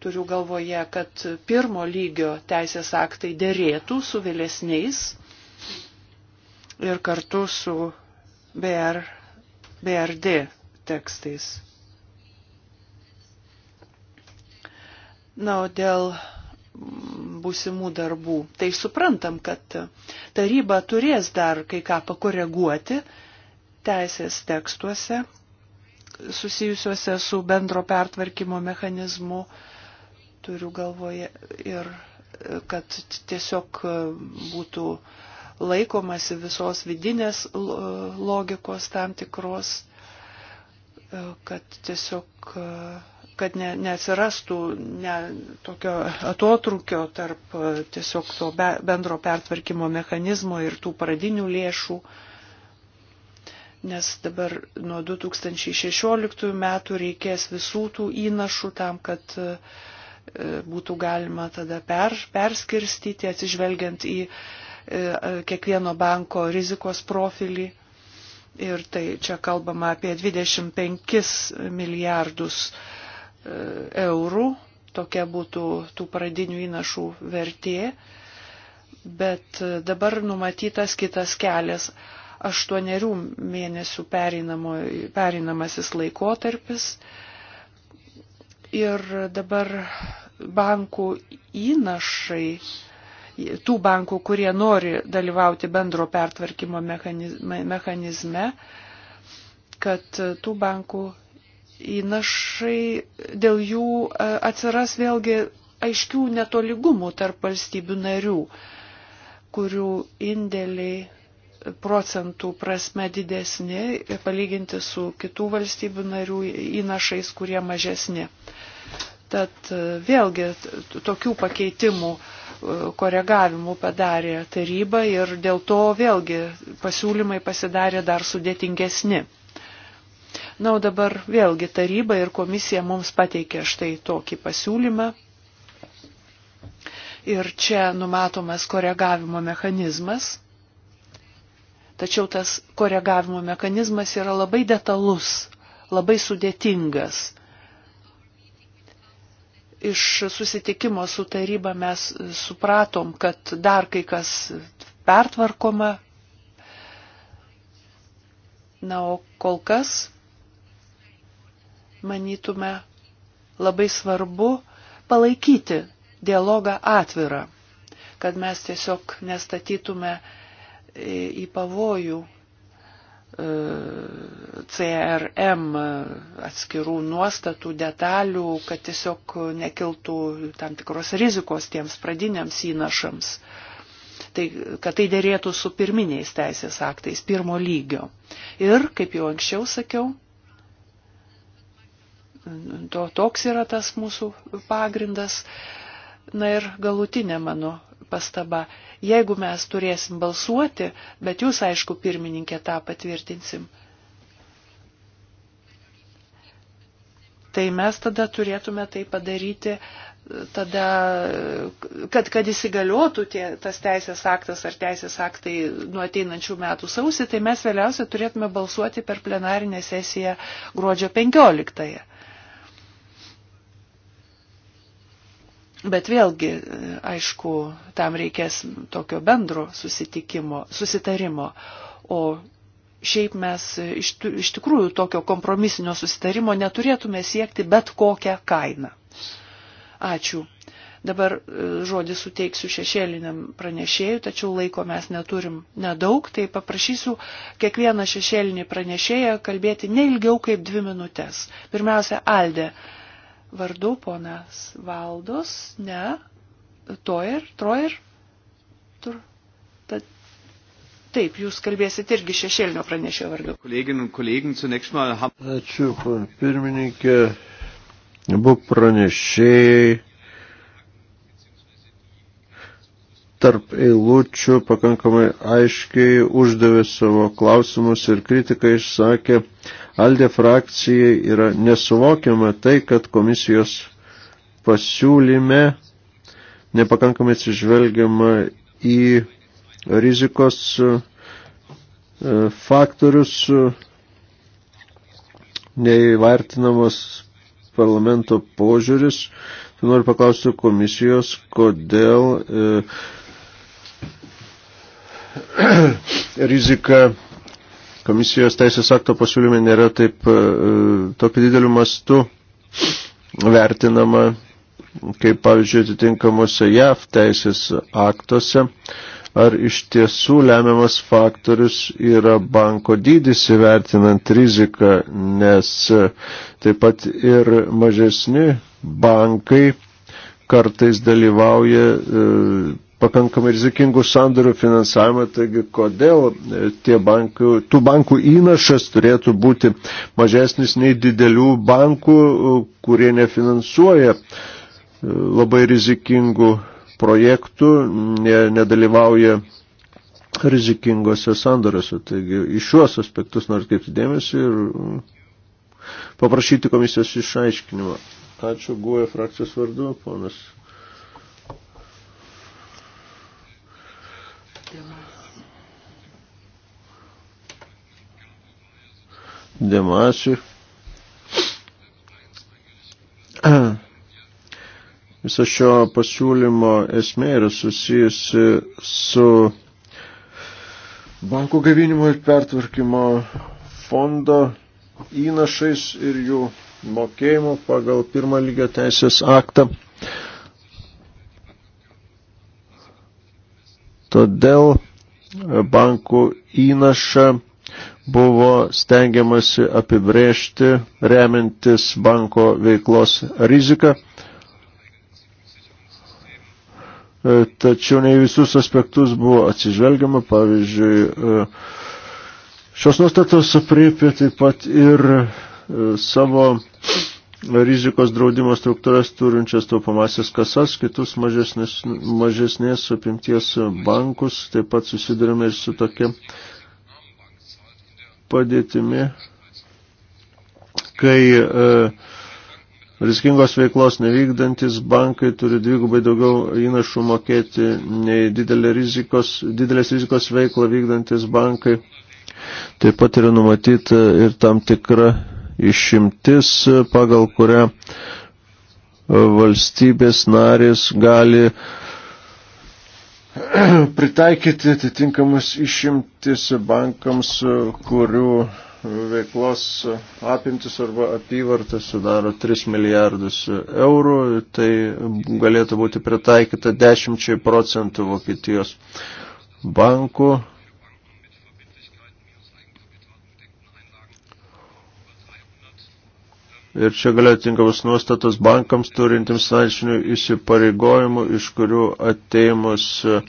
Turiu galvoje, kad pirmo lygio teisės aktai dėrėtų su vėlesniais ir kartu su BR, BRD tekstais. Na, o dėl būsimų darbų. Tai suprantam, kad taryba turės dar kai ką pakoreguoti teisės tekstuose, susijusiuose su bendro pertvarkymo mechanizmu, turiu galvoje ir kad tiesiog būtų laikomasi visos vidinės logikos tam tikros, kad tiesiog kad ne, neatsirastų ne, tokio atotrukio tarp tiesiog to be, bendro pertvarkymo mechanizmo ir tų pradinių lėšų. Uh, nes dabar nuo 2016 metų reikės visų tų įnašų tam, kad e, būtų galima tada per, perskirstyti, atsižvelgiant į e, e, kiekvieno banko rizikos profilį. Ir tai čia kalbama apie 25 milijardus eurų, tokia būtų tų pradinių įnašų vertė. Bet dabar numatytas kitas kelias aštuonerių mėnesių pereinamasis laikotarpis. Ir dabar bankų įnašai, tų bankų, kurie nori dalyvauti bendro pertvarkymo mechanizme, kad tų bankų įnašai dėl jų e, atsiras vėlgi aiškių netoligumų tarp valstybių narių, kurių indėliai procentų prasme didesni palyginti su kitų valstybių narių įnašais, kurie mažesni. Tad e, vėlgi tokių pakeitimų e, koregavimų padarė taryba ir dėl to vėlgi pasiūlymai pasidarė dar sudėtingesni. Na, o dabar vėlgi taryba ir komisija mums pateikė štai tokį pasiūlymą. Ir čia numatomas koregavimo mechanizmas Tačiau tas koregavimo mechanizmas yra labai detalus, labai sudėtingas. Iš susitikimo su taryba mes supratom, kad dar kai kas pertvarkoma. Na, o kol kas, manytume, labai svarbu palaikyti dialogą atvirą, kad mes tiesiog nestatytume į pavojų e, CRM atskirų nuostatų, detalių, kad tiesiog nekiltų tam tikros rizikos tiems pradiniams įnašams, tai, kad tai dėrėtų su pirminiais teisės aktais, pirmo lygio. Ir, kaip jau anksčiau sakiau, to, toks yra tas mūsų pagrindas. Na ir galutinė mano pastaba. Jeigu mes turėsim balsuoti, bet jūs, aišku, pirmininkė tą patvirtinsim, tai mes tada turėtume tai padaryti, tada, kad, kad įsigaliotų tie, tas teisės aktas ar teisės aktai nuo ateinančių metų sausį, tai mes vėliausiai turėtume balsuoti per plenarinę sesiją gruodžio 15. -ąją. Bet vėlgi, aišku, tam reikės tokio bendro susitikimo, susitarimo. O šiaip mes iš, iš tikrųjų tokio kompromisinio susitarimo neturėtume siekti bet kokią kainą. Ačiū. Dabar e, žodį suteiksiu šešėliniam pranešėjui, tačiau laiko mes neturim nedaug, tai paprašysiu kiekvieną šešėlinį pranešėją kalbėti neilgiau kaip dvi minutės. Pirmiausia, Aldė vardu ponas Valdos, ne, Toir, Troir, tur. Tad, taip, jūs kalbėsite irgi šešėlinio pranešio vardu.
Ačiū, pirmininkė, abu pranešėjai tarp eilučių pakankamai aiškiai uždavė savo klausimus ir kritiką išsakė, Aldė frakcijai yra nesuvokiama tai, kad komisijos pasiūlyme nepakankamai atsižvelgiama į rizikos e, faktorius, neįvertinamas parlamento požiūris. Tai noriu paklausti komisijos, kodėl e, [coughs] rizika komisijos teisės akto pasiūlyme nėra taip e, tokiu dideliu mastu vertinama, kaip pavyzdžiui atitinkamuose JAV teisės aktuose, ar iš tiesų lemiamas faktorius yra banko dydis įvertinant riziką, nes taip pat ir mažesni bankai kartais dalyvauja e, pakankamai rizikingų sandorių finansavimą, taigi kodėl e, bankų, tų bankų įnašas turėtų būti mažesnis nei didelių bankų, e, kurie nefinansuoja e, labai rizikingų projektų, ne, nedalyvauja rizikingose sandoriuose. Taigi iš šiuos aspektus noriu kaip dėmesį ir mm, paprašyti komisijos išaiškinimą. Ačiū, guoja frakcijos vardu, ponas Demasiui. [clears throat] Viso šio pasiūlymo esmė yra susijusi su bankų gavinimo ir pertvarkymo fondo įnašais ir jų mokėjimu pagal pirmą lygio teisės aktą. Todėl e, bankų įnašą buvo stengiamasi apibrėžti remintis banko veiklos riziką. E, tačiau ne visus aspektus buvo atsižvelgiama, pavyzdžiui, e, šios nuostatos apriepė taip pat ir savo rizikos draudimo struktūras turinčias taupamasias kasas, kitus mažesnės, mažesnės apimties bankus. Taip pat susidurime ir su tokia padėtimi, kai e, riskingos veiklos nevykdantis bankai turi dvigubai daugiau įnašų mokėti nei didelė rizikos, didelės rizikos veiklą vykdantis bankai. Taip pat yra numatyta ir tam tikra išimtis, pagal kurią valstybės narės gali pritaikyti atitinkamas išimtis bankams, kurių veiklos apimtis arba apyvartas sudaro 3 milijardus eurų, tai galėtų būti pritaikyta 10 procentų Vokietijos bankų Ir čia galėjo tinkamas nuostatas bankams turintiems finansinių įsipareigojimų, iš kurių ateimus e,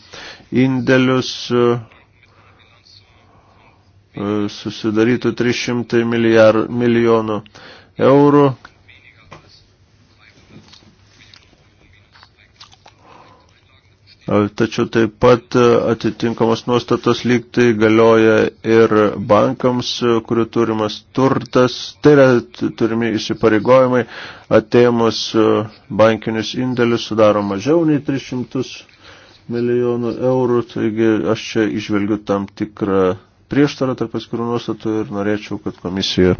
indėlius e, e, susidarytų 300 milijar, milijonų eurų, Tačiau taip pat e, atitinkamos nuostatos lygtai galioja ir bankams, e, kurių turimas turtas, tai yra turimi įsipareigojimai, atėmus e, bankinius indėlius sudaro mažiau nei 300 milijonų eurų, taigi aš čia išvelgiu tam tikrą prieštarą tarp atskirų nuostatų ir norėčiau, kad komisija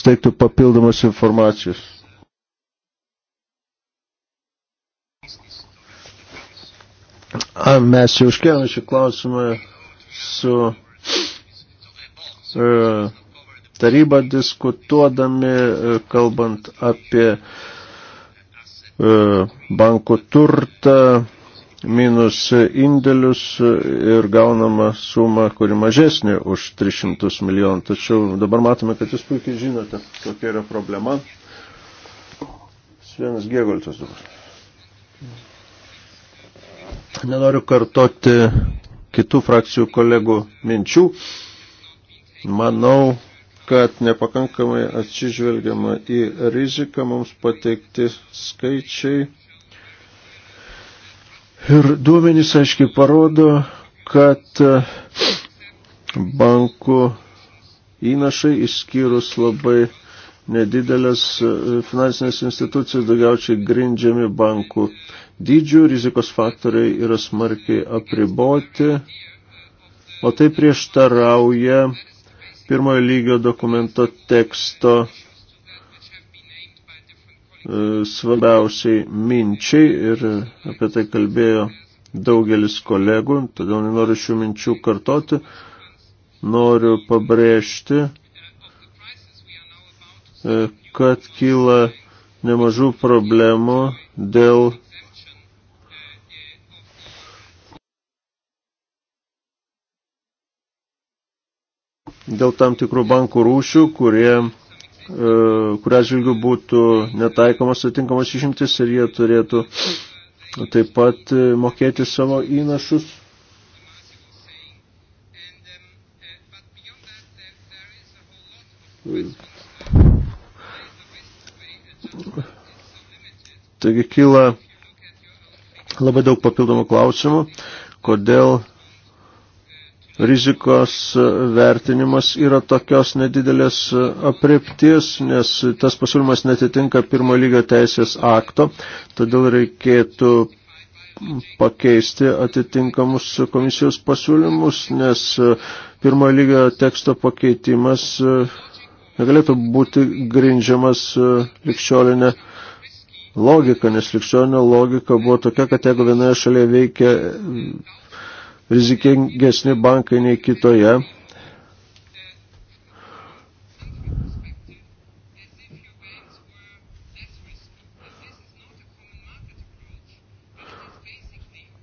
steigtų papildomas informacijos. A, mes jau iškėlėme šį klausimą su e, taryba diskutuodami, e, kalbant apie e, bankų turtą minus indėlius ir gaunama suma, kuri mažesnė už 300 milijonų. Tačiau dabar matome, kad jūs puikiai žinote, kokia yra problema. Svenas Gėgoltas dabar. Nenoriu kartoti kitų frakcijų kolegų minčių. Manau, kad nepakankamai atsižvelgiama į riziką mums pateikti skaičiai. Ir duomenys aiškiai parodo, kad e, bankų įnašai išskyrus labai nedidelės e, finansinės institucijos daugiausiai grindžiami bankų dydžių, rizikos faktoriai yra smarkiai apriboti, o tai prieštarauja pirmojo lygio dokumento teksto e, svarbiausiai minčiai ir apie tai kalbėjo daugelis kolegų, todėl nenoriu šių minčių kartoti, noriu pabrėžti, e, kad kyla nemažų problemų dėl dėl tam tikrų bankų rūšių, kurie e, kuria žvilgių būtų netaikomas atitinkamas išimtis ir jie turėtų taip pat e, mokėti savo įnašus. Taigi kyla labai daug papildomų klausimų, kodėl rizikos vertinimas yra tokios nedidelės apripties, nes tas pasiūlymas netitinka pirmo lygio teisės akto, todėl reikėtų pakeisti atitinkamus komisijos pasiūlymus, nes pirmo lygio teksto pakeitimas negalėtų būti grindžiamas likščiolinė logika, nes likščiolinė logika buvo tokia, kad jeigu vienoje šalyje veikia rizikingesni bankai nei kitoje.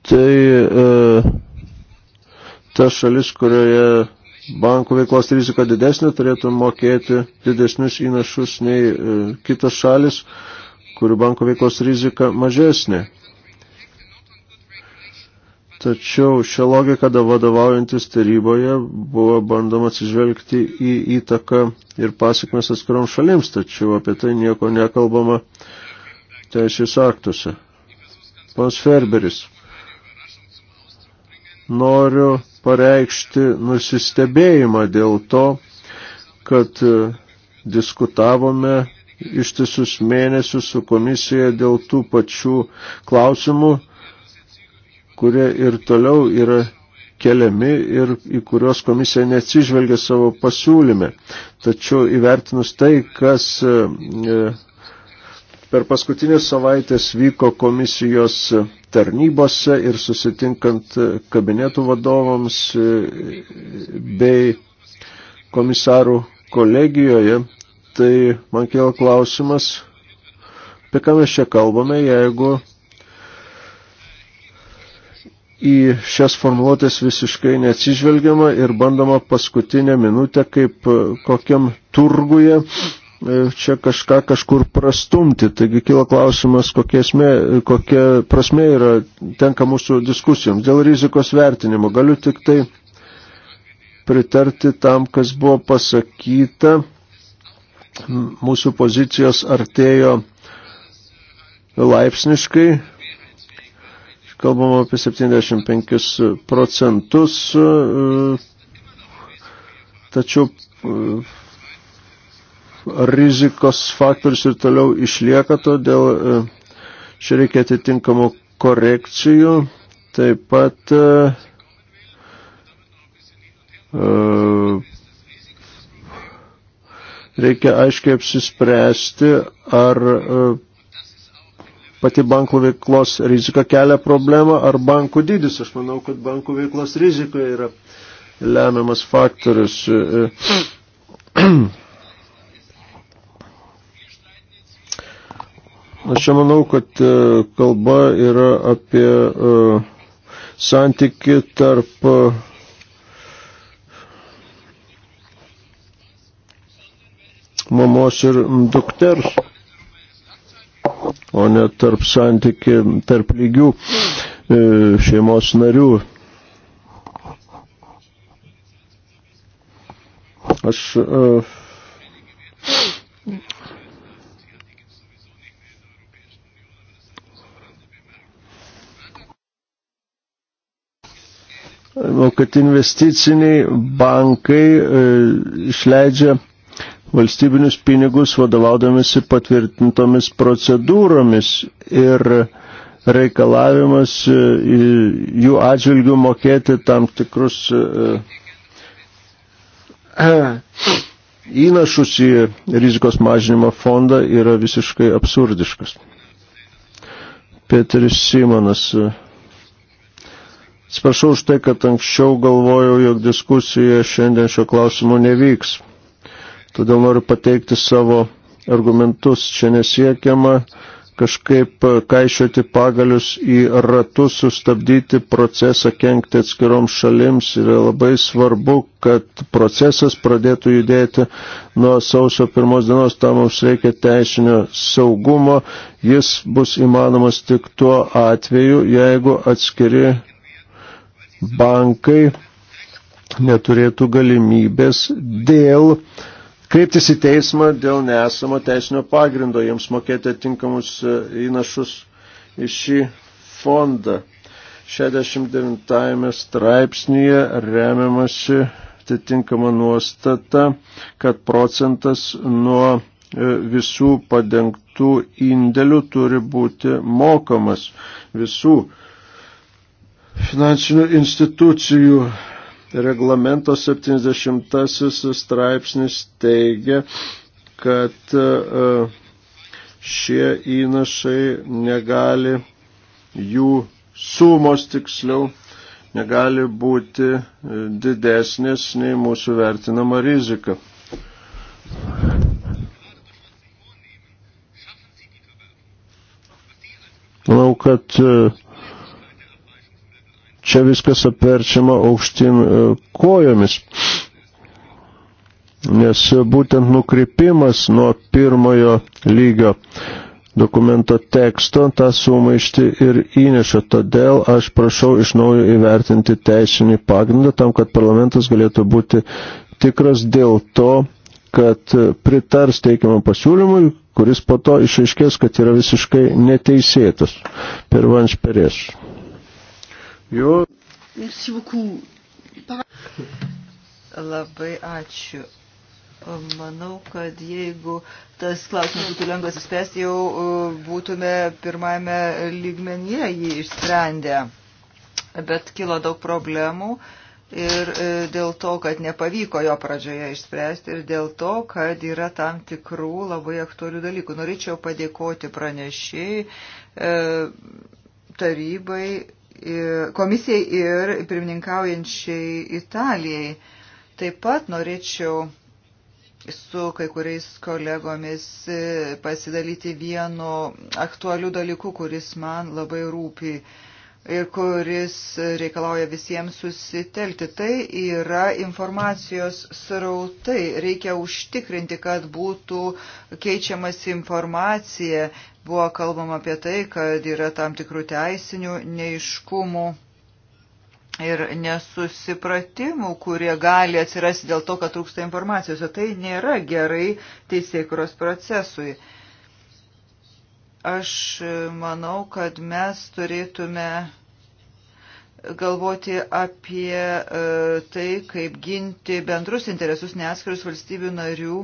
Tai e, ta šalis, kurioje bankų veiklos rizika didesnė, turėtų mokėti didesnius įnašus nei e, kitos šalis, kurių bankų veiklos rizika mažesnė. Tačiau šią logiką vadovaujantis taryboje buvo bandoma atsižvelgti į įtaką ir pasiekmes atskiroms šalims, tačiau apie tai nieko nekalbama teisės aktuose. Pans Ferberis, noriu pareikšti nusistebėjimą dėl to, kad e, diskutavome ištisus mėnesius su komisija dėl tų pačių klausimų kurie ir toliau yra keliami ir į kuriuos komisija neatsižvelgia savo pasiūlyme. Tačiau įvertinus tai, kas e, per paskutinės savaitės vyko komisijos tarnybose ir susitinkant kabinetų vadovams e, bei komisarų kolegijoje, tai man kėl klausimas, apie ką mes čia kalbame, jeigu į šias formuluotės visiškai neatsižvelgiama ir bandoma paskutinę minutę kaip e, kokiam turguje e, čia kažką kažkur prastumti. Taigi kilo klausimas, kokia, esmė, kokia prasme yra tenka mūsų diskusijoms. Dėl rizikos vertinimo galiu tik tai pritarti tam, kas buvo pasakyta. Mūsų pozicijos artėjo laipsniškai kalbama apie 75 procentus, e, tačiau e, rizikos faktorius ir toliau išlieka, todėl e, čia reikia atitinkamų korekcijų. Taip pat reikia aiškiai apsispręsti, ar pati bankų veiklos rizika kelia problemą ar bankų dydis. Aš manau, kad bankų veiklos rizika yra lemiamas faktorius. Aš čia manau, kad e, kalba yra apie e, santyki tarp e, mamos ir dukters o ne tarp santykių, tarp lygių e, šeimos narių. Aš e, manau, kad investiciniai bankai e, išleidžia valstybinius pinigus vadovaudamėsi patvirtintomis procedūromis ir reikalavimas e, jų atžvilgių mokėti tam tikrus e, [clears throat] įnašus į rizikos mažinimo fondą yra visiškai absurdiškas. Peteris Simonas. E, atsiprašau už tai, kad anksčiau galvojau, jog diskusija šiandien šio klausimu nevyks todėl noriu pateikti savo argumentus. Čia nesiekiama kažkaip kaišiuoti pagalius į ratus, sustabdyti procesą, kenkti atskiroms šalims. Yra labai svarbu, kad procesas pradėtų judėti nuo sausio pirmos dienos, tam mums reikia teisinio saugumo. Jis bus įmanomas tik tuo atveju, jeigu atskiri bankai neturėtų galimybės dėl uh, kreiptis į teismą dėl nesamo teisinio pagrindo jiems mokėti atinkamus e, įnašus į šį fondą. 69 straipsnėje remiamasi atitinkama nuostata, kad procentas nuo e, visų padengtų indėlių turi būti mokamas visų finansinių institucijų reglamento 70 straipsnis teigia, kad e, šie įnašai negali, jų sumos tiksliau, negali būti e, didesnės nei mūsų vertinama rizika. Manau, kad uh, čia viskas apverčiama aukštin e, kojomis. Nes būtent nukrypimas nuo pirmojo lygio dokumento teksto tą sumaištį ir įneša. Todėl aš prašau iš naujo įvertinti teisinį pagrindą tam, kad parlamentas galėtų būti tikras dėl to, kad pritars teikiamą pasiūlymui, kuris po to išaiškės, kad yra visiškai neteisėtas. Pirvanš perės. Jo. Merci beaucoup.
Labai ačiū. Manau, kad jeigu tas klausimas būtų lengvas išspręsti, jau uh, būtume pirmajame lygmenyje jį išsprendę. Bet kilo daug problemų ir uh, dėl to, kad nepavyko jo pradžioje išspręsti ir dėl to, kad yra tam tikrų labai aktualių dalykų. Norėčiau padėkoti pranešiai uh, tarybai komisijai ir pirmininkaujančiai Italijai. Taip pat norėčiau su kai kuriais kolegomis e, pasidalyti vienu aktualiu dalyku, kuris man labai rūpi. E, ir kuris reikalauja visiems susitelkti. Tai yra informacijos srautai. Reikia užtikrinti, kad būtų keičiamas informacija. Buvo kalbama apie tai, kad yra tam tikrų teisinių neiškumų. Ir nesusipratimų, kurie gali atsirasti dėl to, kad trūksta informacijos, o tai nėra gerai teisėkuros procesui. Uh, Aš manau, kad mes turėtume galvoti apie e, tai, kaip ginti bendrus interesus, ne atskirius valstybių narių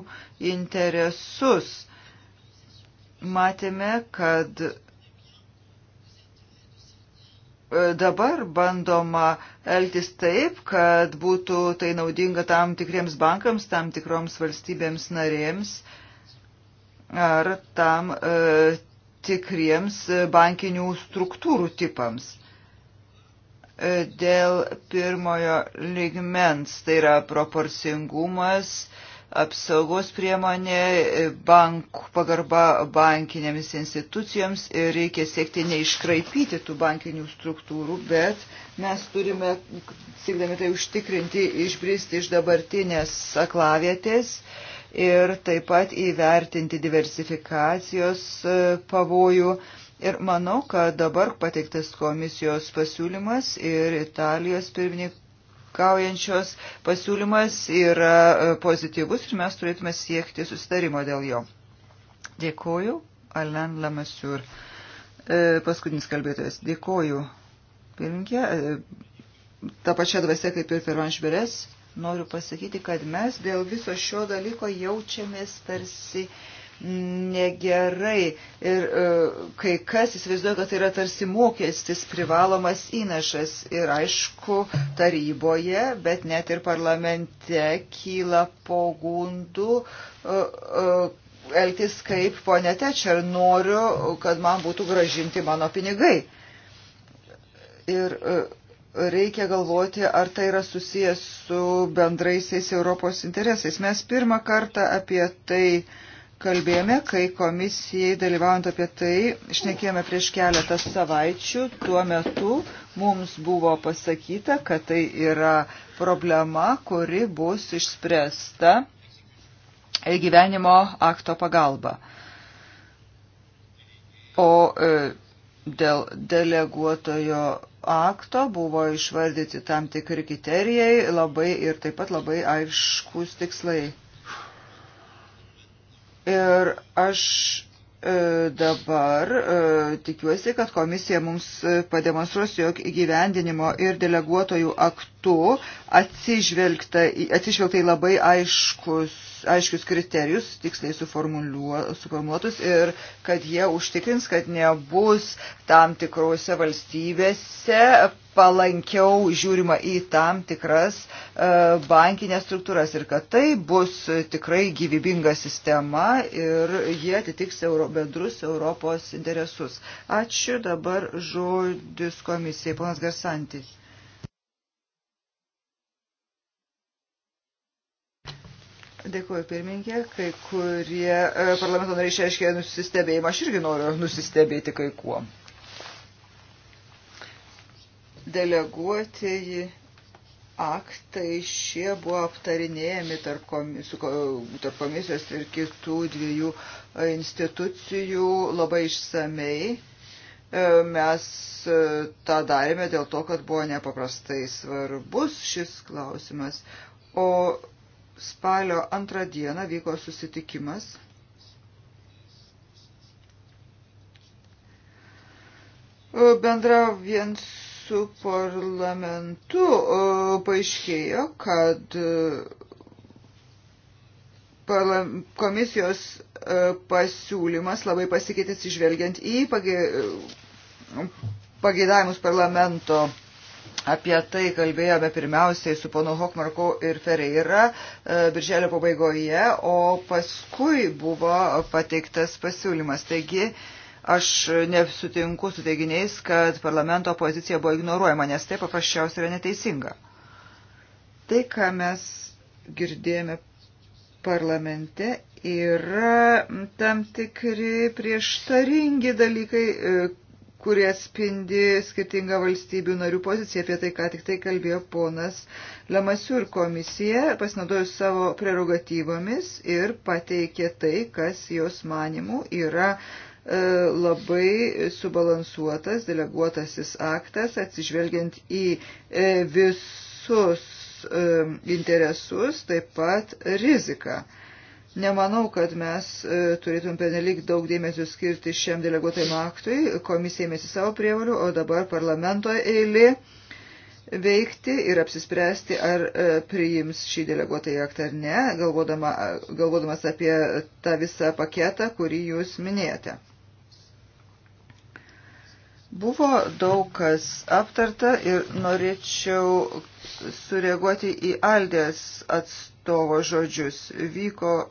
interesus. Matėme, kad e, dabar bandoma elgtis taip, kad būtų tai naudinga tam tikriems bankams, tam tikroms valstybėms narėms ar tam e, tikriems e, bankinių struktūrų tipams e, dėl pirmojo ligmens, tai yra proporcingumas, apsaugos priemonė, e, bank, pagarba bankinėmis institucijoms ir reikia siekti neiškraipyti tų bankinių struktūrų, bet mes turime, siekdami tai užtikrinti, išbristi iš dabartinės aklavietės. Uh, ir taip pat įvertinti diversifikacijos e, pavojų. Ir manau, kad dabar pateiktas komisijos pasiūlymas ir Italijos pirmininkaujančios pasiūlymas yra e, pozityvus ir mes turėtume siekti susitarimo dėl jo. Dėkoju, Alain Lamasiur. E, paskutinis kalbėtojas. Dėkoju, pirmininkė. Ta pačia dvasia kaip ir Fervanš Beres noriu pasakyti, kad mes dėl viso šio dalyko jaučiamės tarsi negerai. Ir e, kai kas įsivaizduoja, kad tai yra tarsi mokestis, privalomas įnašas. Ir aišku, taryboje, bet net ir parlamente kyla pogundų e, e, elgtis kaip ponė Tečer, noriu, kad man būtų gražinti mano pinigai. Ir uh, reikia galvoti, ar tai yra susijęs su bendraisiais Europos interesais. Mes pirmą kartą apie tai kalbėjome, kai komisijai dalyvaujant apie tai, šnekėjome prieš keletą savaičių, tuo metu mums buvo pasakyta, kad tai yra problema, kuri bus išspręsta gyvenimo akto pagalba. O e, dėl deleguotojo akto buvo išvardyti tam tikri kriterijai labai ir taip pat labai aiškus tikslai. Ir aš e, dabar e, tikiuosi, kad komisija mums pademonstruos, jog įgyvendinimo ir deleguotojų aktų atsižvelgta, atsižvelgta į labai aiškus aiškius kriterijus, tiksliai suformuotus ir kad jie užtikrins, kad nebus tam tikrose valstybėse palankiau žiūrima į tam tikras e, bankinės struktūras ir kad tai bus tikrai gyvybinga sistema ir jie atitiks euro, bendrus Europos interesus. Ačiū dabar žodis komisijai, ponas Garsantis. Dėkuoju pirmininkė, kai kurie e, parlamento nariai išreiškė nusistebėjimą, aš irgi noriu nusistebėti kai kuo. Deleguotieji aktai šie buvo aptarinėjami tarp, komis, tarp komisijos ir kitų dviejų e, institucijų labai išsamei. E, mes tą darėme dėl to, kad buvo nepaprastai svarbus šis klausimas. O spalio antrą dieną vyko susitikimas. Bendraujant su parlamentu paaiškėjo, kad e, komisijos e, pasiūlymas labai pasikeitė atsižvelgiant į e, pageidavimus parlamento Apie tai kalbėjome pirmiausiai su pono Hokmarku ir Ferreira e, birželio pabaigoje, o paskui buvo pateiktas pasiūlymas. Taigi, aš nesutinku su teiginiais, kad parlamento pozicija buvo ignoruojama, nes tai paprasčiausiai yra neteisinga. Tai, ką mes girdėjome parlamente, yra tam tikri prieštaringi dalykai, e, kurie spindi skirtingą valstybių narių poziciją. Apie tai, ką tik tai kalbėjo ponas Lamasiur komisija, pasinaudojo savo prerogatyvomis ir pateikė tai, kas jos manimų yra e, labai subalansuotas deleguotasis aktas, atsižvelgiant į e, visus e, interesus, taip pat riziką. Nemanau, kad mes e, turėtum penelik daug dėmesio skirti šiam deleguotajam aktui. Komisija ėmėsi savo prievalių, o dabar parlamento eilė veikti ir apsispręsti, ar e, priims šį deleguotąjį aktą ar ne, galvodama, galvodamas apie tą visą paketą, kurį jūs minėjote. Buvo daug kas aptarta ir norėčiau sureaguoti į Aldės atstovą atstovo žodžius. Vyko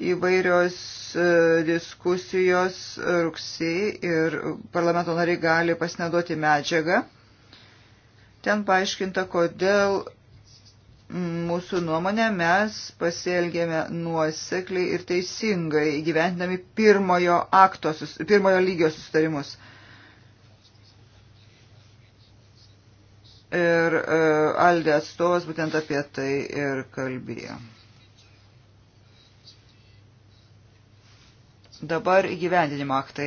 įvairios e, diskusijos rugsėjai ir parlamento nariai gali pasinaudoti medžiagą. Ten paaiškinta, kodėl mūsų nuomonė mes pasielgėme nuosekliai ir teisingai įgyventindami pirmojo, akto, pirmojo lygio sustarimus. Ir e, Aldė atstovas būtent apie tai ir kalbėjo. Dabar įgyvendinimo aktai.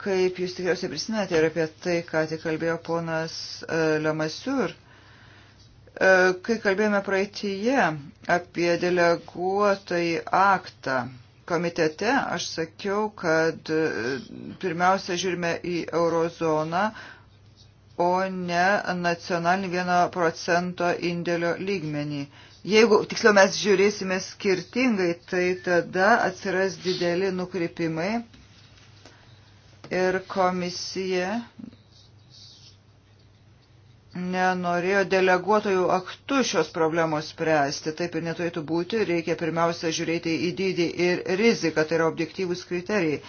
Kaip jūs tikriausiai prisimenate ir apie tai, ką tik kalbėjo ponas e, Lemasiur, e, kai kalbėjome praeitįje apie deleguotojį aktą komitete, aš sakiau, kad pirmiausia žiūrime į eurozoną, o ne nacionalinį 1 procento indėlio lygmenį. Jeigu, tiksliau, mes žiūrėsime skirtingai, tai tada atsiras dideli nukreipimai ir komisija nenorėjo deleguotojų aktų šios problemos spręsti. Taip ir neturėtų būti, reikia pirmiausia žiūrėti į dydį ir riziką, tai yra objektyvus kriterijai.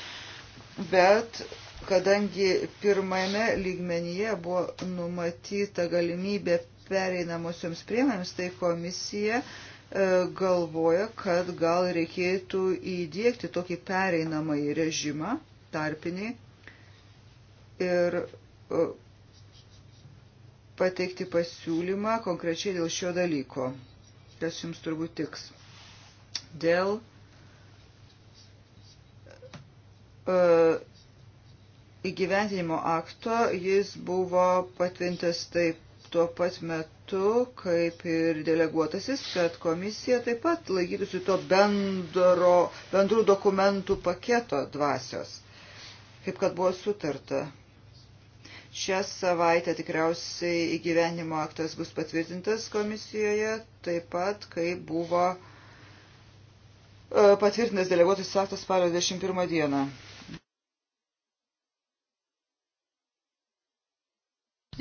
Bet kadangi pirmame lygmenyje buvo numatyta galimybė pereinamosioms priemonėms, tai komisija e, galvoja, kad gal reikėtų įdėkti tokį pereinamąjį režimą tarpinį ir e, pateikti pasiūlymą konkrečiai dėl šio dalyko, kas jums turbūt tiks. Dėl uh, įgyvendinimo akto jis buvo patvintas taip tuo pat metu, kaip ir deleguotasis, kad komisija taip pat laikytųsi to bendro, bendrų dokumentų paketo dvasios, kaip kad buvo sutarta. Šią savaitę tikriausiai įgyvenimo aktas bus patvirtintas komisijoje, taip pat, kaip buvo e, patvirtintas deleguotasis aktas spalio 21 dieną.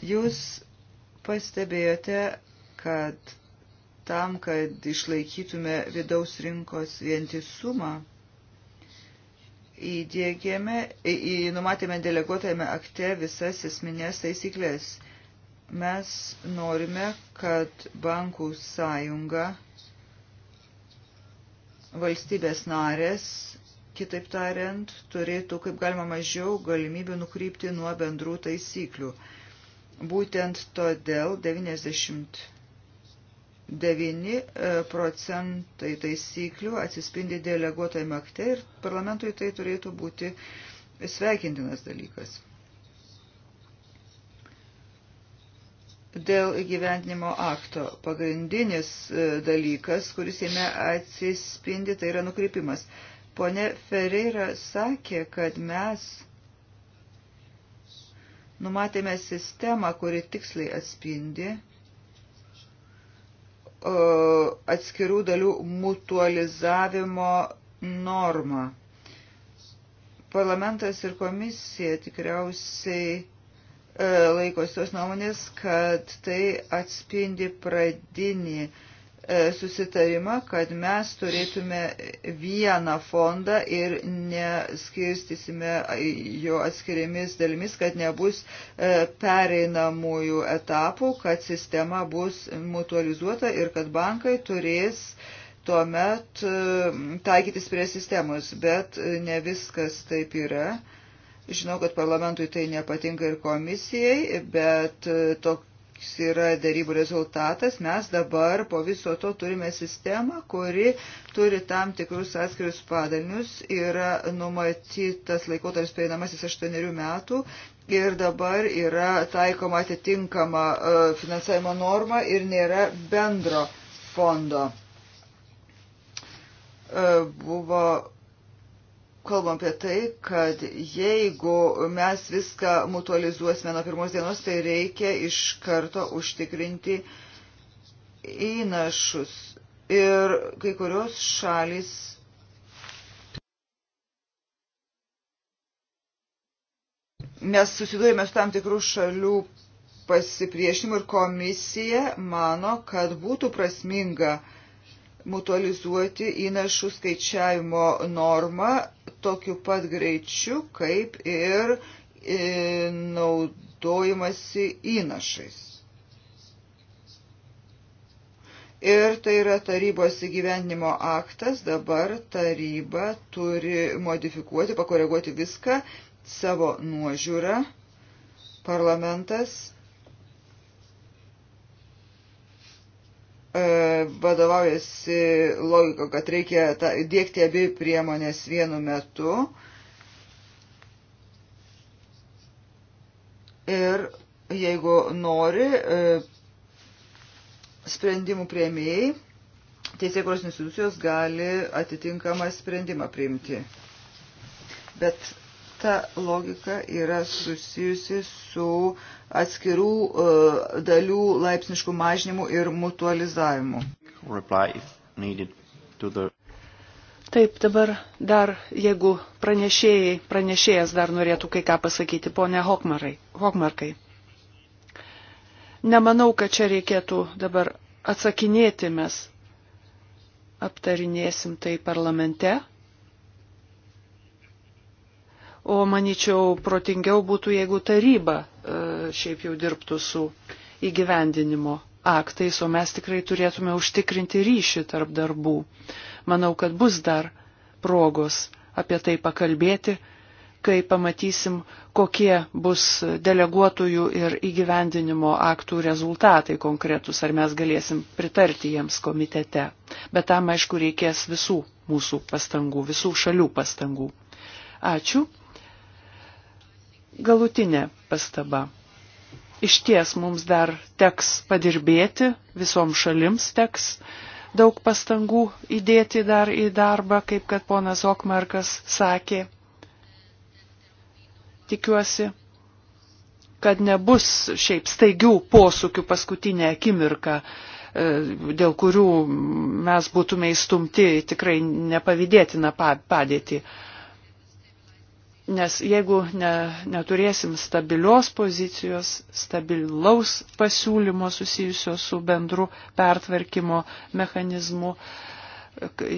Jūs pastebėjote, kad tam, kad išlaikytume vidaus rinkos vientisumą, įdėgėme, į, į, numatėme deleguotojame akte visas esminės taisyklės. Mes norime, kad bankų sąjunga, valstybės narės, kitaip tariant, turėtų kaip galima mažiau galimybių nukrypti nuo bendrų taisyklių. Būtent todėl 99 e, procentai taisyklių atsispindi deleguotojame akte ir parlamentui tai turėtų būti sveikintinas dalykas. Dėl įgyventinimo akto pagrindinis e, dalykas, kuris jame atsispindi, tai yra nukreipimas. Pone Ferreira sakė, kad mes Numatėme sistemą, kuri tiksliai atspindi atskirų dalių mutualizavimo normą. Parlamentas ir komisija tikriausiai e, laikosi tos nuomonės, kad tai atspindi pradinį uh, E, susitarimą, kad mes turėtume vieną fondą ir neskirstysime jo atskiriamis dalimis, kad nebus e, pereinamųjų etapų, kad sistema bus mutualizuota ir kad bankai turės tuomet e, taikytis prie sistemos, bet ne viskas taip yra. Žinau, kad parlamentui tai nepatinka ir komisijai, bet tok, koks yra darybų rezultatas, mes dabar po viso to turime sistemą, kuri turi tam tikrus atskirius padalinius, yra numatytas laikotarpis prieinamasis 8 metų ir dabar yra taikoma atitinkama e, finansavimo norma ir nėra bendro fondo. E, buvo kalbam apie tai, kad jeigu mes viską mutualizuosime nuo pirmos dienos, tai reikia iš karto užtikrinti įnašus. Ir kai kurios šalis mes susidurime su tam tikrų šalių pasipriešinimu ir komisija mano, kad būtų prasminga uh, mutualizuoti įnašų skaičiavimo normą tokiu pat greičiu, kaip ir e, naudojimasi įnašais. Ir tai yra tarybos įgyvendinimo aktas, dabar taryba turi modifikuoti, pakoreguoti viską savo nuožiūrą. Parlamentas E, vadovaujasi logiko, kad reikia ta, dėkti abi priemonės vienu metu. Ir jeigu nori, e, sprendimų prieimėjai, teisėkuros institucijos gali atitinkamą sprendimą priimti. Bet ta logika yra susijusi su atskirų uh, dalių laipsniškų
mažinimu ir mutualizavimu. Taip, dabar dar, jeigu pranešėjai, pranešėjas dar norėtų kai ką pasakyti, ponė Hokmarai, Hokmarkai. Nemanau, kad čia reikėtų dabar atsakinėti, mes aptarinėsim tai parlamente, O manyčiau, protingiau būtų, jeigu taryba e, šiaip jau dirbtų su įgyvendinimo aktais, o mes tikrai turėtume užtikrinti ryšį tarp darbų. Manau, kad bus dar progos apie tai pakalbėti, kai pamatysim, kokie bus deleguotojų ir įgyvendinimo aktų rezultatai konkretus, ar mes galėsim pritarti jiems komitete. Bet tam, aišku, reikės visų mūsų pastangų, visų šalių pastangų. Ačiū galutinė pastaba. Iš ties mums dar teks padirbėti, visom šalims teks daug pastangų įdėti dar į darbą, kaip kad ponas Okmarkas sakė. Tikiuosi, kad nebus šiaip staigių posūkių paskutinę akimirką, e, dėl kurių mes būtume įstumti tikrai nepavydėtiną padėtį. Nes jeigu ne, neturėsim stabilios pozicijos, stabilaus pasiūlymo susijusio su bendru pertvarkymo mechanizmu,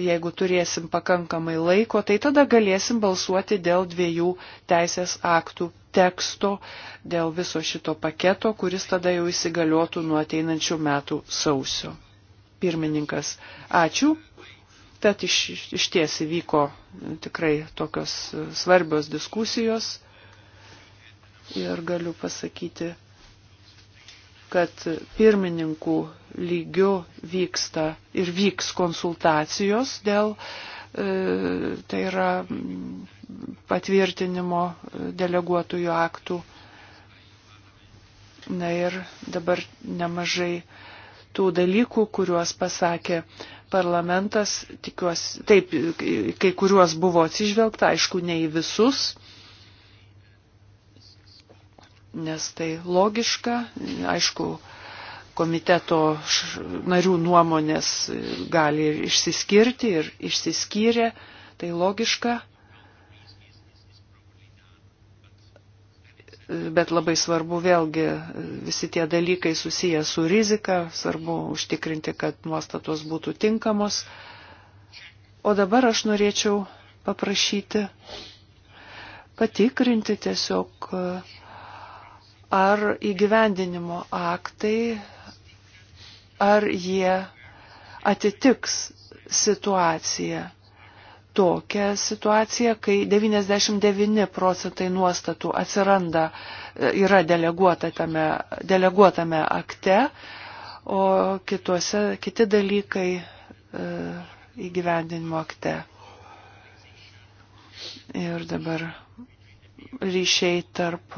jeigu turėsim pakankamai laiko, tai tada galėsim balsuoti dėl dviejų teisės aktų teksto, dėl viso šito paketo, kuris tada jau įsigaliotų nuo ateinančių metų sausio. Pirmininkas, ačiū. Tad iš, iš ties įvyko tikrai tokios svarbios diskusijos ir galiu pasakyti, kad pirmininkų lygių vyksta ir vyks konsultacijos dėl, e, tai yra patvirtinimo deleguotųjų aktų. Na ir dabar nemažai tų dalykų, kuriuos pasakė parlamentas, tikiuosi, taip, kai kuriuos buvo atsižvelgta, aišku, ne į visus, nes tai logiška, aišku, komiteto narių nuomonės gali ir išsiskirti ir išsiskyrė, tai logiška. bet labai svarbu vėlgi visi tie dalykai susiję su rizika, svarbu užtikrinti, kad nuostatos būtų tinkamos. O dabar aš norėčiau paprašyti patikrinti tiesiog, ar įgyvendinimo aktai, ar jie atitiks situaciją tokią situaciją, kai 99 procentai nuostatų atsiranda, e, yra deleguota tame, deleguotame akte, o kituose, kiti dalykai e, įgyvendinimo akte. Ir dabar ryšiai tarp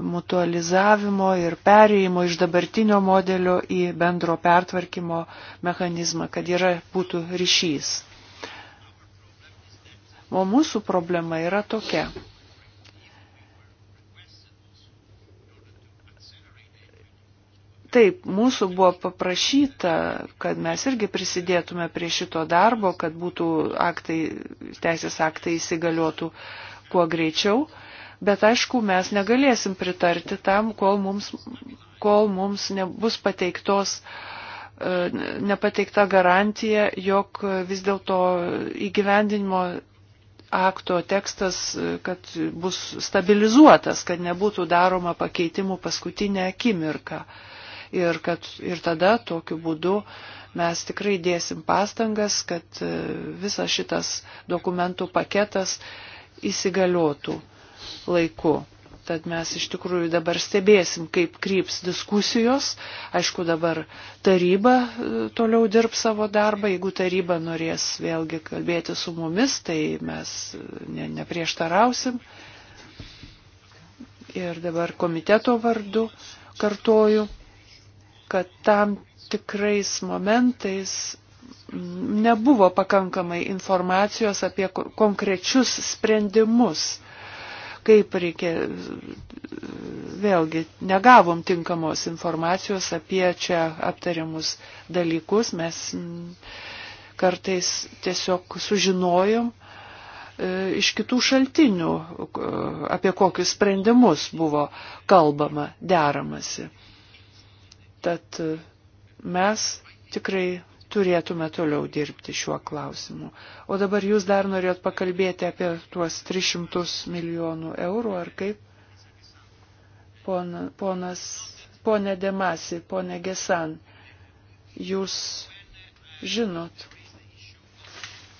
mutualizavimo ir perėjimo iš dabartinio modelio į bendro pertvarkymo mechanizmą, kad yra būtų ryšys. O mūsų problema yra tokia. Taip, mūsų buvo paprašyta, kad mes irgi prisidėtume prie šito darbo, kad būtų aktai, teisės aktai įsigaliotų kuo greičiau, bet aišku, mes negalėsim pritarti tam, kol mums, kol mums nebus pateiktos uh, nepateikta garantija, jog vis dėlto įgyvendinimo akto tekstas, kad bus stabilizuotas, kad nebūtų daroma pakeitimų paskutinę akimirką. Ir, kad, ir tada tokiu būdu mes tikrai dėsim pastangas, kad e, visas šitas dokumentų paketas įsigaliotų laiku. Tad mes iš tikrųjų dabar stebėsim, kaip kryps diskusijos. Aišku, dabar taryba e, toliau dirb savo darbą. Jeigu taryba norės vėlgi kalbėti su mumis, tai mes e, ne, neprieštarausim. Ir dabar komiteto vardu kartoju, kad tam tikrais momentais nebuvo pakankamai informacijos apie konkrečius sprendimus kaip reikia, vėlgi negavom tinkamos informacijos apie čia aptariamus dalykus, mes kartais tiesiog sužinojom e, iš kitų šaltinių, e, apie kokius sprendimus buvo kalbama, deramasi. Tad e, mes tikrai turėtume toliau dirbti šiuo klausimu. O dabar jūs dar norėjot pakalbėti apie tuos 300 milijonų eurų, ar kaip? Pon, ponas, ponė Demasi, ponė Gesan, jūs žinot,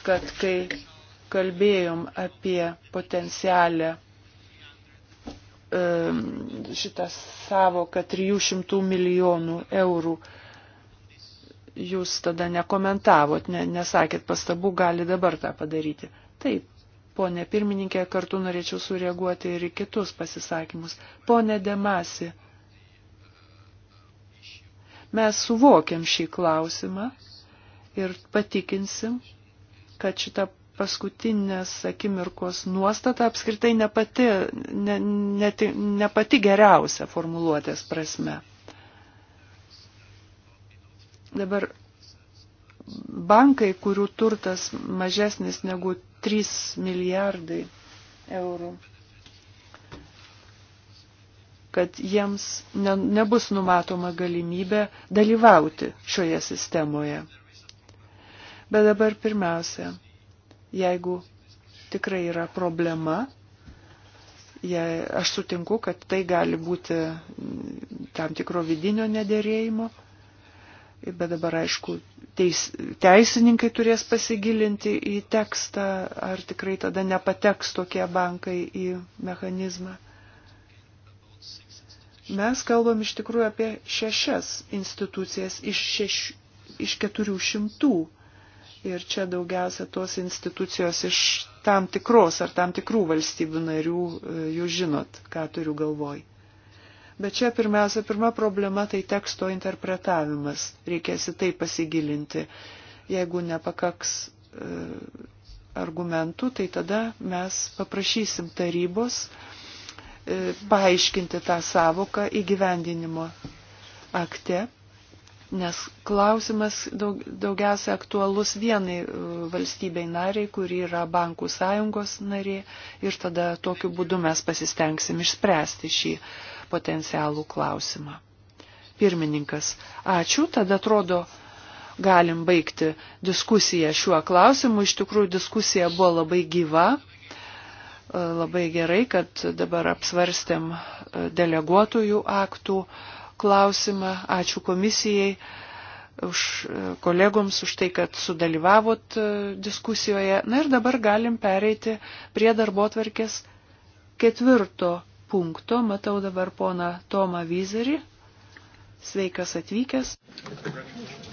kad kai kalbėjom apie potencialę šitą savoką 300 milijonų eurų, jūs tada nekomentavot, ne, nesakėt pastabų, gali dabar tą padaryti. Taip, ponė pirmininkė, kartu norėčiau sureaguoti ir į kitus pasisakymus. Pone Demasi, mes suvokiam šį klausimą ir patikinsim, kad šita paskutinės akimirkos nuostata apskritai ne pati, ne, ne, ne pati geriausia formuluotės prasme. Dabar bankai, kurių turtas mažesnis negu 3 milijardai eurų, kad jiems ne, nebus numatoma galimybė dalyvauti šioje sistemoje. Bet dabar pirmiausia, jeigu tikrai yra problema, jei aš sutinku, kad tai gali būti tam tikro vidinio nederėjimo, bet dabar, aišku, teis, teisininkai turės pasigilinti į tekstą, ar tikrai tada nepateks tokie bankai į mechanizmą. Mes kalbam iš tikrųjų apie šešias institucijas iš, šeš, iš keturių šimtų. Ir čia daugiausia tos institucijos iš tam tikros ar tam tikrų valstybių narių, e, jūs žinot, ką turiu galvoj. Bet čia pirmiausia, pirma problema tai teksto interpretavimas. Reikės į tai pasigilinti. Jeigu nepakaks e, argumentų, tai tada mes paprašysim tarybos e, paaiškinti tą savoką įgyvendinimo akte nes klausimas daug, daugiausia aktualus vienai e, valstybei nariai, kuri yra bankų sąjungos narė ir tada tokiu būdu mes pasistengsim išspręsti šį potencialų klausimą. Pirmininkas, ačiū, tada atrodo, galim baigti diskusiją šiuo klausimu. Iš tikrųjų, diskusija buvo labai gyva. Labai gerai, kad dabar apsvarstėm e, deleguotojų aktų klausimą. Ačiū komisijai už e, kolegoms už tai, kad sudalyvavot e, diskusijoje. Na ir dabar galim pereiti prie darbo tvarkės ketvirto punkto. Matau dabar poną Tomą Vizerį. Sveikas atvykęs.
Congratulations.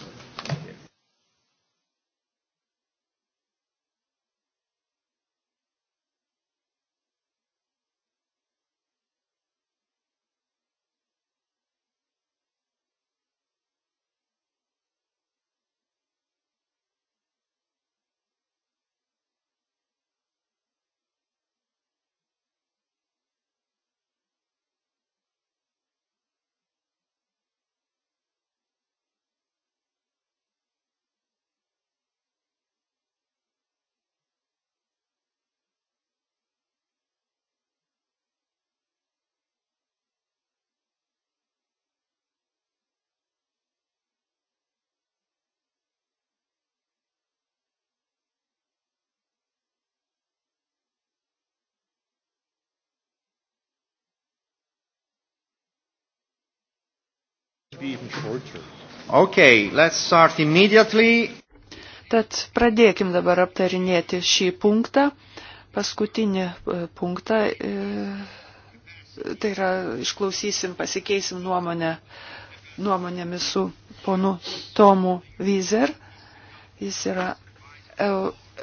Okay, let's start immediately. Tad pradėkim dabar aptarinėti šį punktą, paskutinį e, punktą. E, tai yra, išklausysim, pasikeisim nuomonę, nuomonėmis su ponu Tomu Vizer. Jis yra e,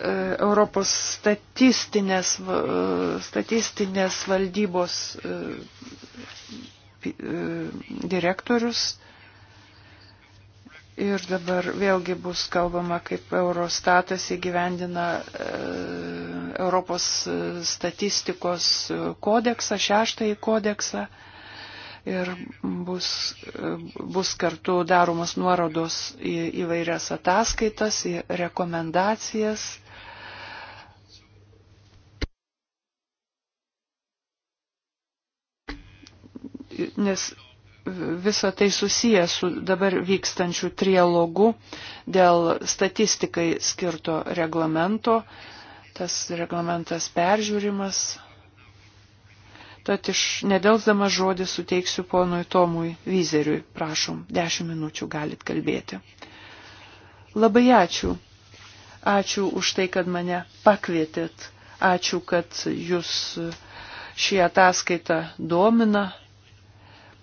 Europos statistinės, statistinės valdybos direktorius Ir dabar vėlgi bus kalbama, kaip Eurostatas įgyvendina e, Europos statistikos kodeksą, šeštąjį kodeksą. Ir bus, e, bus kartu daromas nuorodos į įvairias ataskaitas, į rekomendacijas. Nes visa tai susijęs su dabar vykstančiu trialogu dėl statistikai skirto reglamento. Tas reglamentas peržiūrimas. Tad iš nedelsdama žodį suteiksiu ponui Tomui Vyzeriui. Prašom, dešimt minučių galit kalbėti. Labai ačiū. Ačiū už tai, kad mane pakvietėt. Ačiū, kad jūs šį ataskaitą domina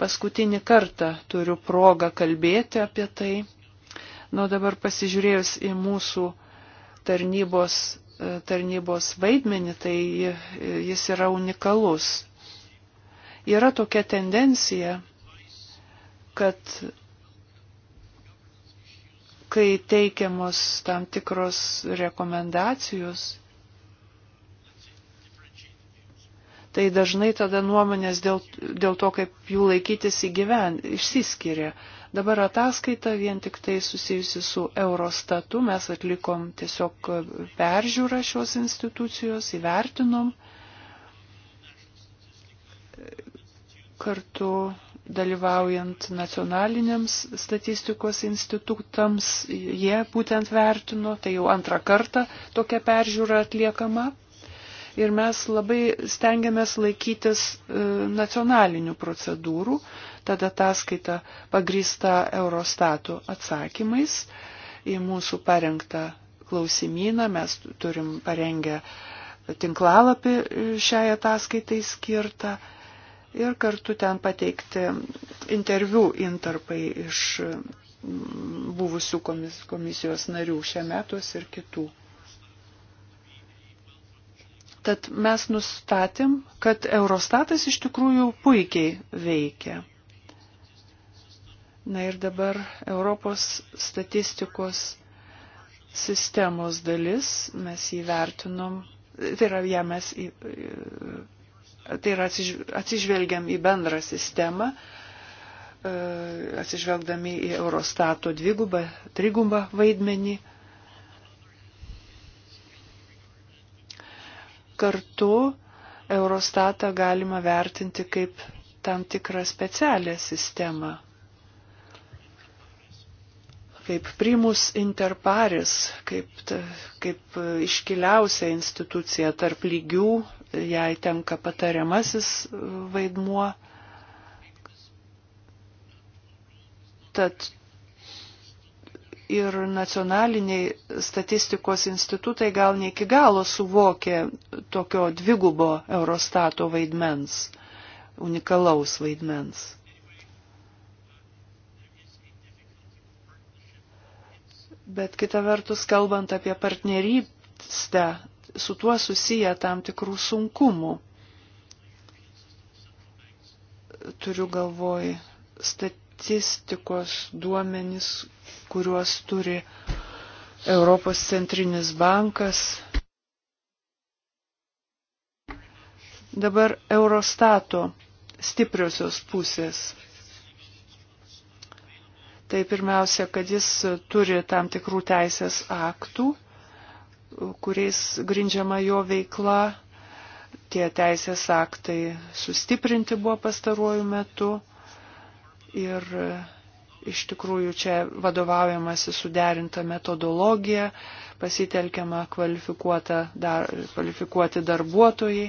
paskutinį kartą turiu progą kalbėti apie tai. Nuo dabar pasižiūrėjus į mūsų tarnybos, e, tarnybos vaidmenį, tai e, jis yra unikalus. Yra tokia tendencija, kad kai teikiamos tam tikros rekomendacijos, tai dažnai tada nuomonės dėl, dėl to, kaip jų laikytis įgyven, išsiskiria. Dabar ataskaita vien tik tai susijusi su Eurostatu, mes atlikom tiesiog peržiūrą šios institucijos, įvertinom kartu dalyvaujant nacionaliniams statistikos institutams, jie būtent vertino, tai jau antrą kartą tokia peržiūra atliekama ir mes labai stengiamės laikytis e, nacionalinių procedūrų, tada ataskaita pagrįsta Eurostatų atsakymais į mūsų parengtą klausimyną, mes turim parengę tinklalapį e, šiai ataskaitai skirtą ir kartu ten pateikti interviu intarpai iš buvusių komisijos narių šiame metuos ir kitų. Tad mes nustatėm, kad Eurostatas iš tikrųjų puikiai veikia. Na ir dabar Europos statistikos sistemos dalis, mes įvertinom, tai yra, ja, mes į, tai yra atsižvelgiam į bendrą sistemą, e, atsižvelgdami į Eurostato dvigubą, trigubą vaidmenį kartu Eurostatą galima vertinti kaip tam tikrą specialią sistemą. Kaip primus interparis, kaip, kaip iškiliausia institucija tarp lygių, jai tenka patariamasis vaidmuo. Tad ir nacionaliniai statistikos institutai gal ne iki galo suvokė tokio dvigubo Eurostato vaidmens, unikalaus vaidmens. Bet kita vertus, kalbant apie partnerystę, su tuo susiję tam tikrų sunkumų. Turiu galvoj stat statistikos duomenys, kuriuos turi Europos centrinis bankas. Dabar Eurostato stipriosios pusės. Tai pirmiausia, kad jis turi tam tikrų teisės aktų, kuriais grindžiama jo veikla. Tie teisės aktai sustiprinti buvo pastaruoju metu Ir e, iš tikrųjų čia vadovaujamasi suderinta metodologija, pasitelkiama dar, kvalifikuoti darbuotojai.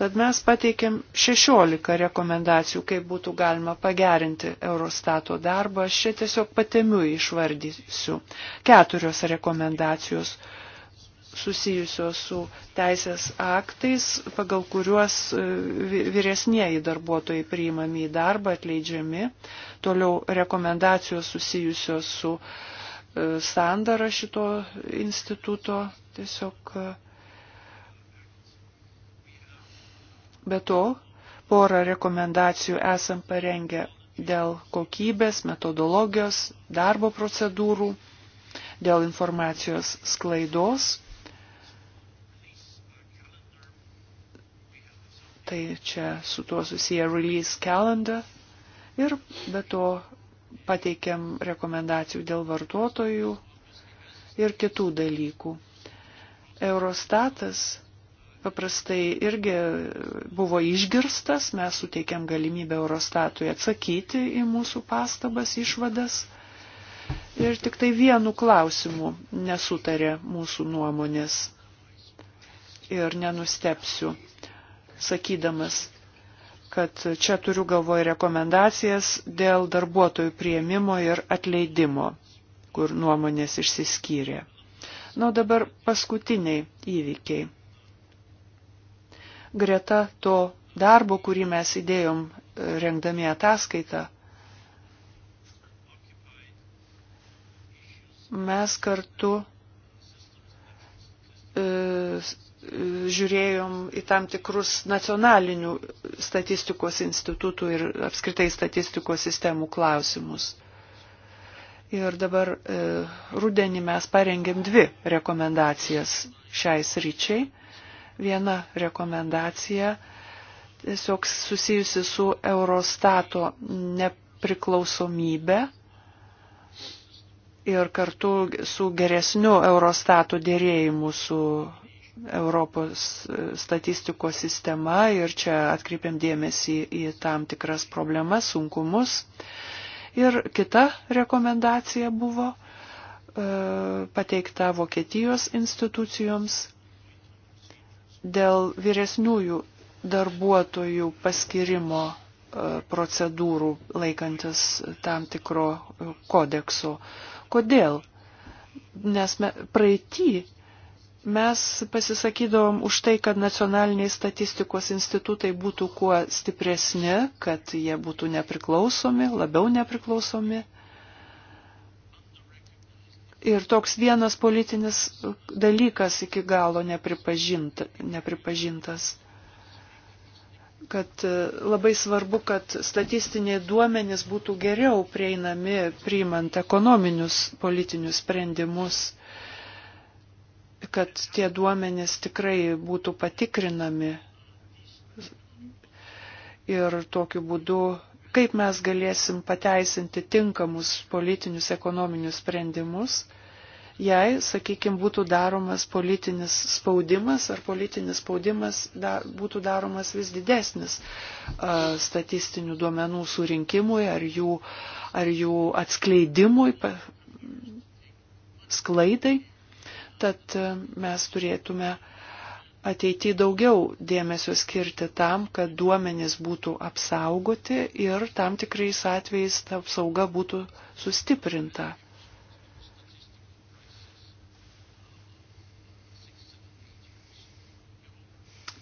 Tad mes pateikėm 16 rekomendacijų, kaip būtų galima pagerinti Eurostato darbą. Aš čia tiesiog patemiu išvardysiu. Keturios rekomendacijos susijusios su teisės aktais, pagal kuriuos e, vyresnieji darbuotojai priimami į darbą, atleidžiami. Toliau rekomendacijos susijusios su e, sandara šito instituto. Tiesiog e. be to porą rekomendacijų esam parengę dėl kokybės, metodologijos, darbo procedūrų, dėl informacijos sklaidos tai čia su tuo susiję release calendar ir be to pateikiam rekomendacijų dėl vartotojų ir kitų dalykų. Eurostatas paprastai irgi buvo išgirstas, mes suteikėm galimybę Eurostatui atsakyti į mūsų pastabas, išvadas. Ir tik tai vienu klausimu nesutarė mūsų nuomonės. Ir nenustepsiu sakydamas, kad čia turiu galvoje rekomendacijas dėl darbuotojų prieimimo ir atleidimo, kur nuomonės išsiskyrė. Na, nu, dabar paskutiniai įvykiai. Greta to darbo, kurį mes įdėjom e, rengdami ataskaitą, mes kartu e, žiūrėjom į tam tikrus nacionalinių statistikos institutų ir apskritai statistikos sistemų klausimus. Ir dabar e, rudenį mes parengėm dvi rekomendacijas šiai sryčiai. Viena rekomendacija tiesiog susijusi su Eurostato nepriklausomybė ir kartu su geresniu Eurostato dėrėjimu su Europos e, statistikos sistema ir čia atkreipiam dėmesį į tam tikras problemas, sunkumus. Ir kita rekomendacija buvo e, pateikta Vokietijos institucijoms dėl vyresniųjų darbuotojų paskirimo e, procedūrų laikantis tam tikro kodekso. Kodėl? Nes me, praeitį Mes pasisakydavom už tai, kad nacionaliniai statistikos institutai būtų kuo stipresni, kad jie būtų nepriklausomi, labiau nepriklausomi. Ir toks vienas politinis dalykas iki galo nepripažinta, nepripažintas, kad e, labai svarbu, kad statistiniai duomenys būtų geriau prieinami priimant ekonominius politinius sprendimus kad tie duomenys tikrai būtų patikrinami ir tokiu būdu, kaip mes galėsim pateisinti tinkamus politinius ekonominius sprendimus, jei, sakykime, būtų daromas politinis spaudimas ar politinis spaudimas da, būtų daromas vis didesnis a, statistinių duomenų surinkimui ar jų, ar jų atskleidimui, pa, sklaidai. Tad mes turėtume ateityje daugiau dėmesio skirti tam, kad duomenys būtų apsaugoti ir tam tikrais atvejais ta apsauga būtų sustiprinta.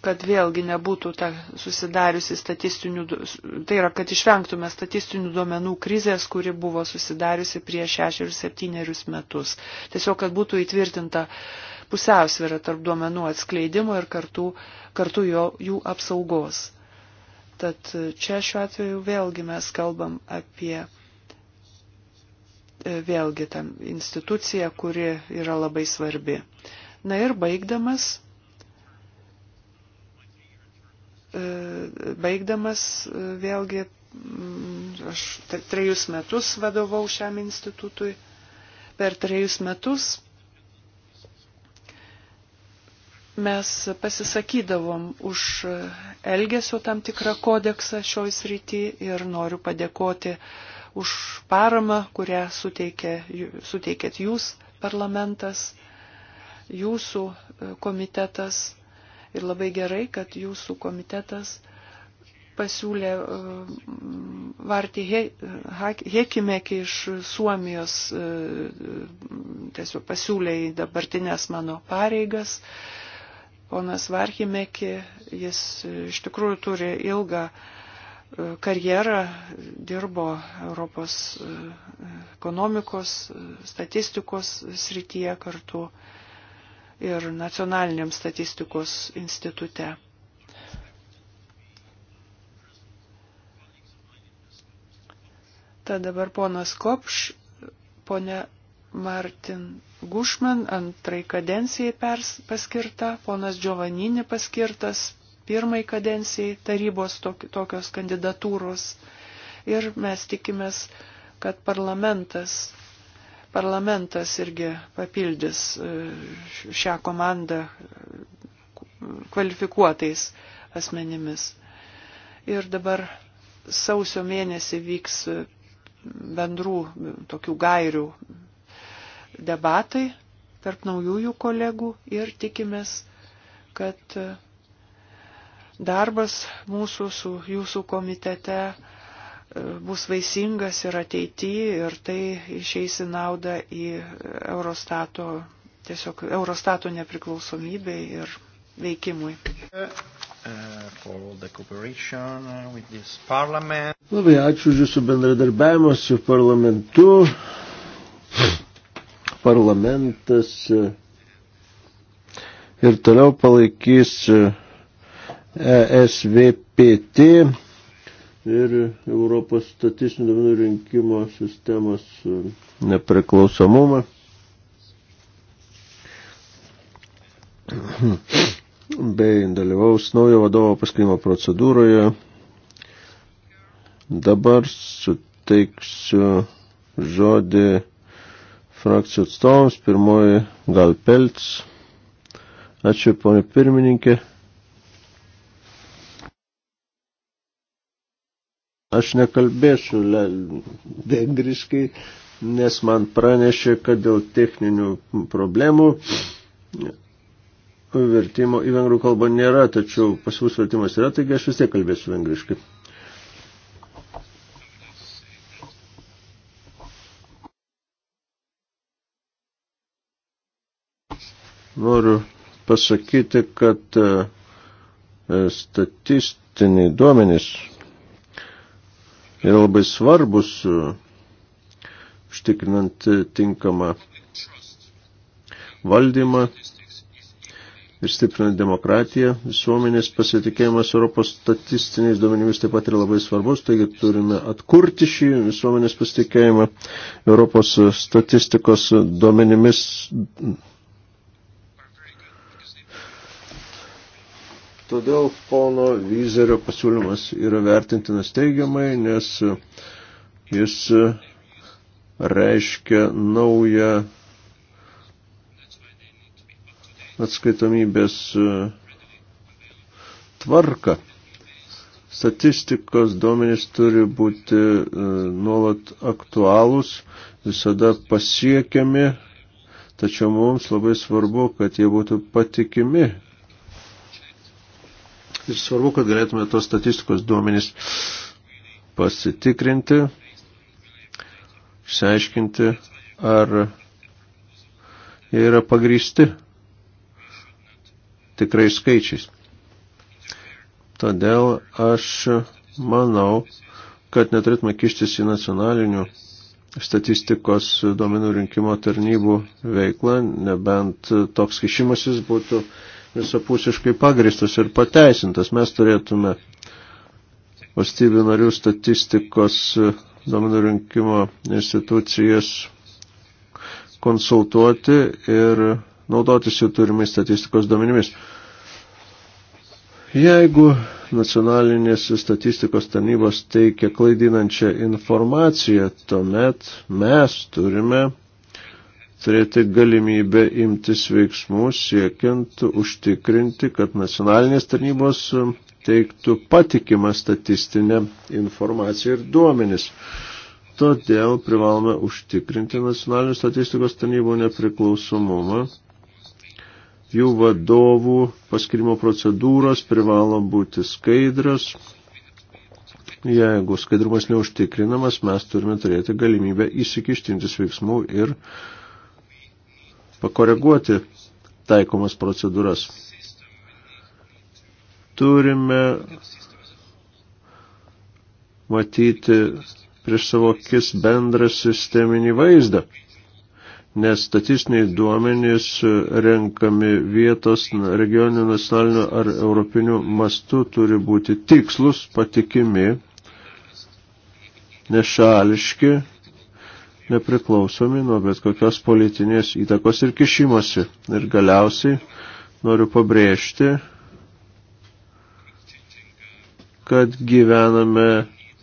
kad vėlgi nebūtų ta susidariusi statistinių, tai yra, kad išvengtume statistinių duomenų krizės, kuri buvo susidariusi prieš šešerius septynerius metus. Tiesiog, kad būtų įtvirtinta pusiausvėra tarp duomenų atskleidimo ir kartu, kartu jo, jų apsaugos. Tad e, čia šiuo atveju vėlgi mes kalbam apie e, vėlgi tam instituciją, kuri yra labai svarbi. Na ir baigdamas E, baigdamas e, vėlgi, mm, aš trejus metus vadovau šiam institutui, per trejus metus mes pasisakydavom už elgesio tam tikrą kodeksą šioj srity ir noriu padėkoti už paramą, kurią suteikė, suteikėt jūs parlamentas, jūsų e, komitetas Ir labai gerai, kad jūsų komitetas pasiūlė e, Varti Hekimekį iš Suomijos, e, tiesiog pasiūlė į dabartinės mano pareigas. Ponas Varhimekį, jis iš tikrųjų turi ilgą e, karjerą, dirbo Europos ekonomikos, statistikos srityje kartu ir nacionaliniam statistikos institute. Tad dabar ponas Kopš, ponė Martin Gušman antrai kadencijai pers, paskirta, ponas Giovanini paskirtas pirmai kadencijai tarybos tok, tokios kandidatūros. Ir mes tikimės, kad parlamentas Parlamentas irgi papildys e, šią komandą kvalifikuotais asmenimis. Ir dabar sausio mėnesį vyks bendrų tokių gairių debatai tarp naujųjų kolegų ir tikimės, kad darbas mūsų su jūsų komitete bus vaisingas ir ateityje ir tai išeis į naudą į Eurostato, tiesiog Eurostato nepriklausomybei ir veikimui.
Labai ačiū už Jūsų bendradarbiavimą su parlamentu. Parlamentas e, ir toliau palaikys ESVPT e ir Europos statistinių duomenų rinkimo sistemos e, nepriklausomumą. [clears throat] bei dalyvaus naujo vadovo paskirimo procedūroje. Dabar suteiksiu žodį frakcijų atstovams. Pirmoji gal pelts. Ačiū, ponė pirmininkė. Aš nekalbėsiu vengriškai, nes man pranešė, kad dėl techninių problemų vertimo į vengrų kalbą nėra, tačiau pas jūs vertimas yra, taigi aš vis tiek kalbėsiu vengriškai. Noriu pasakyti, kad e, statistiniai duomenys yra labai svarbus, e, užtikrinant e, tinkamą valdymą ir stiprinant demokratiją. Visuomenės pasitikėjimas Europos statistiniais duomenimis taip pat yra labai svarbus, taigi turime atkurti šį visuomenės pasitikėjimą Europos statistikos duomenimis Todėl pono Vyzerio pasiūlymas yra vertintinas teigiamai, nes jis reiškia naują atskaitomybės tvarką. Statistikos duomenys turi būti e, nuolat aktualūs, visada pasiekiami, tačiau mums labai svarbu, kad jie būtų patikimi Ir svarbu, kad galėtume tos statistikos duomenys pasitikrinti, išsiaiškinti, ar jie yra pagrįsti tikrai skaičiais. Todėl aš manau, kad neturėtume kištis į nacionalinių statistikos duomenų rinkimo tarnybų veiklą, nebent toks kišimasis būtų uh, visapusiškai pagristas ir pateisintas. Mes turėtume valstybių narių statistikos e, duomenų rinkimo institucijas konsultuoti ir naudotis jų turimais statistikos duomenimis. Jeigu nacionalinės statistikos tarnybos teikia klaidinančią informaciją, tuomet mes turime turėti galimybę imtis veiksmų siekiant užtikrinti, kad nacionalinės tarnybos teiktų patikimą statistinę informaciją ir duomenis. Todėl privalome užtikrinti nacionalinių statistikos tarnybų nepriklausomumą. Jų vadovų paskirimo procedūros privalo būti skaidrios. Jeigu skaidrumas neužtikrinamas, mes turime turėti galimybę įsikištintis veiksmų ir uh, pakoreguoti taikomas procedūras. Turime matyti prieš savo akis bendrą sisteminį vaizdą, nes statistiniai duomenys renkami vietos, regioninių, nacionalinių ar europinių mastų turi būti tikslus, patikimi, nešališki nepriklausomi nuo bet kokios politinės įtakos ir kišimosi. Ir galiausiai noriu pabrėžti, kad gyvename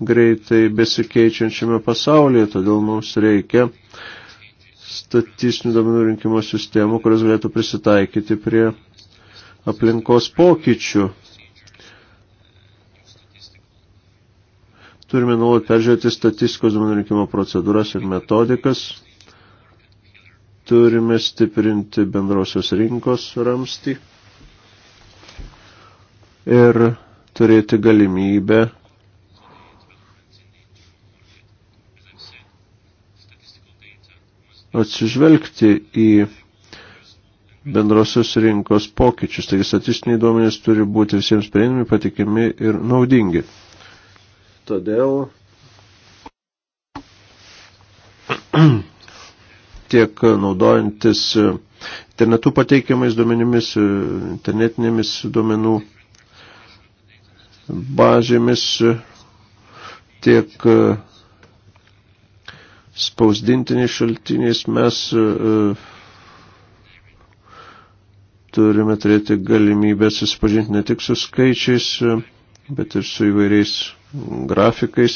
greitai besikeičiančiame pasaulyje, todėl mums reikia statistinių domenų rinkimo sistemų, kurios galėtų prisitaikyti prie aplinkos pokyčių. Turime nuolat peržiūrėti statistikos duomenų rinkimo procedūras ir metodikas. Turime stiprinti bendrosios rinkos ramstį ir turėti galimybę atsižvelgti į bendrosios rinkos pokyčius. Taigi statistiniai duomenys turi būti visiems prieinami, patikimi ir naudingi. Todėl [clears throat] tiek naudojantis internetu pateikiamais duomenimis, internetinėmis duomenų bazėmis, tiek spausdintiniais šaltiniais mes turime turėti galimybę susipažinti ne tik su skaičiais, bet ir su įvairiais grafikais.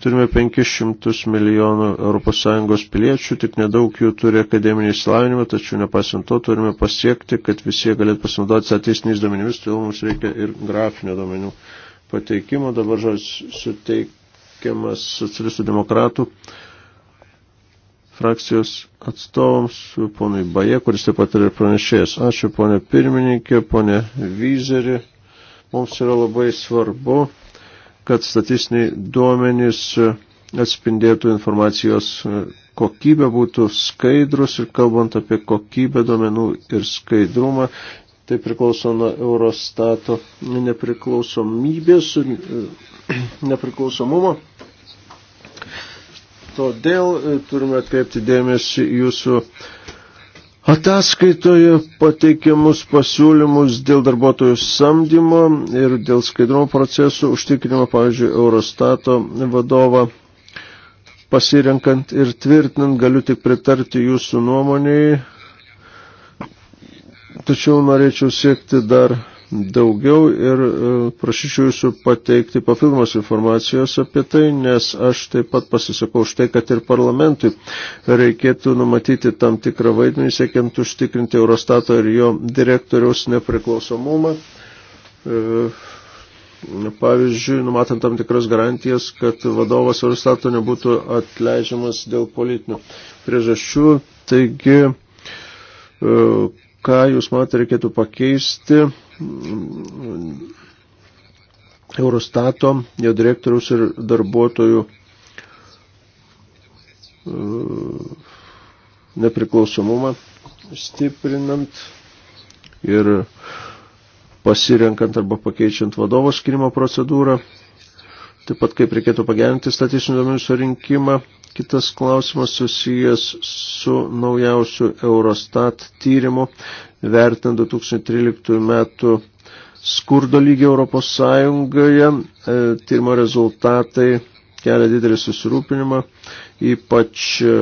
Turime 500 milijonų ES piliečių, tik nedaug jų turi akademinį įsilavinimą, tačiau nepasiant to turime pasiekti, kad visi galėtų pasinaudoti ateisiniais duomenimis, todėl mums reikia ir grafinio duomenų pateikimo. Dabar žodis suteikiamas socialistų demokratų frakcijos atstovams, ponui Baje, kuris taip pat yra pranešėjas. Ačiū, ponė pirmininkė, ponė Vyzerį. Mums yra labai svarbu, kad statistiniai duomenys atspindėtų informacijos kokybę, būtų skaidrus ir kalbant apie kokybę duomenų ir skaidrumą, tai priklauso nuo Eurostato nepriklausomybės ir nepriklausomumo. Todėl e, turime atkreipti dėmesį jūsų ataskaitoje pateikiamus pasiūlymus dėl darbuotojų samdymo ir dėl skaidrumo procesų užtikrinimo, pavyzdžiui, Eurostato vadovą pasirenkant ir tvirtinant, galiu tik pritarti jūsų nuomonėjai, tačiau norėčiau siekti dar daugiau ir e, prašyčiau jūsų pateikti papildomos informacijos apie tai, nes aš taip pat pasisakau už tai, kad ir parlamentui reikėtų numatyti tam tikrą vaidmenį, siekiant užtikrinti Eurostato ir jo direktoriaus nepriklausomumą. E, pavyzdžiui, numatant tam tikras garantijas, kad vadovas Eurostato nebūtų atleidžiamas dėl politinių priežasčių. Taigi, e, ką jūs matote reikėtų pakeisti Eurostato, jo direktoriaus ir darbuotojų e, nepriklausomumą stiprinant ir pasirenkant arba pakeičiant vadovo skirimo procedūrą, taip pat kaip reikėtų pagerinti statistinių duomenų surinkimą. Kitas klausimas susijęs su naujausiu Eurostat tyrimu vertinant 2013 metų skurdo lygį Europos Sąjungoje. E, tyrimo rezultatai kelia didelį susirūpinimą, ypač e,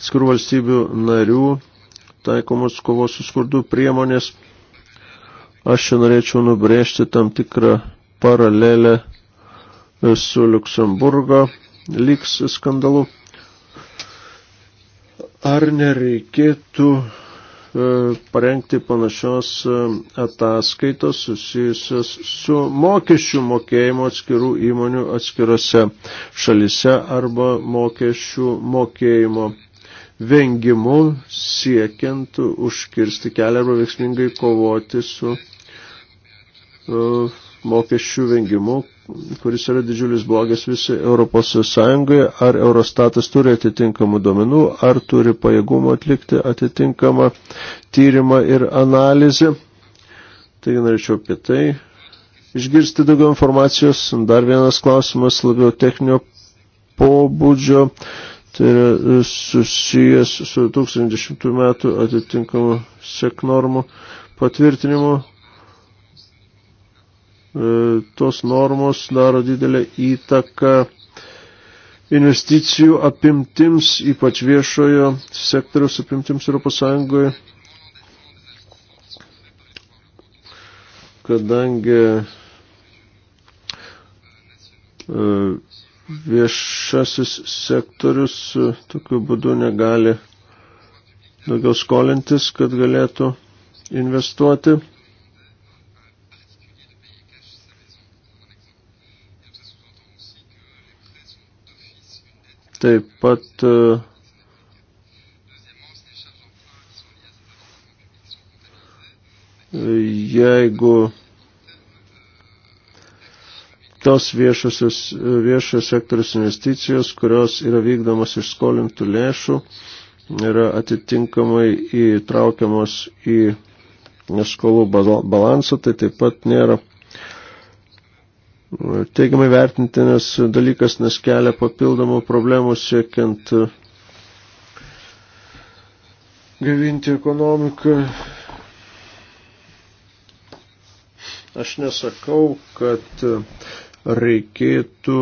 skurų valstybių narių taikomos kovos su skurdu priemonės. Aš čia norėčiau nubrėžti tam tikrą paralelę e, su Luxemburgo lygs skandalu. Ar nereikėtų E, parengti panašios e, ataskaitos susijusios su mokesčių mokėjimo atskirų įmonių atskirose šalise arba mokesčių mokėjimo vengimu siekiant užkirsti kelią arba veiksmingai kovoti su uh, mokesčių vengimu, kuris yra didžiulis blogis visai Europos Sąjungai, ar Eurostatas turi atitinkamų duomenų, ar turi pajėgumų atlikti atitinkamą tyrimą ir analizę. Taigi norėčiau apie tai išgirsti daugiau informacijos. Dar vienas klausimas labiau techninio pobūdžio, tai yra e, susijęs su 2010 metų atitinkamu seknormu patvirtinimu E, tos normos daro didelę įtaką investicijų apimtims, ypač viešojo sektoriaus apimtims Europos Sąjungoje, kadangi e, viešasis sektorius e, tokiu būdu negali daugiau skolintis, kad galėtų investuoti. Taip pat e, jeigu tos viešosios, viešos sektorius investicijos, kurios yra vykdomas iš skolintų lėšų, yra atitinkamai įtraukiamos į skolų balansą, tai taip pat nėra teigiamai vertintinas dalykas, nes kelia papildomų problemų siekiant e, gavinti ekonomiką. Aš nesakau, kad e, reikėtų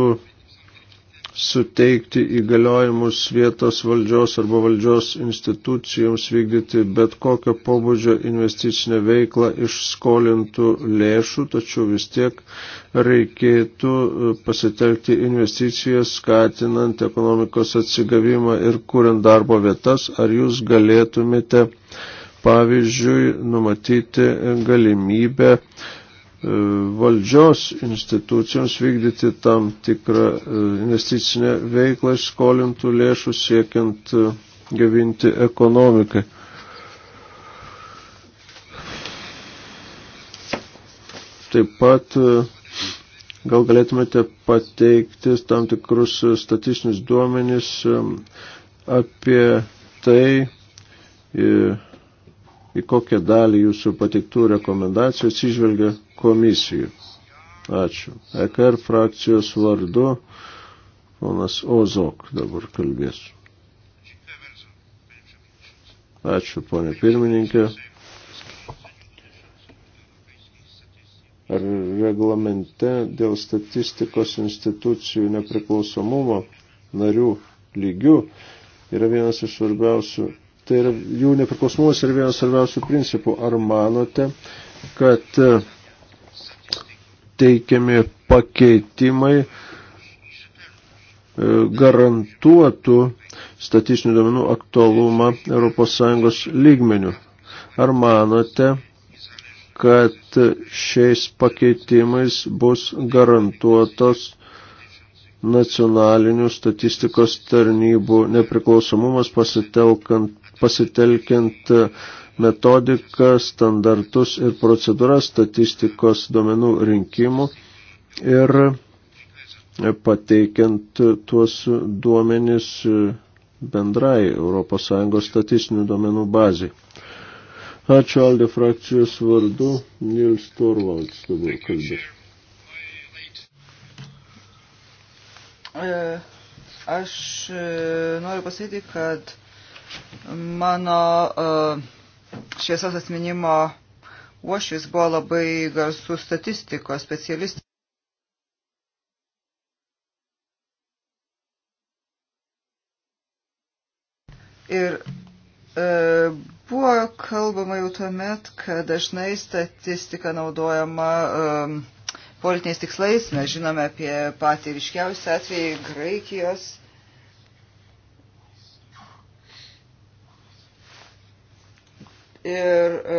suteikti įgaliojimus vietos valdžios arba valdžios institucijoms vykdyti bet kokio pobūdžio investicinę veiklą iš skolintų lėšų, tačiau vis tiek reikėtų e, pasitelkti investicijas, skatinant ekonomikos atsigavimą ir kuriant darbo vietas. Ar jūs galėtumėte, pavyzdžiui, numatyti galimybę E, valdžios institucijoms vykdyti tam tikrą e, investicinę veiklą iš skolintų lėšų siekiant e, gavinti ekonomikai. Taip pat gal galėtumėte pateikti tam tikrus statistinius duomenys apie tai, į, į kokią dalį jūsų pateiktų rekomendacijų atsižvelgia komisijų. Ačiū. EKR frakcijos vardu ponas Ozok dabar kalbės. Ačiū, ponė pirmininkė. Ar reglamente dėl statistikos institucijų nepriklausomumo narių lygių yra vienas iš svarbiausių, tai yra jų nepriklausomumas yra vienas svarbiausių principų. Ar manote, kad teikiami pakeitimai e, garantuotų statistinių duomenų aktualumą ES lygmenių. Ar manote, kad šiais pakeitimais bus garantuotos nacionalinių statistikos tarnybų nepriklausomumas pasitelkiant metodiką, standartus ir procedūras statistikos duomenų rinkimų ir pateikiant tuos duomenis bendrai ES statistinių duomenų bazai. Ačiū Aldė frakcijos vardu, Nils Torvalds dabar kalbės.
E, aš e, noriu pasakyti, kad mano uh, šviesos asmenimo uošvis buvo labai garsus statistikos specialistas. Ir e, buvo kalbama jau tuomet, kad dažnai statistika naudojama e, politiniais tikslais. Mes žinome apie patį ryškiausią atvejį Graikijos ir e,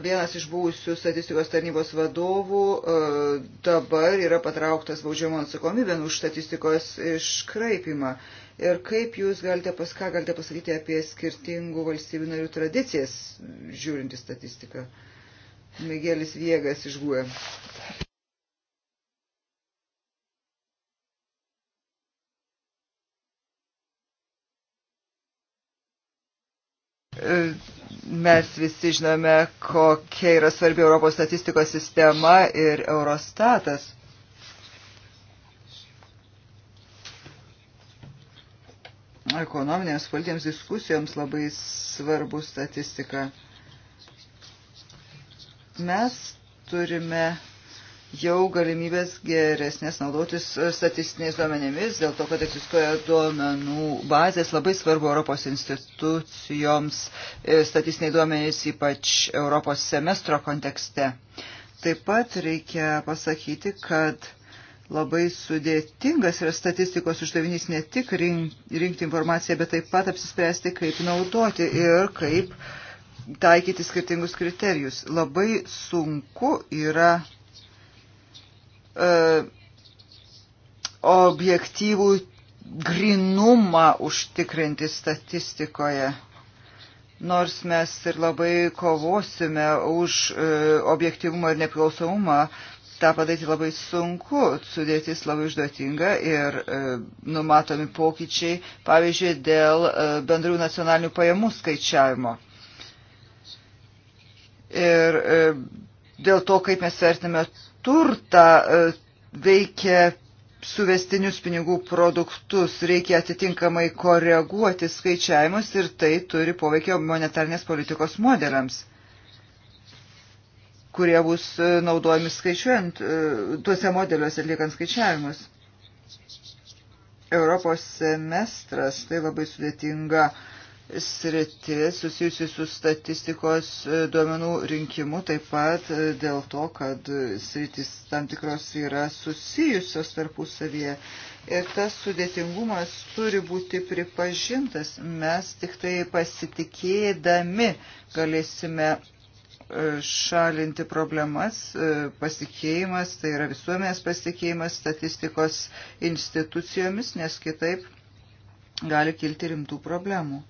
vienas iš buvusių statistikos tarnybos vadovų e, dabar yra patrauktas baudžiamo atsakomybėn už statistikos iškraipimą. Ir kaip jūs galite, pas, ką galite pasakyti apie skirtingų valstybių narių tradicijas, žiūrint į statistiką? Miguelis Viegas iš Guė. E. Mes visi žinome, kokia yra svarbi Europos statistikos sistema ir Eurostatas. Ekonominėms politinėms diskusijoms labai svarbu statistika. Mes turime jau galimybės geresnės naudotis e, statistiniais duomenėmis, dėl to, kad egzistuoja duomenų bazės, labai svarbu Europos institucijoms e, statistiniai duomenys, ypač Europos semestro kontekste. Taip pat reikia pasakyti, kad labai sudėtingas yra statistikos uždavinys ne tik rinkti informaciją, bet taip pat apsispręsti, kaip naudoti ir kaip taikyti skirtingus kriterijus. Labai sunku yra E, objektyvų grinumą užtikrinti statistikoje. Nors mes ir labai kovosime už e, objektivumą ir nepriklausomumą, tą padaryti labai sunku, sudėtis labai užduotinga ir e, numatomi pokyčiai, pavyzdžiui, dėl e, bendrų nacionalinių pajamų skaičiavimo. Ir e, dėl to, kaip mes vertiname turtą e, veikia suvestinius pinigų produktus, reikia atitinkamai koreguoti skaičiavimus ir tai turi poveikio monetarnės politikos modeliams, kurie bus e, naudojami skaičiuojant, e, tuose modeliuose atliekant skaičiavimus. Europos semestras tai labai sudėtinga uh, sritis susijusi su statistikos e, duomenų rinkimu, taip pat e, dėl to, kad sritis tam tikros yra susijusios tarpusavyje. Ir tas sudėtingumas turi būti pripažintas. Mes tik tai pasitikėdami galėsime e, šalinti problemas, pasikeimas, tai yra visuomenės pasikeimas statistikos institucijomis, nes kitaip gali kilti rimtų problemų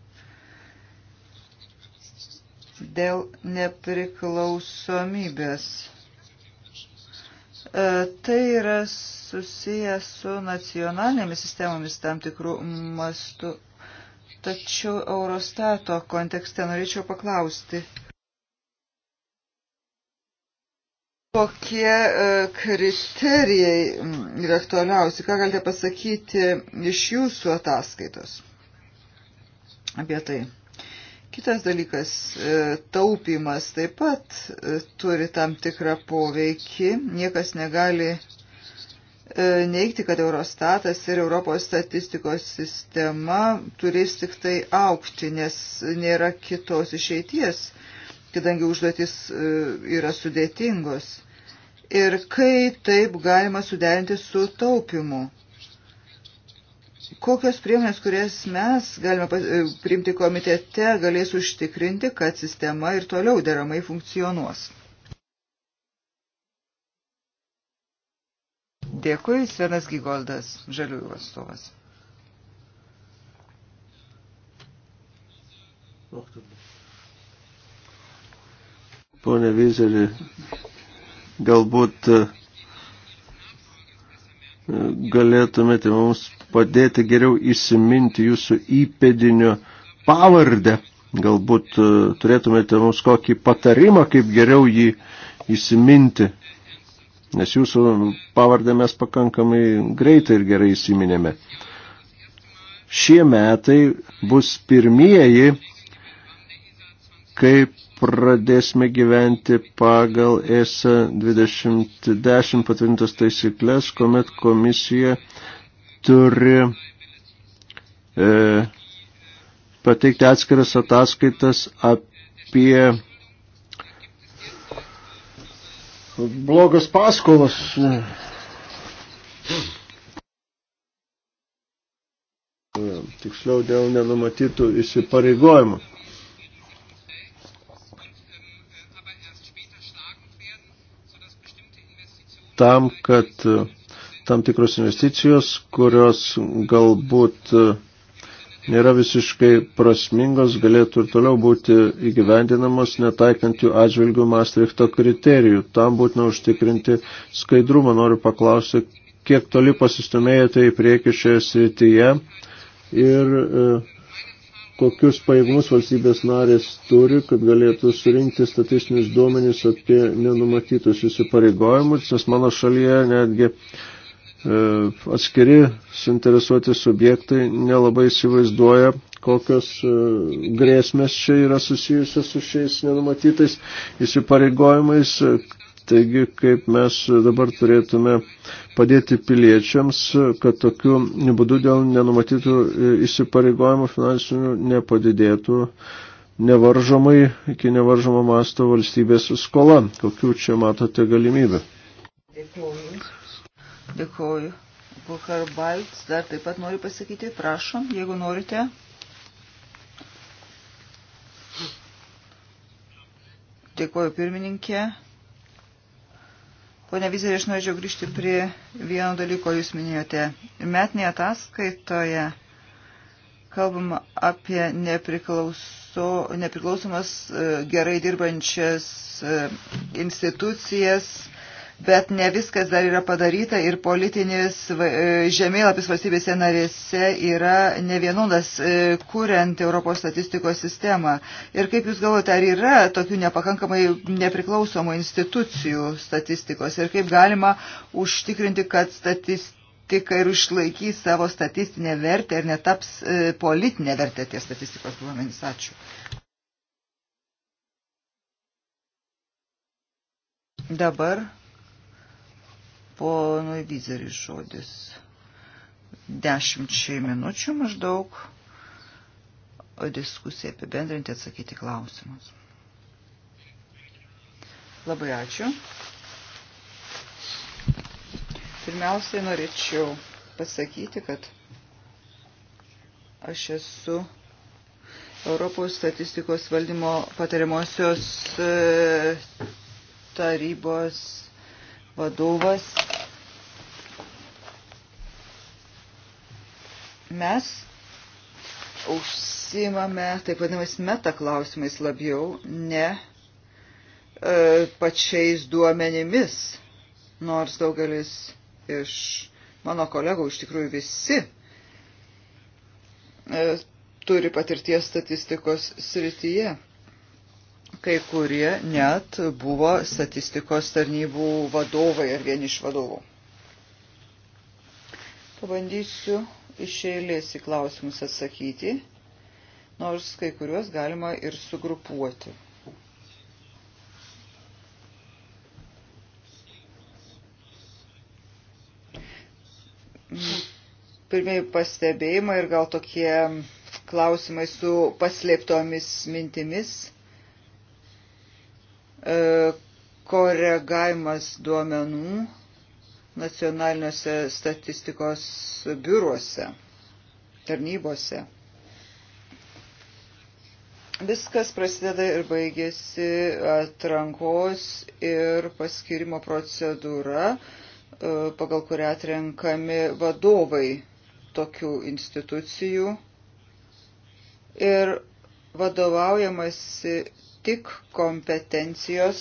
dėl nepriklausomybės. E, tai yra susijęs su nacionalinėmis sistemomis tam tikrų mastų. Tačiau Eurostato kontekste norėčiau paklausti, kokie e, kriterijai yra aktualiausi, ką galite pasakyti iš jūsų ataskaitos apie tai. Kitas dalykas e, - taupimas taip pat e, turi tam tikrą poveikį. Niekas negali e, neikti, kad Eurostatas ir Europos statistikos sistema turės tik tai aukti, nes nėra kitos išeities, kadangi užduotis yra sudėtingos. Ir kai taip galima suderinti su taupimu? Kokios priemonės, kurias mes galime e, priimti komitete, galės užtikrinti, kad sistema ir toliau deramai funkcionuos? Dėkui, Svenas Gygoldas, Žaliųjų atstovas.
Pone Vizelį, galbūt uh, galėtumėte mums padėti geriau įsiminti jūsų įpėdinio pavardę. Galbūt e, turėtumėte mums kokį patarimą, kaip geriau jį įsiminti. Nes jūsų pavardę mes pakankamai greitai ir gerai įsiminėme. Šie metai bus pirmieji kai pradėsime gyventi pagal ESA 2010 patvirtintas taisyklės, kuomet komisija turi e, pateikti atskiras ataskaitas apie blogas paskolas. Tiksliau dėl nenumatytų įsipareigojimų. tam, kad e, tam tikros investicijos, kurios galbūt e, nėra visiškai prasmingos, galėtų ir toliau būti įgyvendinamos, netaikant jų atžvilgių Maastrichto kriterijų. Tam būtina užtikrinti skaidrumą. Noriu paklausti, kiek toli pasistumėjote į priekį šioje srityje ir e, kokius pajėgumus valstybės narės turi, kad galėtų surinkti statistinius duomenys apie nenumatytus įsipareigojimus, nes mano šalyje netgi e, atskiri suinteresuoti subjektai nelabai įsivaizduoja, kokios e, grėsmės čia yra susijusios su šiais nenumatytais įsipareigojimais, Taigi, kaip mes dabar turėtume padėti piliečiams, kad tokiu būdu dėl nenumatytų įsipareigojimų finansinių nepadidėtų nevaržomai iki nevaržomo masto valstybės skola. Kokių čia matote galimybę?
Dėkuoju. Dėkuoju. Bukar Balts dar taip pat noriu pasakyti. Prašom, jeigu norite. Dėkuoju pirmininkė. Pone Vizerė, aš norėčiau grįžti prie vieno dalyko, jūs minėjote. Metinėje ataskaitoje kalbam apie nepriklausomas e, gerai dirbančias e, institucijas, bet ne viskas dar yra padaryta ir politinis e, žemėlapis valstybėse narėse yra nevienodas, e, kuriant Europos statistikos sistemą. Ir kaip Jūs galvojate, ar yra tokių nepakankamai nepriklausomų institucijų statistikos ir kaip galima užtikrinti, kad statistika ir išlaikys savo statistinę vertę ir netaps e, politinę vertę tie statistikos duomenys. Ačiū. Dabar ponui Vizeris žodis. Dešimčiai minučių maždaug diskusiją apibendrinti atsakyti klausimus. Labai ačiū. Pirmiausiai norėčiau pasakyti, kad aš esu Europos statistikos valdymo patariamosios e, tarybos vadovas. Mes užsimame taip vadinamais meta klausimais labiau, ne e, pačiais duomenimis, nors daugelis iš mano kolegų, iš tikrųjų visi, e, turi patirties statistikos srityje kai kurie net buvo statistikos tarnybų vadovai ar vieni iš vadovų. Pabandysiu iš eilės į klausimus atsakyti, nors kai kuriuos galima ir sugrupuoti. Pirmieji pastebėjimai ir gal tokie klausimai su paslėptomis mintimis E, koregavimas duomenų nacionaliniuose statistikos biuruose, tarnybose. Viskas prasideda ir baigėsi atrankos ir paskirimo procedūra, e, pagal kurią atrenkami vadovai tokių institucijų. Ir vadovaujamasi tik kompetencijos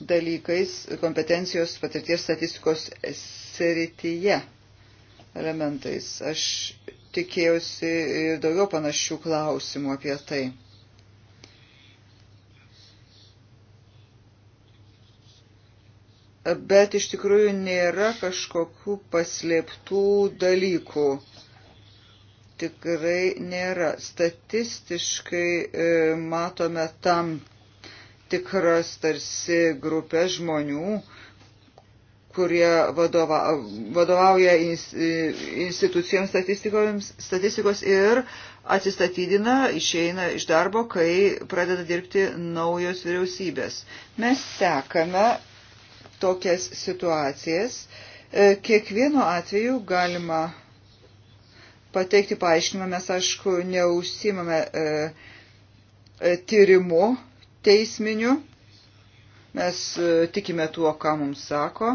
dalykais, kompetencijos patirties statistikos srityje elementais. Aš tikėjausi ir daugiau panašių klausimų apie tai. Bet iš tikrųjų nėra kažkokių paslėptų dalykų tikrai nėra. Statistiškai e, matome tam tikras tarsi grupė žmonių, kurie vadova, vadovauja e, institucijoms statistikos ir atsistatydina, išeina iš darbo, kai pradeda dirbti naujos vyriausybės. Mes sekame tokias situacijas. E, kiekvienu atveju galima pateikti paaiškinimą. Mes, aišku, neužsimame e, e, tyrimu teisminiu. Mes e, tikime tuo, ką mums sako.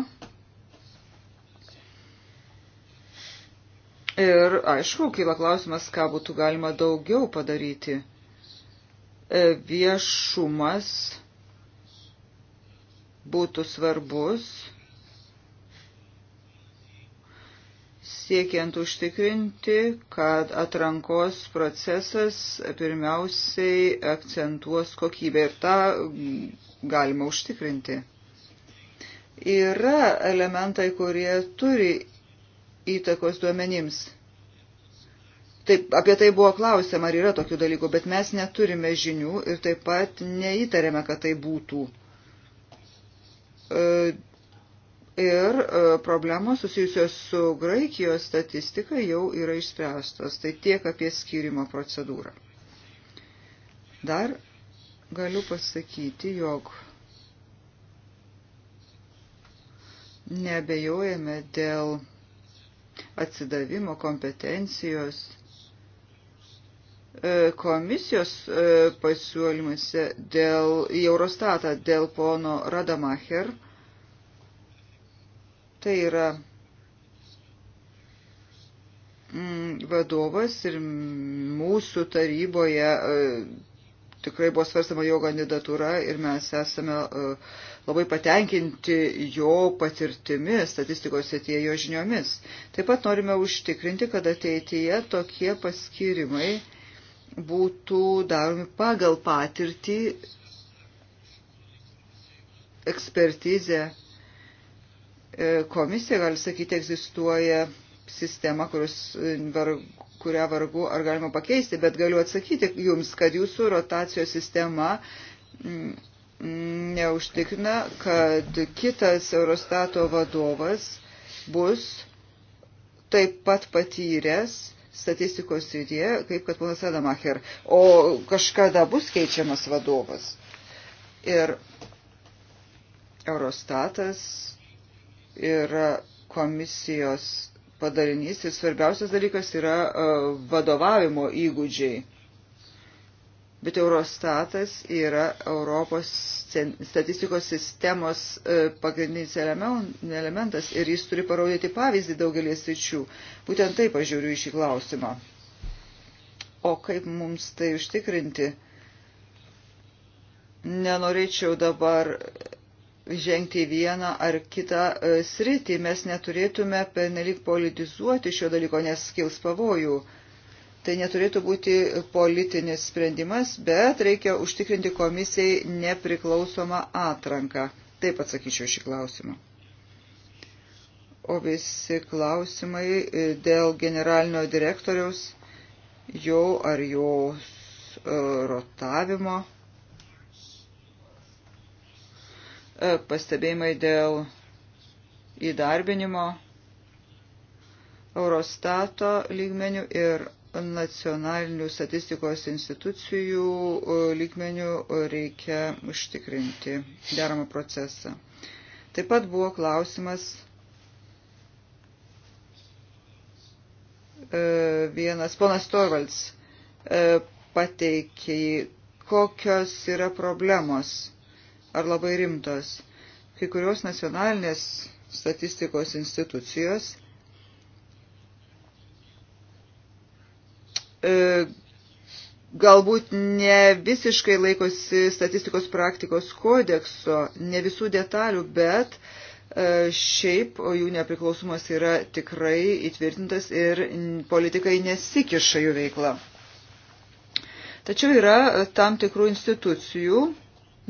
Ir, aišku, kyla klausimas, ką būtų galima daugiau padaryti. E, viešumas būtų svarbus siekiant užtikrinti, kad atrankos procesas pirmiausiai akcentuos kokybę ir tą galima užtikrinti. Yra elementai, kurie turi įtakos duomenims. Taip, apie tai buvo klausima, ar yra tokių dalykų, bet mes neturime žinių ir taip pat neįtarėme, kad tai būtų. E, ir e, problemos susijusios su Graikijos statistika jau yra išspręstos. Tai tiek apie skirimo procedūrą. Dar galiu pasakyti, jog nebejojame dėl atsidavimo kompetencijos e, komisijos e, pasiūlymuose dėl Eurostatą, dėl pono Radamacher – Tai yra mm, vadovas ir mūsų taryboje e, tikrai buvo svarstama jo kandidatūra ir mes esame e, labai patenkinti jo patirtimi statistikos sėtie jo žiniomis. Taip pat norime užtikrinti, kad ateityje tokie paskirimai būtų daromi pagal patirtį, ekspertizę E, komisija, gali sakyti, egzistuoja sistema, kuris, e, kurią vargu ar galima pakeisti, bet galiu atsakyti jums, kad jūsų rotacijos sistema mm, mm, neužtikrina, kad kitas Eurostato vadovas bus taip pat patyręs statistikos srityje, kaip kad ponas Adamacher, o kažkada bus keičiamas vadovas. Ir Eurostatas yra komisijos padalinys ir svarbiausias dalykas yra e, vadovavimo įgūdžiai. Bet Eurostatas yra Europos statistikos sistemos e, pagrindinis elementas ir jis turi parodyti pavyzdį daugelį sričių. Būtent taip aš žiūriu į šį klausimą. O kaip mums tai užtikrinti? Nenorėčiau dabar žengti į vieną ar kitą e, sritį. Mes neturėtume pernelik politizuoti šio dalyko, nes kils pavojų. Tai neturėtų būti politinis sprendimas, bet reikia užtikrinti komisijai nepriklausomą atranką. Taip atsakyčiau šį klausimą. O visi klausimai e, dėl generalinio direktoriaus, jo ar jos e, rotavimo E, pastebėjimai dėl įdarbinimo Eurostato lygmenių ir nacionalinių statistikos institucijų e, lygmenių reikia užtikrinti deramą procesą. Taip pat buvo klausimas e, vienas, ponas Torvalds pateikė, kokios yra problemos ar labai rimtos. Kai kurios nacionalinės statistikos institucijos e, galbūt ne visiškai laikosi statistikos praktikos kodekso, ne visų detalių, bet e, šiaip jų nepriklausomas yra tikrai įtvirtintas ir politikai nesikiša jų veiklą. Tačiau yra tam tikrų institucijų,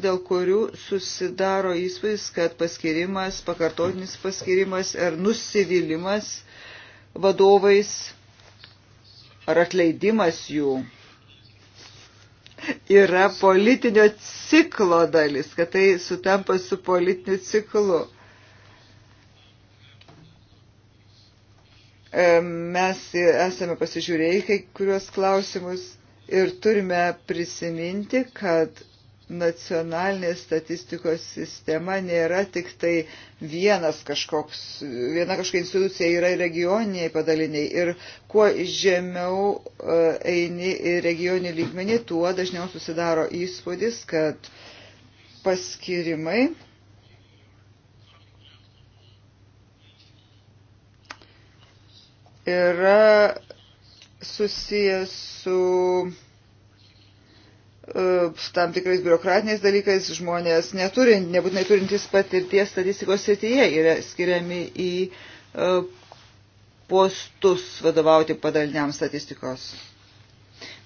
dėl kurių susidaro įspūdis, kad paskirimas, pakartotinis paskirimas ar nusivylimas vadovais ar atleidimas jų yra politinio ciklo dalis, kad tai sutampa su politiniu ciklu. E, mes esame pasižiūrėję kai kuriuos klausimus ir turime prisiminti, kad nacionalinė statistikos sistema nėra tik tai vienas kažkoks, viena kažkokia institucija, yra regioniniai padaliniai. Ir kuo žemiau e, eini į regioninį lygmenį, tuo dažniau susidaro įspūdis, kad paskirimai yra susijęs su E, tam tikrais biurokratiniais dalykais žmonės neturint, nebūtinai turintys patirties statistikos srityje yra skiriami į e, postus vadovauti padaliniam statistikos.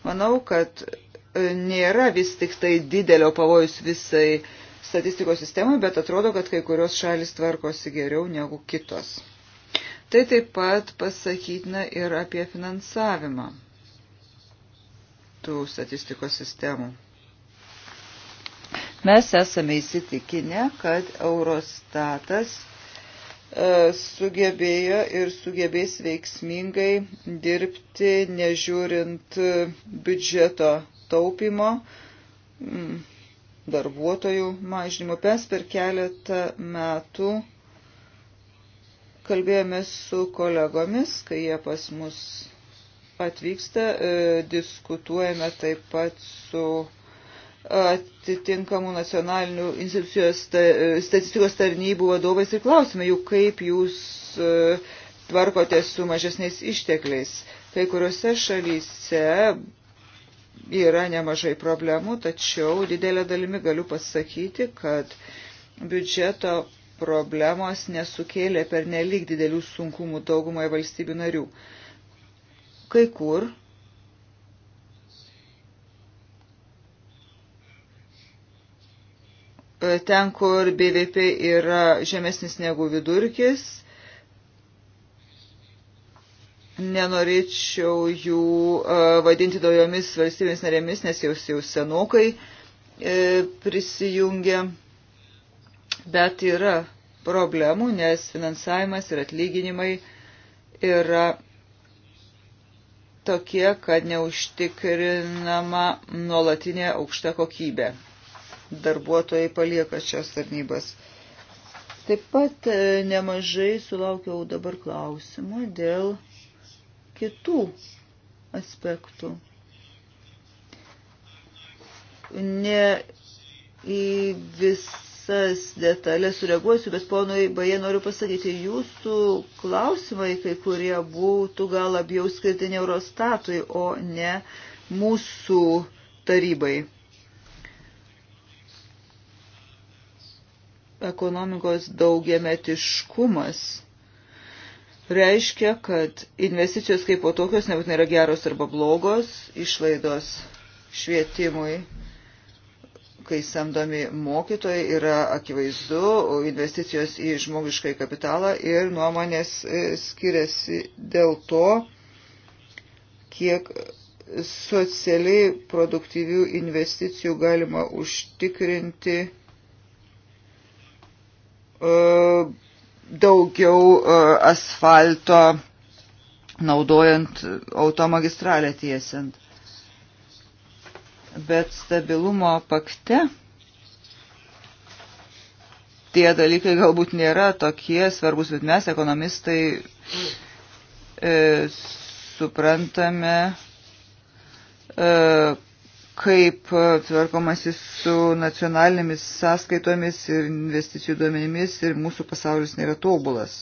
Manau, kad e, nėra vis tik tai didelio pavojus visai statistikos sistemai, bet atrodo, kad kai kurios šalis tvarkosi geriau negu kitos. Tai taip pat pasakytina ir apie finansavimą tų statistikos sistemų. Mes esame įsitikinę, kad Eurostatas e, sugebėjo ir sugebės veiksmingai dirbti, nežiūrint e, biudžeto taupimo, darbuotojų mažinimo. Mes per keletą metų kalbėjome su kolegomis, kai jie pas mus pat vyksta, e, diskutuojame taip pat su atitinkamų nacionalinių institucijos e, statistikos tarnybų vadovais ir klausime jų, kaip jūs e, tvarkote su mažesniais ištekliais. Kai kuriuose šalyse yra nemažai problemų, tačiau didelė dalimi galiu pasakyti, kad biudžeto problemos nesukėlė per nelik didelių sunkumų daugumai valstybių narių kai kur ten, kur BVP yra žemesnis negu vidurkis, nenorėčiau jų e, vadinti daujomis valstybės narėmis, nes jau, jau senokai e, prisijungia, bet yra problemų, nes finansavimas ir atlyginimai yra tokie, kad neužtikrinama nuolatinė aukšta kokybė. Darbuotojai palieka šios tarnybos. Taip pat e, nemažai sulaukiau dabar klausimų dėl kitų aspektų. Ne į visą visas detalės sureaguosiu, bet ponui Baje noriu pasakyti, jūsų klausimai, kai kurie būtų gal labiau skirti ne Eurostatui, o ne mūsų tarybai. Ekonomikos daugiametiškumas reiškia, kad investicijos kaip po tokios nebūtinai yra geros arba blogos, išlaidos švietimui kai samdomi mokytojai, yra akivaizdu investicijos į žmogiškai kapitalą ir nuomonės e, skiriasi dėl to, kiek socialiai produktyvių investicijų galima užtikrinti e, daugiau e, asfalto naudojant automagistralę tiesiant bet stabilumo pakte tie dalykai galbūt nėra tokie svarbus, bet mes, ekonomistai, e, suprantame, e, kaip tvarkomasi su nacionalinėmis sąskaitomis ir investicijų duomenimis ir mūsų pasaulis nėra tobulas.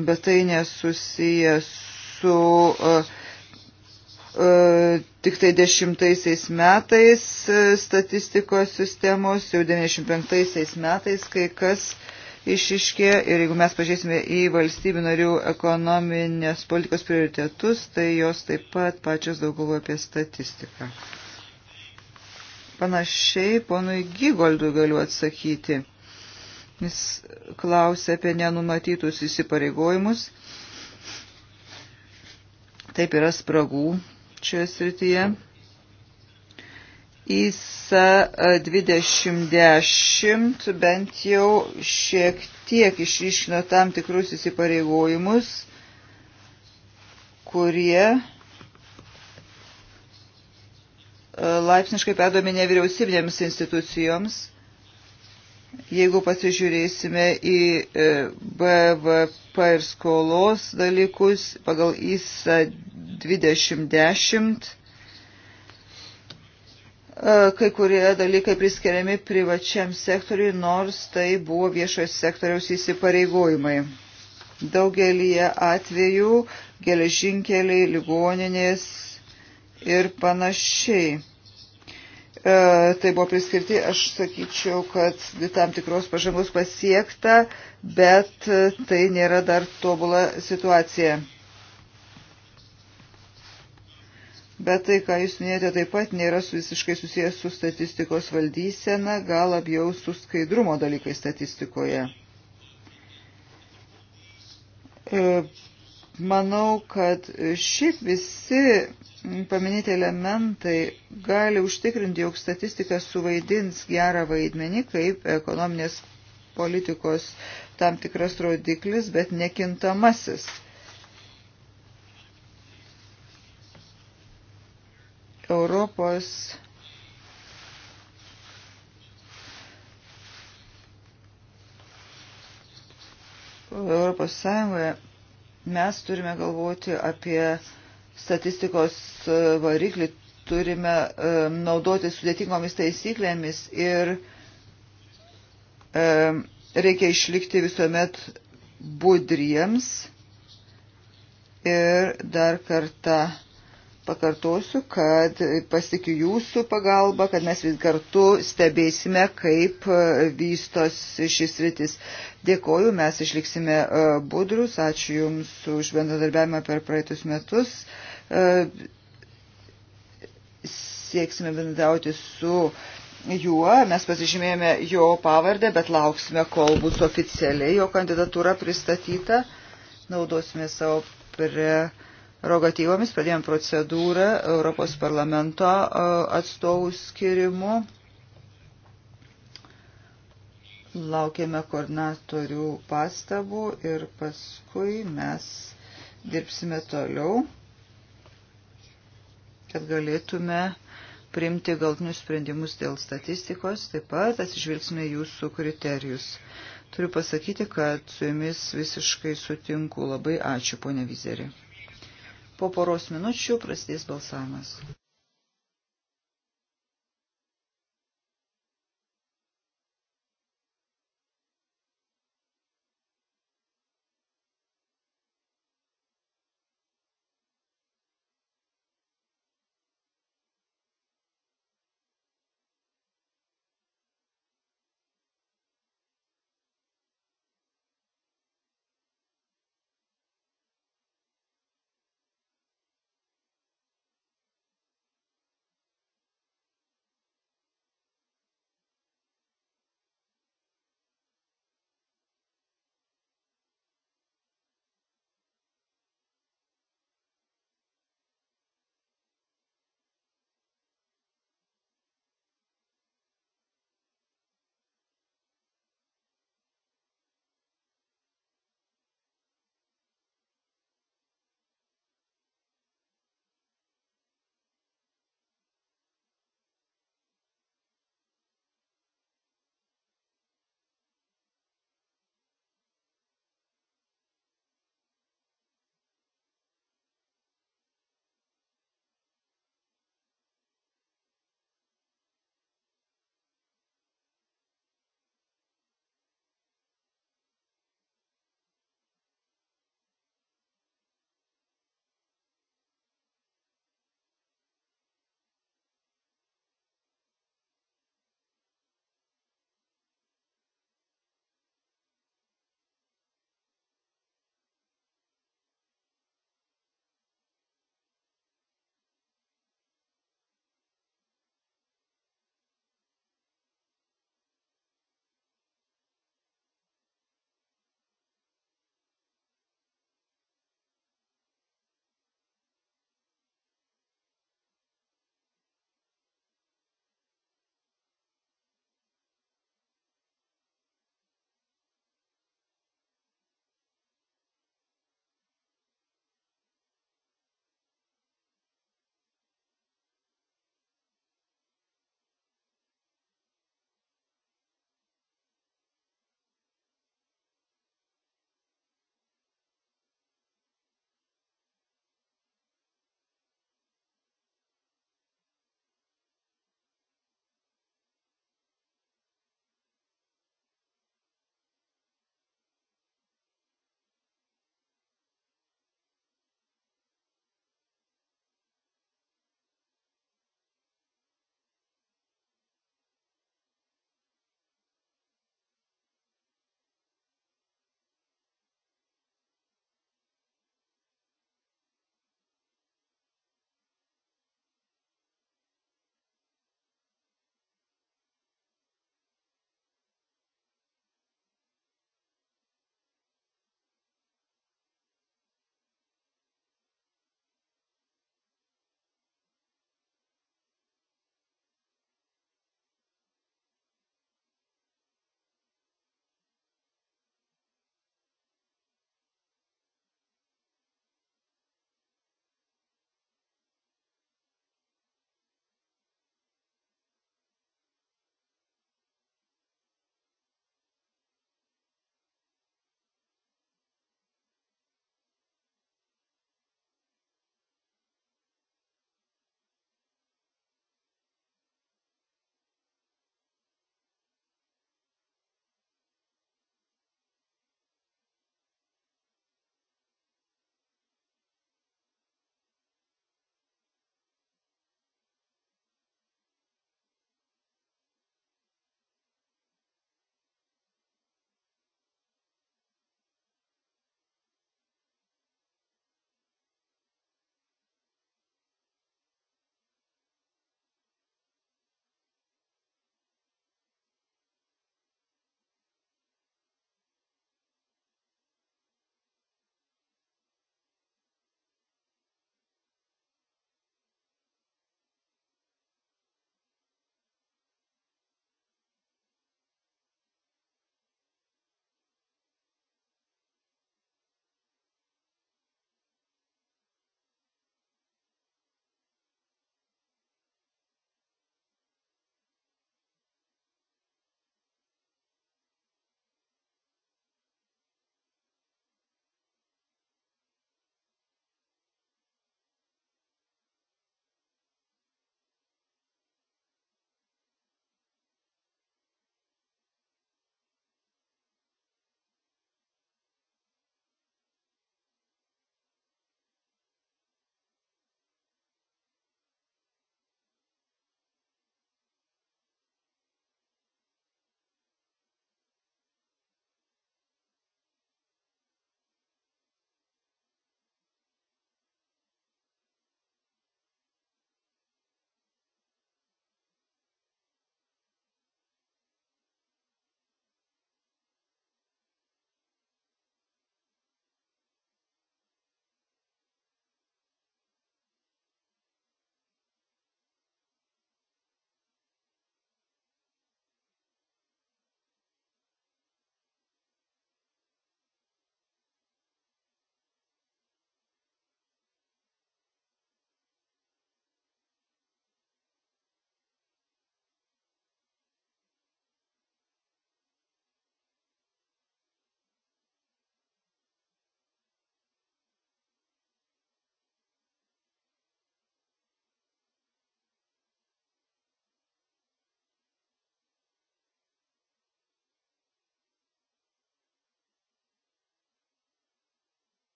Bet tai nesusijęs su uh, uh, tik tai dešimtaisiais metais e, statistikos sistemos, jau 95 metais kai kas išiškė ir jeigu mes pažiūrėsime į valstybių narių ekonominės politikos prioritetus, tai jos taip pat pačios daug galvoja apie statistiką. Panašiai ponui Gygoldui galiu atsakyti. Jis klausė apie nenumatytus įsipareigojimus. Taip yra spragų šioje srityje. ISA 2010 e, bent jau šiek tiek išryškino tam tikrus įsipareigojimus, kurie e, laipsniškai perdomi nevyriausybinėms institucijoms Jeigu pasižiūrėsime į e, BVP ir skolos dalykus pagal ISA 2010, e, kai kurie dalykai priskiriami privačiam sektoriui, nors tai buvo viešojo sektoriaus įsipareigojimai. Daugelie atvejų geležinkeliai, ligoninės ir panašiai E, tai buvo priskirti, aš sakyčiau, kad tam tikros pažangos pasiekta, bet tai nėra dar tobula situacija. Bet tai, ką jūs minėjote, taip pat nėra visiškai susijęs su statistikos valdysena, gal labiau su skaidrumo dalykai statistikoje. E, Manau, kad šiaip visi paminėti elementai gali užtikrinti, jog statistika suvaidins gerą vaidmenį kaip ekonominės politikos tam tikras rodiklis, bet nekintamasis. Europos Europos Sąjungoje Mes turime galvoti apie statistikos e, variklį, turime e, naudoti sudėtingomis taisyklėmis ir e, reikia išlikti visuomet budriems ir dar kartą pakartosiu, kad pasikiu jūsų pagalba, kad mes vis kartu stebėsime, kaip e, vystos šis rytis. Dėkoju, mes išliksime e, budrus, ačiū Jums už bendradarbiavimą per praeitus metus. E, sieksime bendrauti su juo, mes pasižymėjome jo pavardę, bet lauksime, kol bus oficialiai jo kandidatūra pristatyta. Naudosime savo prie rogatyvomis, pradėjom procedūrą Europos parlamento atstovų skirimu. Laukėme koordinatorių pastabų ir paskui mes dirbsime toliau, kad galėtume priimti galtinius sprendimus dėl statistikos, taip pat atsižvelgsime jūsų kriterijus. Turiu pasakyti, kad su jumis visiškai sutinku. Labai ačiū, ponia Vizerė. Po poros minučių prasidės balsavimas.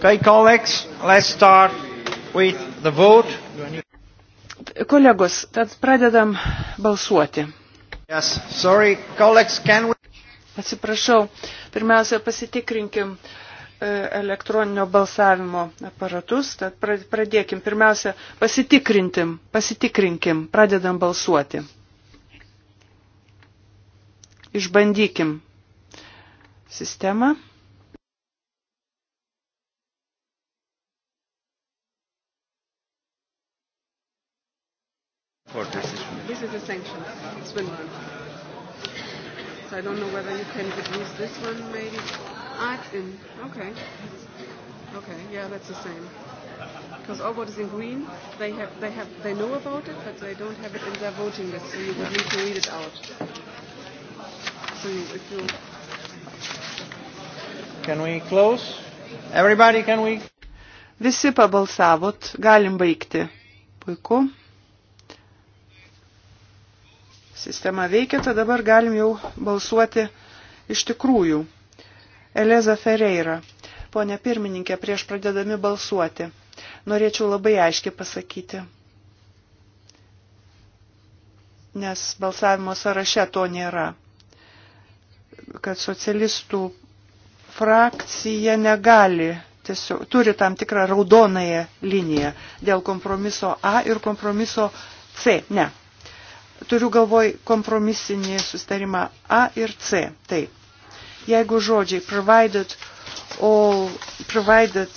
Okay, colleagues, let's start with the vote. Kolegos, tad pradedam balsuoti. Yes, sorry, colleagues, can we... Atsiprašau, pirmiausia pasitikrinkim e, elektroninio balsavimo aparatus, tad pradėkim. Pirmiausia, pasitikrintim, pasitikrinkim, pradedam balsuoti. Išbandykim sistemą.
for this issue? This is the sanctions, Swinburne.
So I don't know whether you can reduce this one, maybe. Ah, it's in. Okay. Okay. Yeah, that's the same. Because all what is in green, they have, they have, they know about it, but they don't have it in their voting list. So you would yeah. need to read it out. So you,
if you. Can we close?
Everybody, can we? Visi pabalsavot, galim baigti. Puiku sistema veikia, tad dabar galim jau balsuoti iš tikrųjų. Eleza Ferreira. Pone pirmininkė, prieš pradedami balsuoti, norėčiau labai aiškiai pasakyti, nes balsavimo sąraše to nėra, kad socialistų frakcija negali, tiesiog turi tam tikrą raudonąją liniją dėl kompromiso A ir kompromiso C. Ne, turiu galvoj kompromisinį sustarimą A ir C. Taip. Jeigu žodžiai provided all, provided,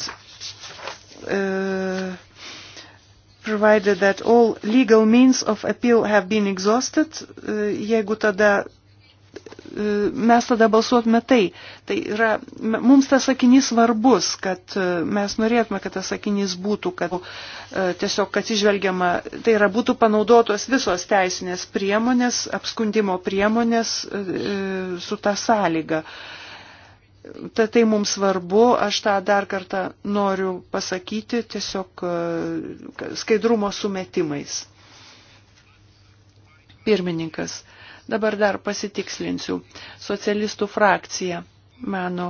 uh, provided that all legal means of appeal have been exhausted, uh, jeigu tada E, mes tada balsuotume tai. Tai yra, mums tas sakinys svarbus, kad e, mes norėtume, kad tas sakinys būtų, kad e, tiesiog, kad išvelgiama, tai yra, būtų panaudotos visos teisinės priemonės, apskundimo priemonės su tą sąlygą. Ta, tai mums svarbu, aš tą dar kartą noriu pasakyti tiesiog skaidrumo sumetimais. Pirmininkas. Dabar dar pasitikslinsiu. Socialistų frakcija mano,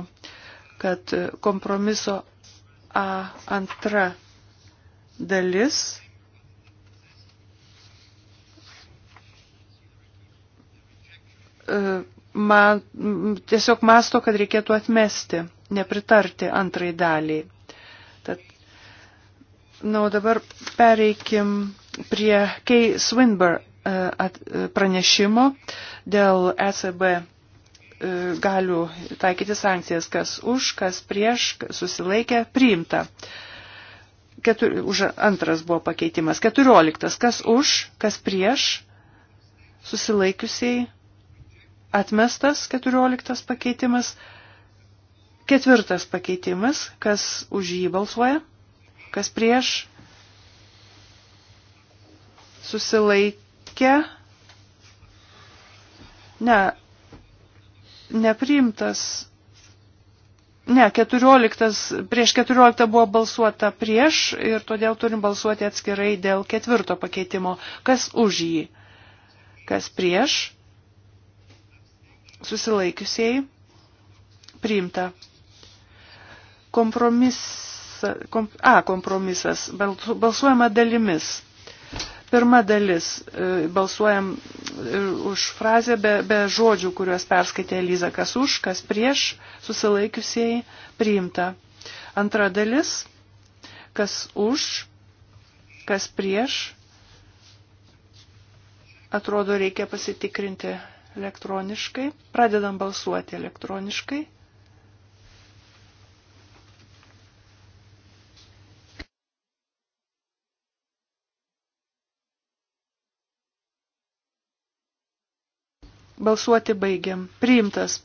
kad kompromiso A antra dalis man, tiesiog masto, kad reikėtų atmesti, nepritarti antrai daliai. Tad, na, o dabar pereikim prie Kay Swinburne pranešimo dėl ECB e, galių taikyti sankcijas, kas už, kas prieš, susilaikė, priimta. Ketur, už antras buvo pakeitimas. Keturioliktas, kas už, kas prieš, susilaikiusiai, atmestas keturioliktas pakeitimas. Ketvirtas pakeitimas, kas už jį balsuoja, kas prieš, susilaikė K. Ne, nepriimtas. Ne, 14, prieš 14 buvo balsuota prieš ir todėl turim balsuoti atskirai dėl ketvirto pakeitimo. Kas už jį? Kas prieš? Susilaikiusiai? Priimta. Kompromis, kom, a, kompromisas. Balsuojama dalimis Pirma dalis. E, balsuojam e, už frazę be, be žodžių, kuriuos perskaitė Eliza, kas už, kas prieš, susilaikiusieji, priimta. Antra dalis. Kas už, kas prieš. Atrodo, reikia pasitikrinti elektroniškai. Pradedam balsuoti elektroniškai. Balsuoti baigiam. Priimtas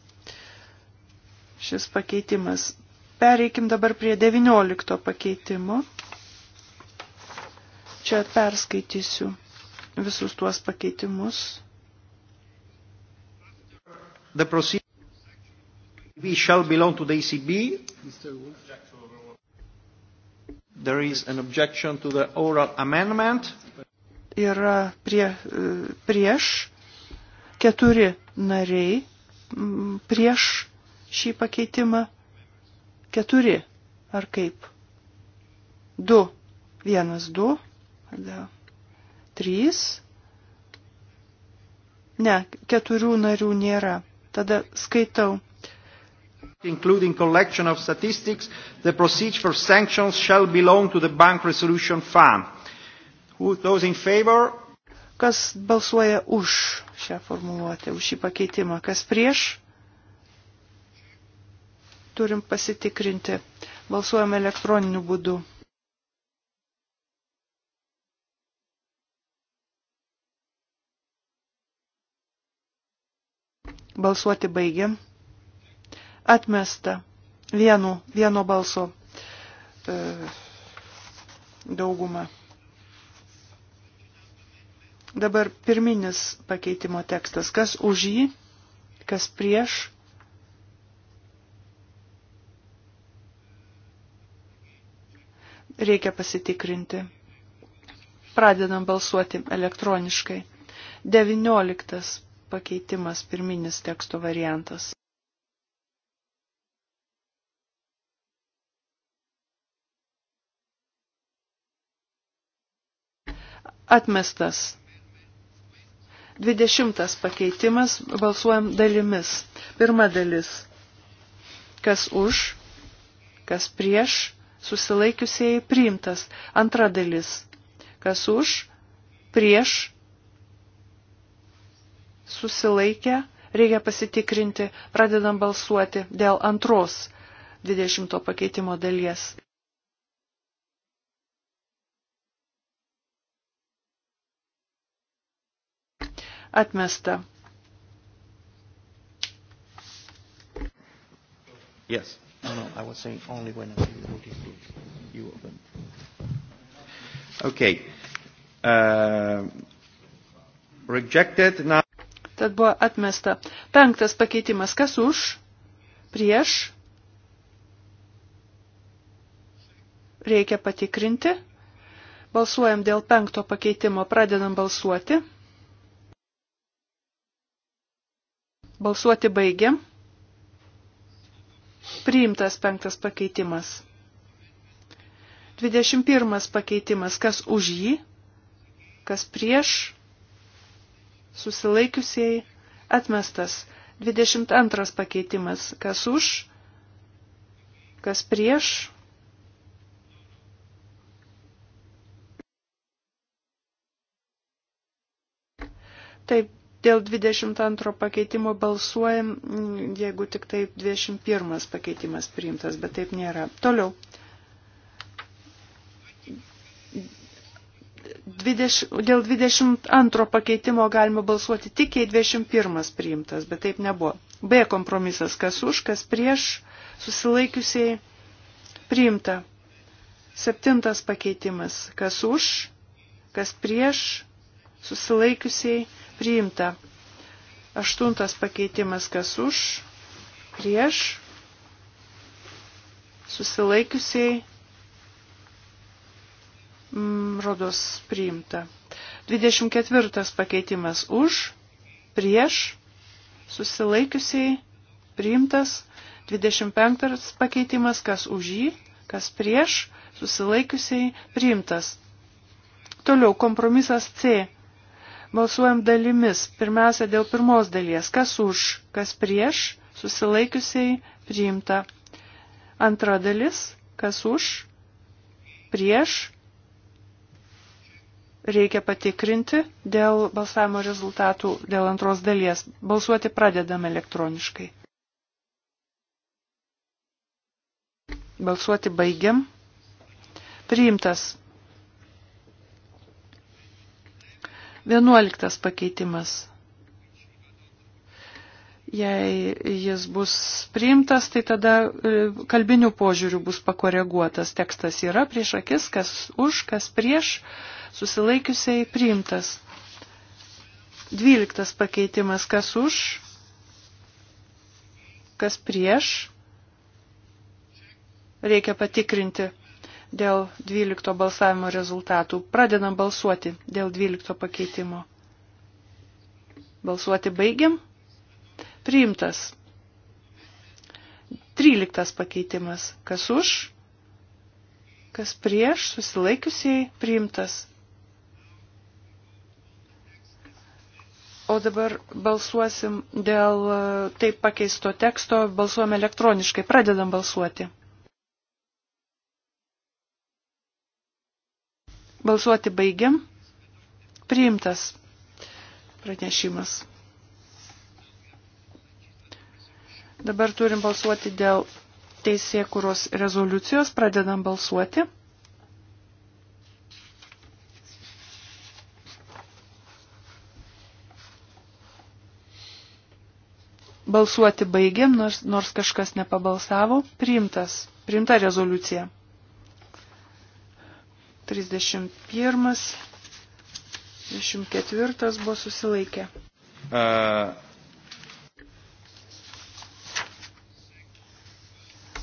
šis pakeitimas. Pereikim dabar prie 19 pakeitimo. Čia perskaitysiu visus tuos pakeitimus. The procedure shall belong to the ECB. There is an objection to the oral amendment. Yra prie, prieš keturi nariai prieš šį pakeitimą. Keturi ar kaip? Du. Vienas, du. Tada trys. Ne, keturių narių nėra. Tada skaitau including collection of statistics, the procedure for sanctions shall belong to the Bank Resolution Fund. Who, those in favour? Kas balsuoja už šią formuluotę, už šį pakeitimą? Kas prieš? Turim pasitikrinti. Balsuojame elektroniniu būdu. Balsuoti baigiam. Atmesta. Vienu, vieno balso e, dauguma. Dabar pirminis pakeitimo tekstas. Kas už jį, kas prieš. Reikia pasitikrinti. Pradedam balsuoti elektroniškai. 19 pakeitimas pirminis teksto variantas. Atmestas 20 pakeitimas balsuojam dalimis. Pirma dalis. Kas už, kas prieš, susilaikiusieji priimtas. Antra dalis. Kas už, prieš, susilaikę, reikia pasitikrinti, pradedam balsuoti dėl antros 20 pakeitimo dalies. Atmesta. Yes. No, no, I was saying only when I see the voting list. You open. Okay. Uh, rejected. Now. Tad buvo atmesta. Penktas pakeitimas. Kas už? Prieš? Reikia patikrinti. Balsuojam dėl penkto pakeitimo. Pradedam balsuoti. Balsuoti baigiam. Priimtas penktas pakeitimas. 21 pakeitimas. Kas už jį, kas prieš, susilaikiusieji, atmestas. 22 pakeitimas. Kas už, kas prieš. Taip, Dėl 22 pakeitimo balsuojam, jeigu tik taip 21 pakeitimas priimtas, bet taip nėra. Toliau. 20, dėl 22 pakeitimo galima balsuoti tik, jei 21 priimtas, bet taip nebuvo. B kompromisas, kas už, kas prieš, susilaikiusiai priimta. Septintas pakeitimas, kas už, kas prieš, susilaikiusiai priimta. Aštuntas pakeitimas kas už, prieš, susilaikiusiai, mm, rodos priimta. 24 pakeitimas už, prieš, susilaikiusiai, priimtas. 25 pakeitimas kas už jį, kas prieš, susilaikiusiai, priimtas. Toliau kompromisas C Balsuojam dalimis. Pirmiausia, dėl pirmos dalies. Kas už, kas prieš, susilaikiusiai priimta. Antra dalis, kas už, prieš, reikia patikrinti dėl balsavimo rezultatų dėl antros dalies. Balsuoti pradedam elektroniškai. Balsuoti baigiam. Priimtas Vienuoliktas pakeitimas. Jei jis bus priimtas, tai tada e, kalbinių požiūrių bus pakoreguotas. Tekstas yra prieš akis, kas už, kas prieš, susilaikiusiai priimtas. Dvyliktas pakeitimas, kas už, kas prieš, reikia patikrinti dėl 12 balsavimo rezultatų. Pradedam balsuoti dėl 12 pakeitimo. Balsuoti baigiam. Priimtas. 13 pakeitimas. Kas už? Kas prieš? Susilaikiusiai priimtas. O dabar balsuosim dėl taip pakeisto teksto, balsuojam elektroniškai, pradedam balsuoti. Balsuoti baigiam. Priimtas pranešimas. Dabar turim balsuoti dėl teisėkuros rezoliucijos. Pradedam balsuoti. Balsuoti baigiam, nors, nors kažkas nepabalsavo. Priimtas. Priimta rezoliucija. 31, 24 buvo susilaikę. Uh. E,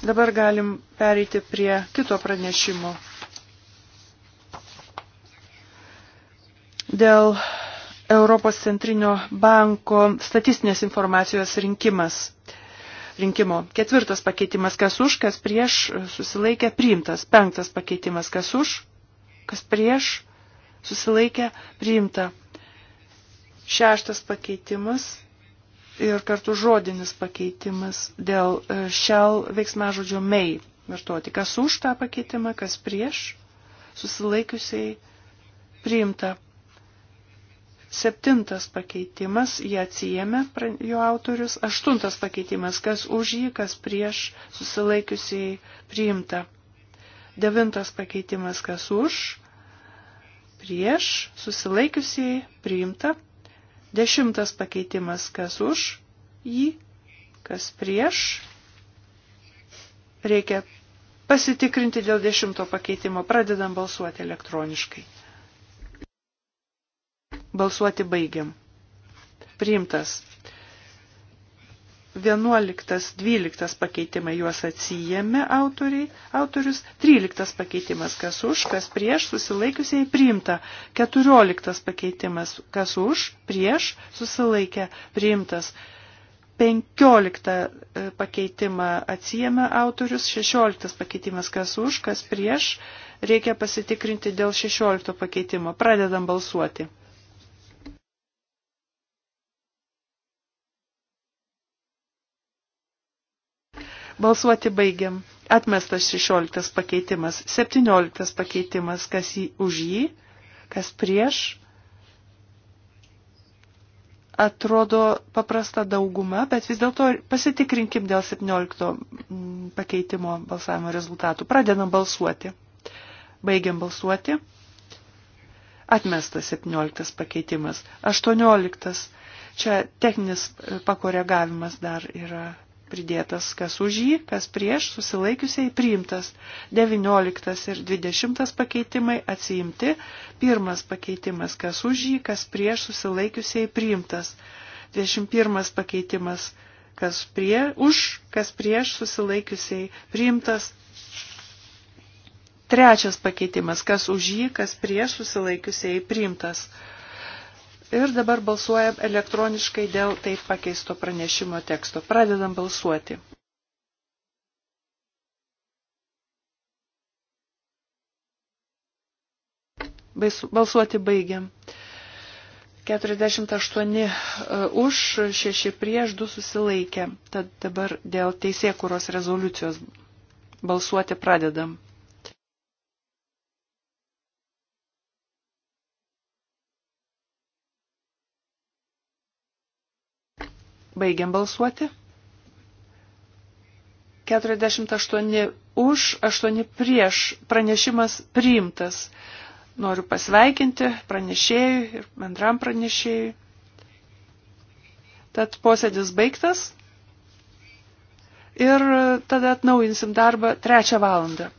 Dabar galim pereiti prie kito pranešimo. Dėl Europos centrinio banko statistinės informacijos rinkimas rinkimo. Ketvirtas pakeitimas, kas už, kas prieš, susilaikė priimtas. Penktas pakeitimas, kas už, kas prieš, susilaikė, priimta. Šeštas pakeitimas ir kartu žodinis pakeitimas dėl e, shell veiksmažodžio may vartoti. Kas už tą pakeitimą, kas prieš, susilaikiusiai priimta. Septintas pakeitimas, jie atsijėmė jo autorius. Aštuntas pakeitimas, kas už jį, kas prieš, susilaikiusiai priimta. Devintas pakeitimas kas už, prieš, susilaikiusiai priimta. Dešimtas pakeitimas kas už, jį, kas prieš. Reikia pasitikrinti dėl dešimto pakeitimo. Pradedam balsuoti elektroniškai. Balsuoti baigiam. Priimtas. 11-12 pakeitimai juos atsijėmė autoriai, autorius, 13 pakeitimas kas už, kas prieš, susilaikiusiai priimta, 14 pakeitimas kas už, prieš, susilaikė priimtas, 15 e, pakeitimą atsijėmė autorius, 16 pakeitimas kas už, kas prieš, reikia pasitikrinti dėl 16 pakeitimo, pradedam balsuoti. Balsuoti baigiam. Atmestas 16 pakeitimas, 17 pakeitimas, kas jį, už jį, kas prieš. Atrodo paprasta dauguma, bet vis dėlto pasitikrinkim dėl 17 mm, pakeitimo balsavimo rezultatų. Pradedam balsuoti. Baigiam balsuoti. Atmestas 17 pakeitimas. 18. Čia techninis e, pakoregavimas dar yra pridėtas, kas už jį, kas prieš, susilaikiusiai priimtas. 19 ir 20 pakeitimai atsiimti, pirmas pakeitimas, kas už jį, kas prieš, susilaikiusiai priimtas. 21 pakeitimas, kas prie, už, kas prieš, susilaikiusiai priimtas. Trečias pakeitimas, kas už jį, kas prieš, susilaikiusiai priimtas. Ir dabar balsuojam elektroniškai dėl taip pakeisto pranešimo teksto. Pradedam balsuoti. Balsuoti baigiam. 48 e, už, 6 prieš, 2 susilaikė. Tad dabar dėl teisėkūros rezoliucijos balsuoti pradedam. Baigiam balsuoti. 48 už, 8 prieš. Pranešimas priimtas. Noriu pasveikinti pranešėjui ir bendram pranešėjui. Tad posėdis baigtas. Ir tada atnaujinsim darbą trečią valandą.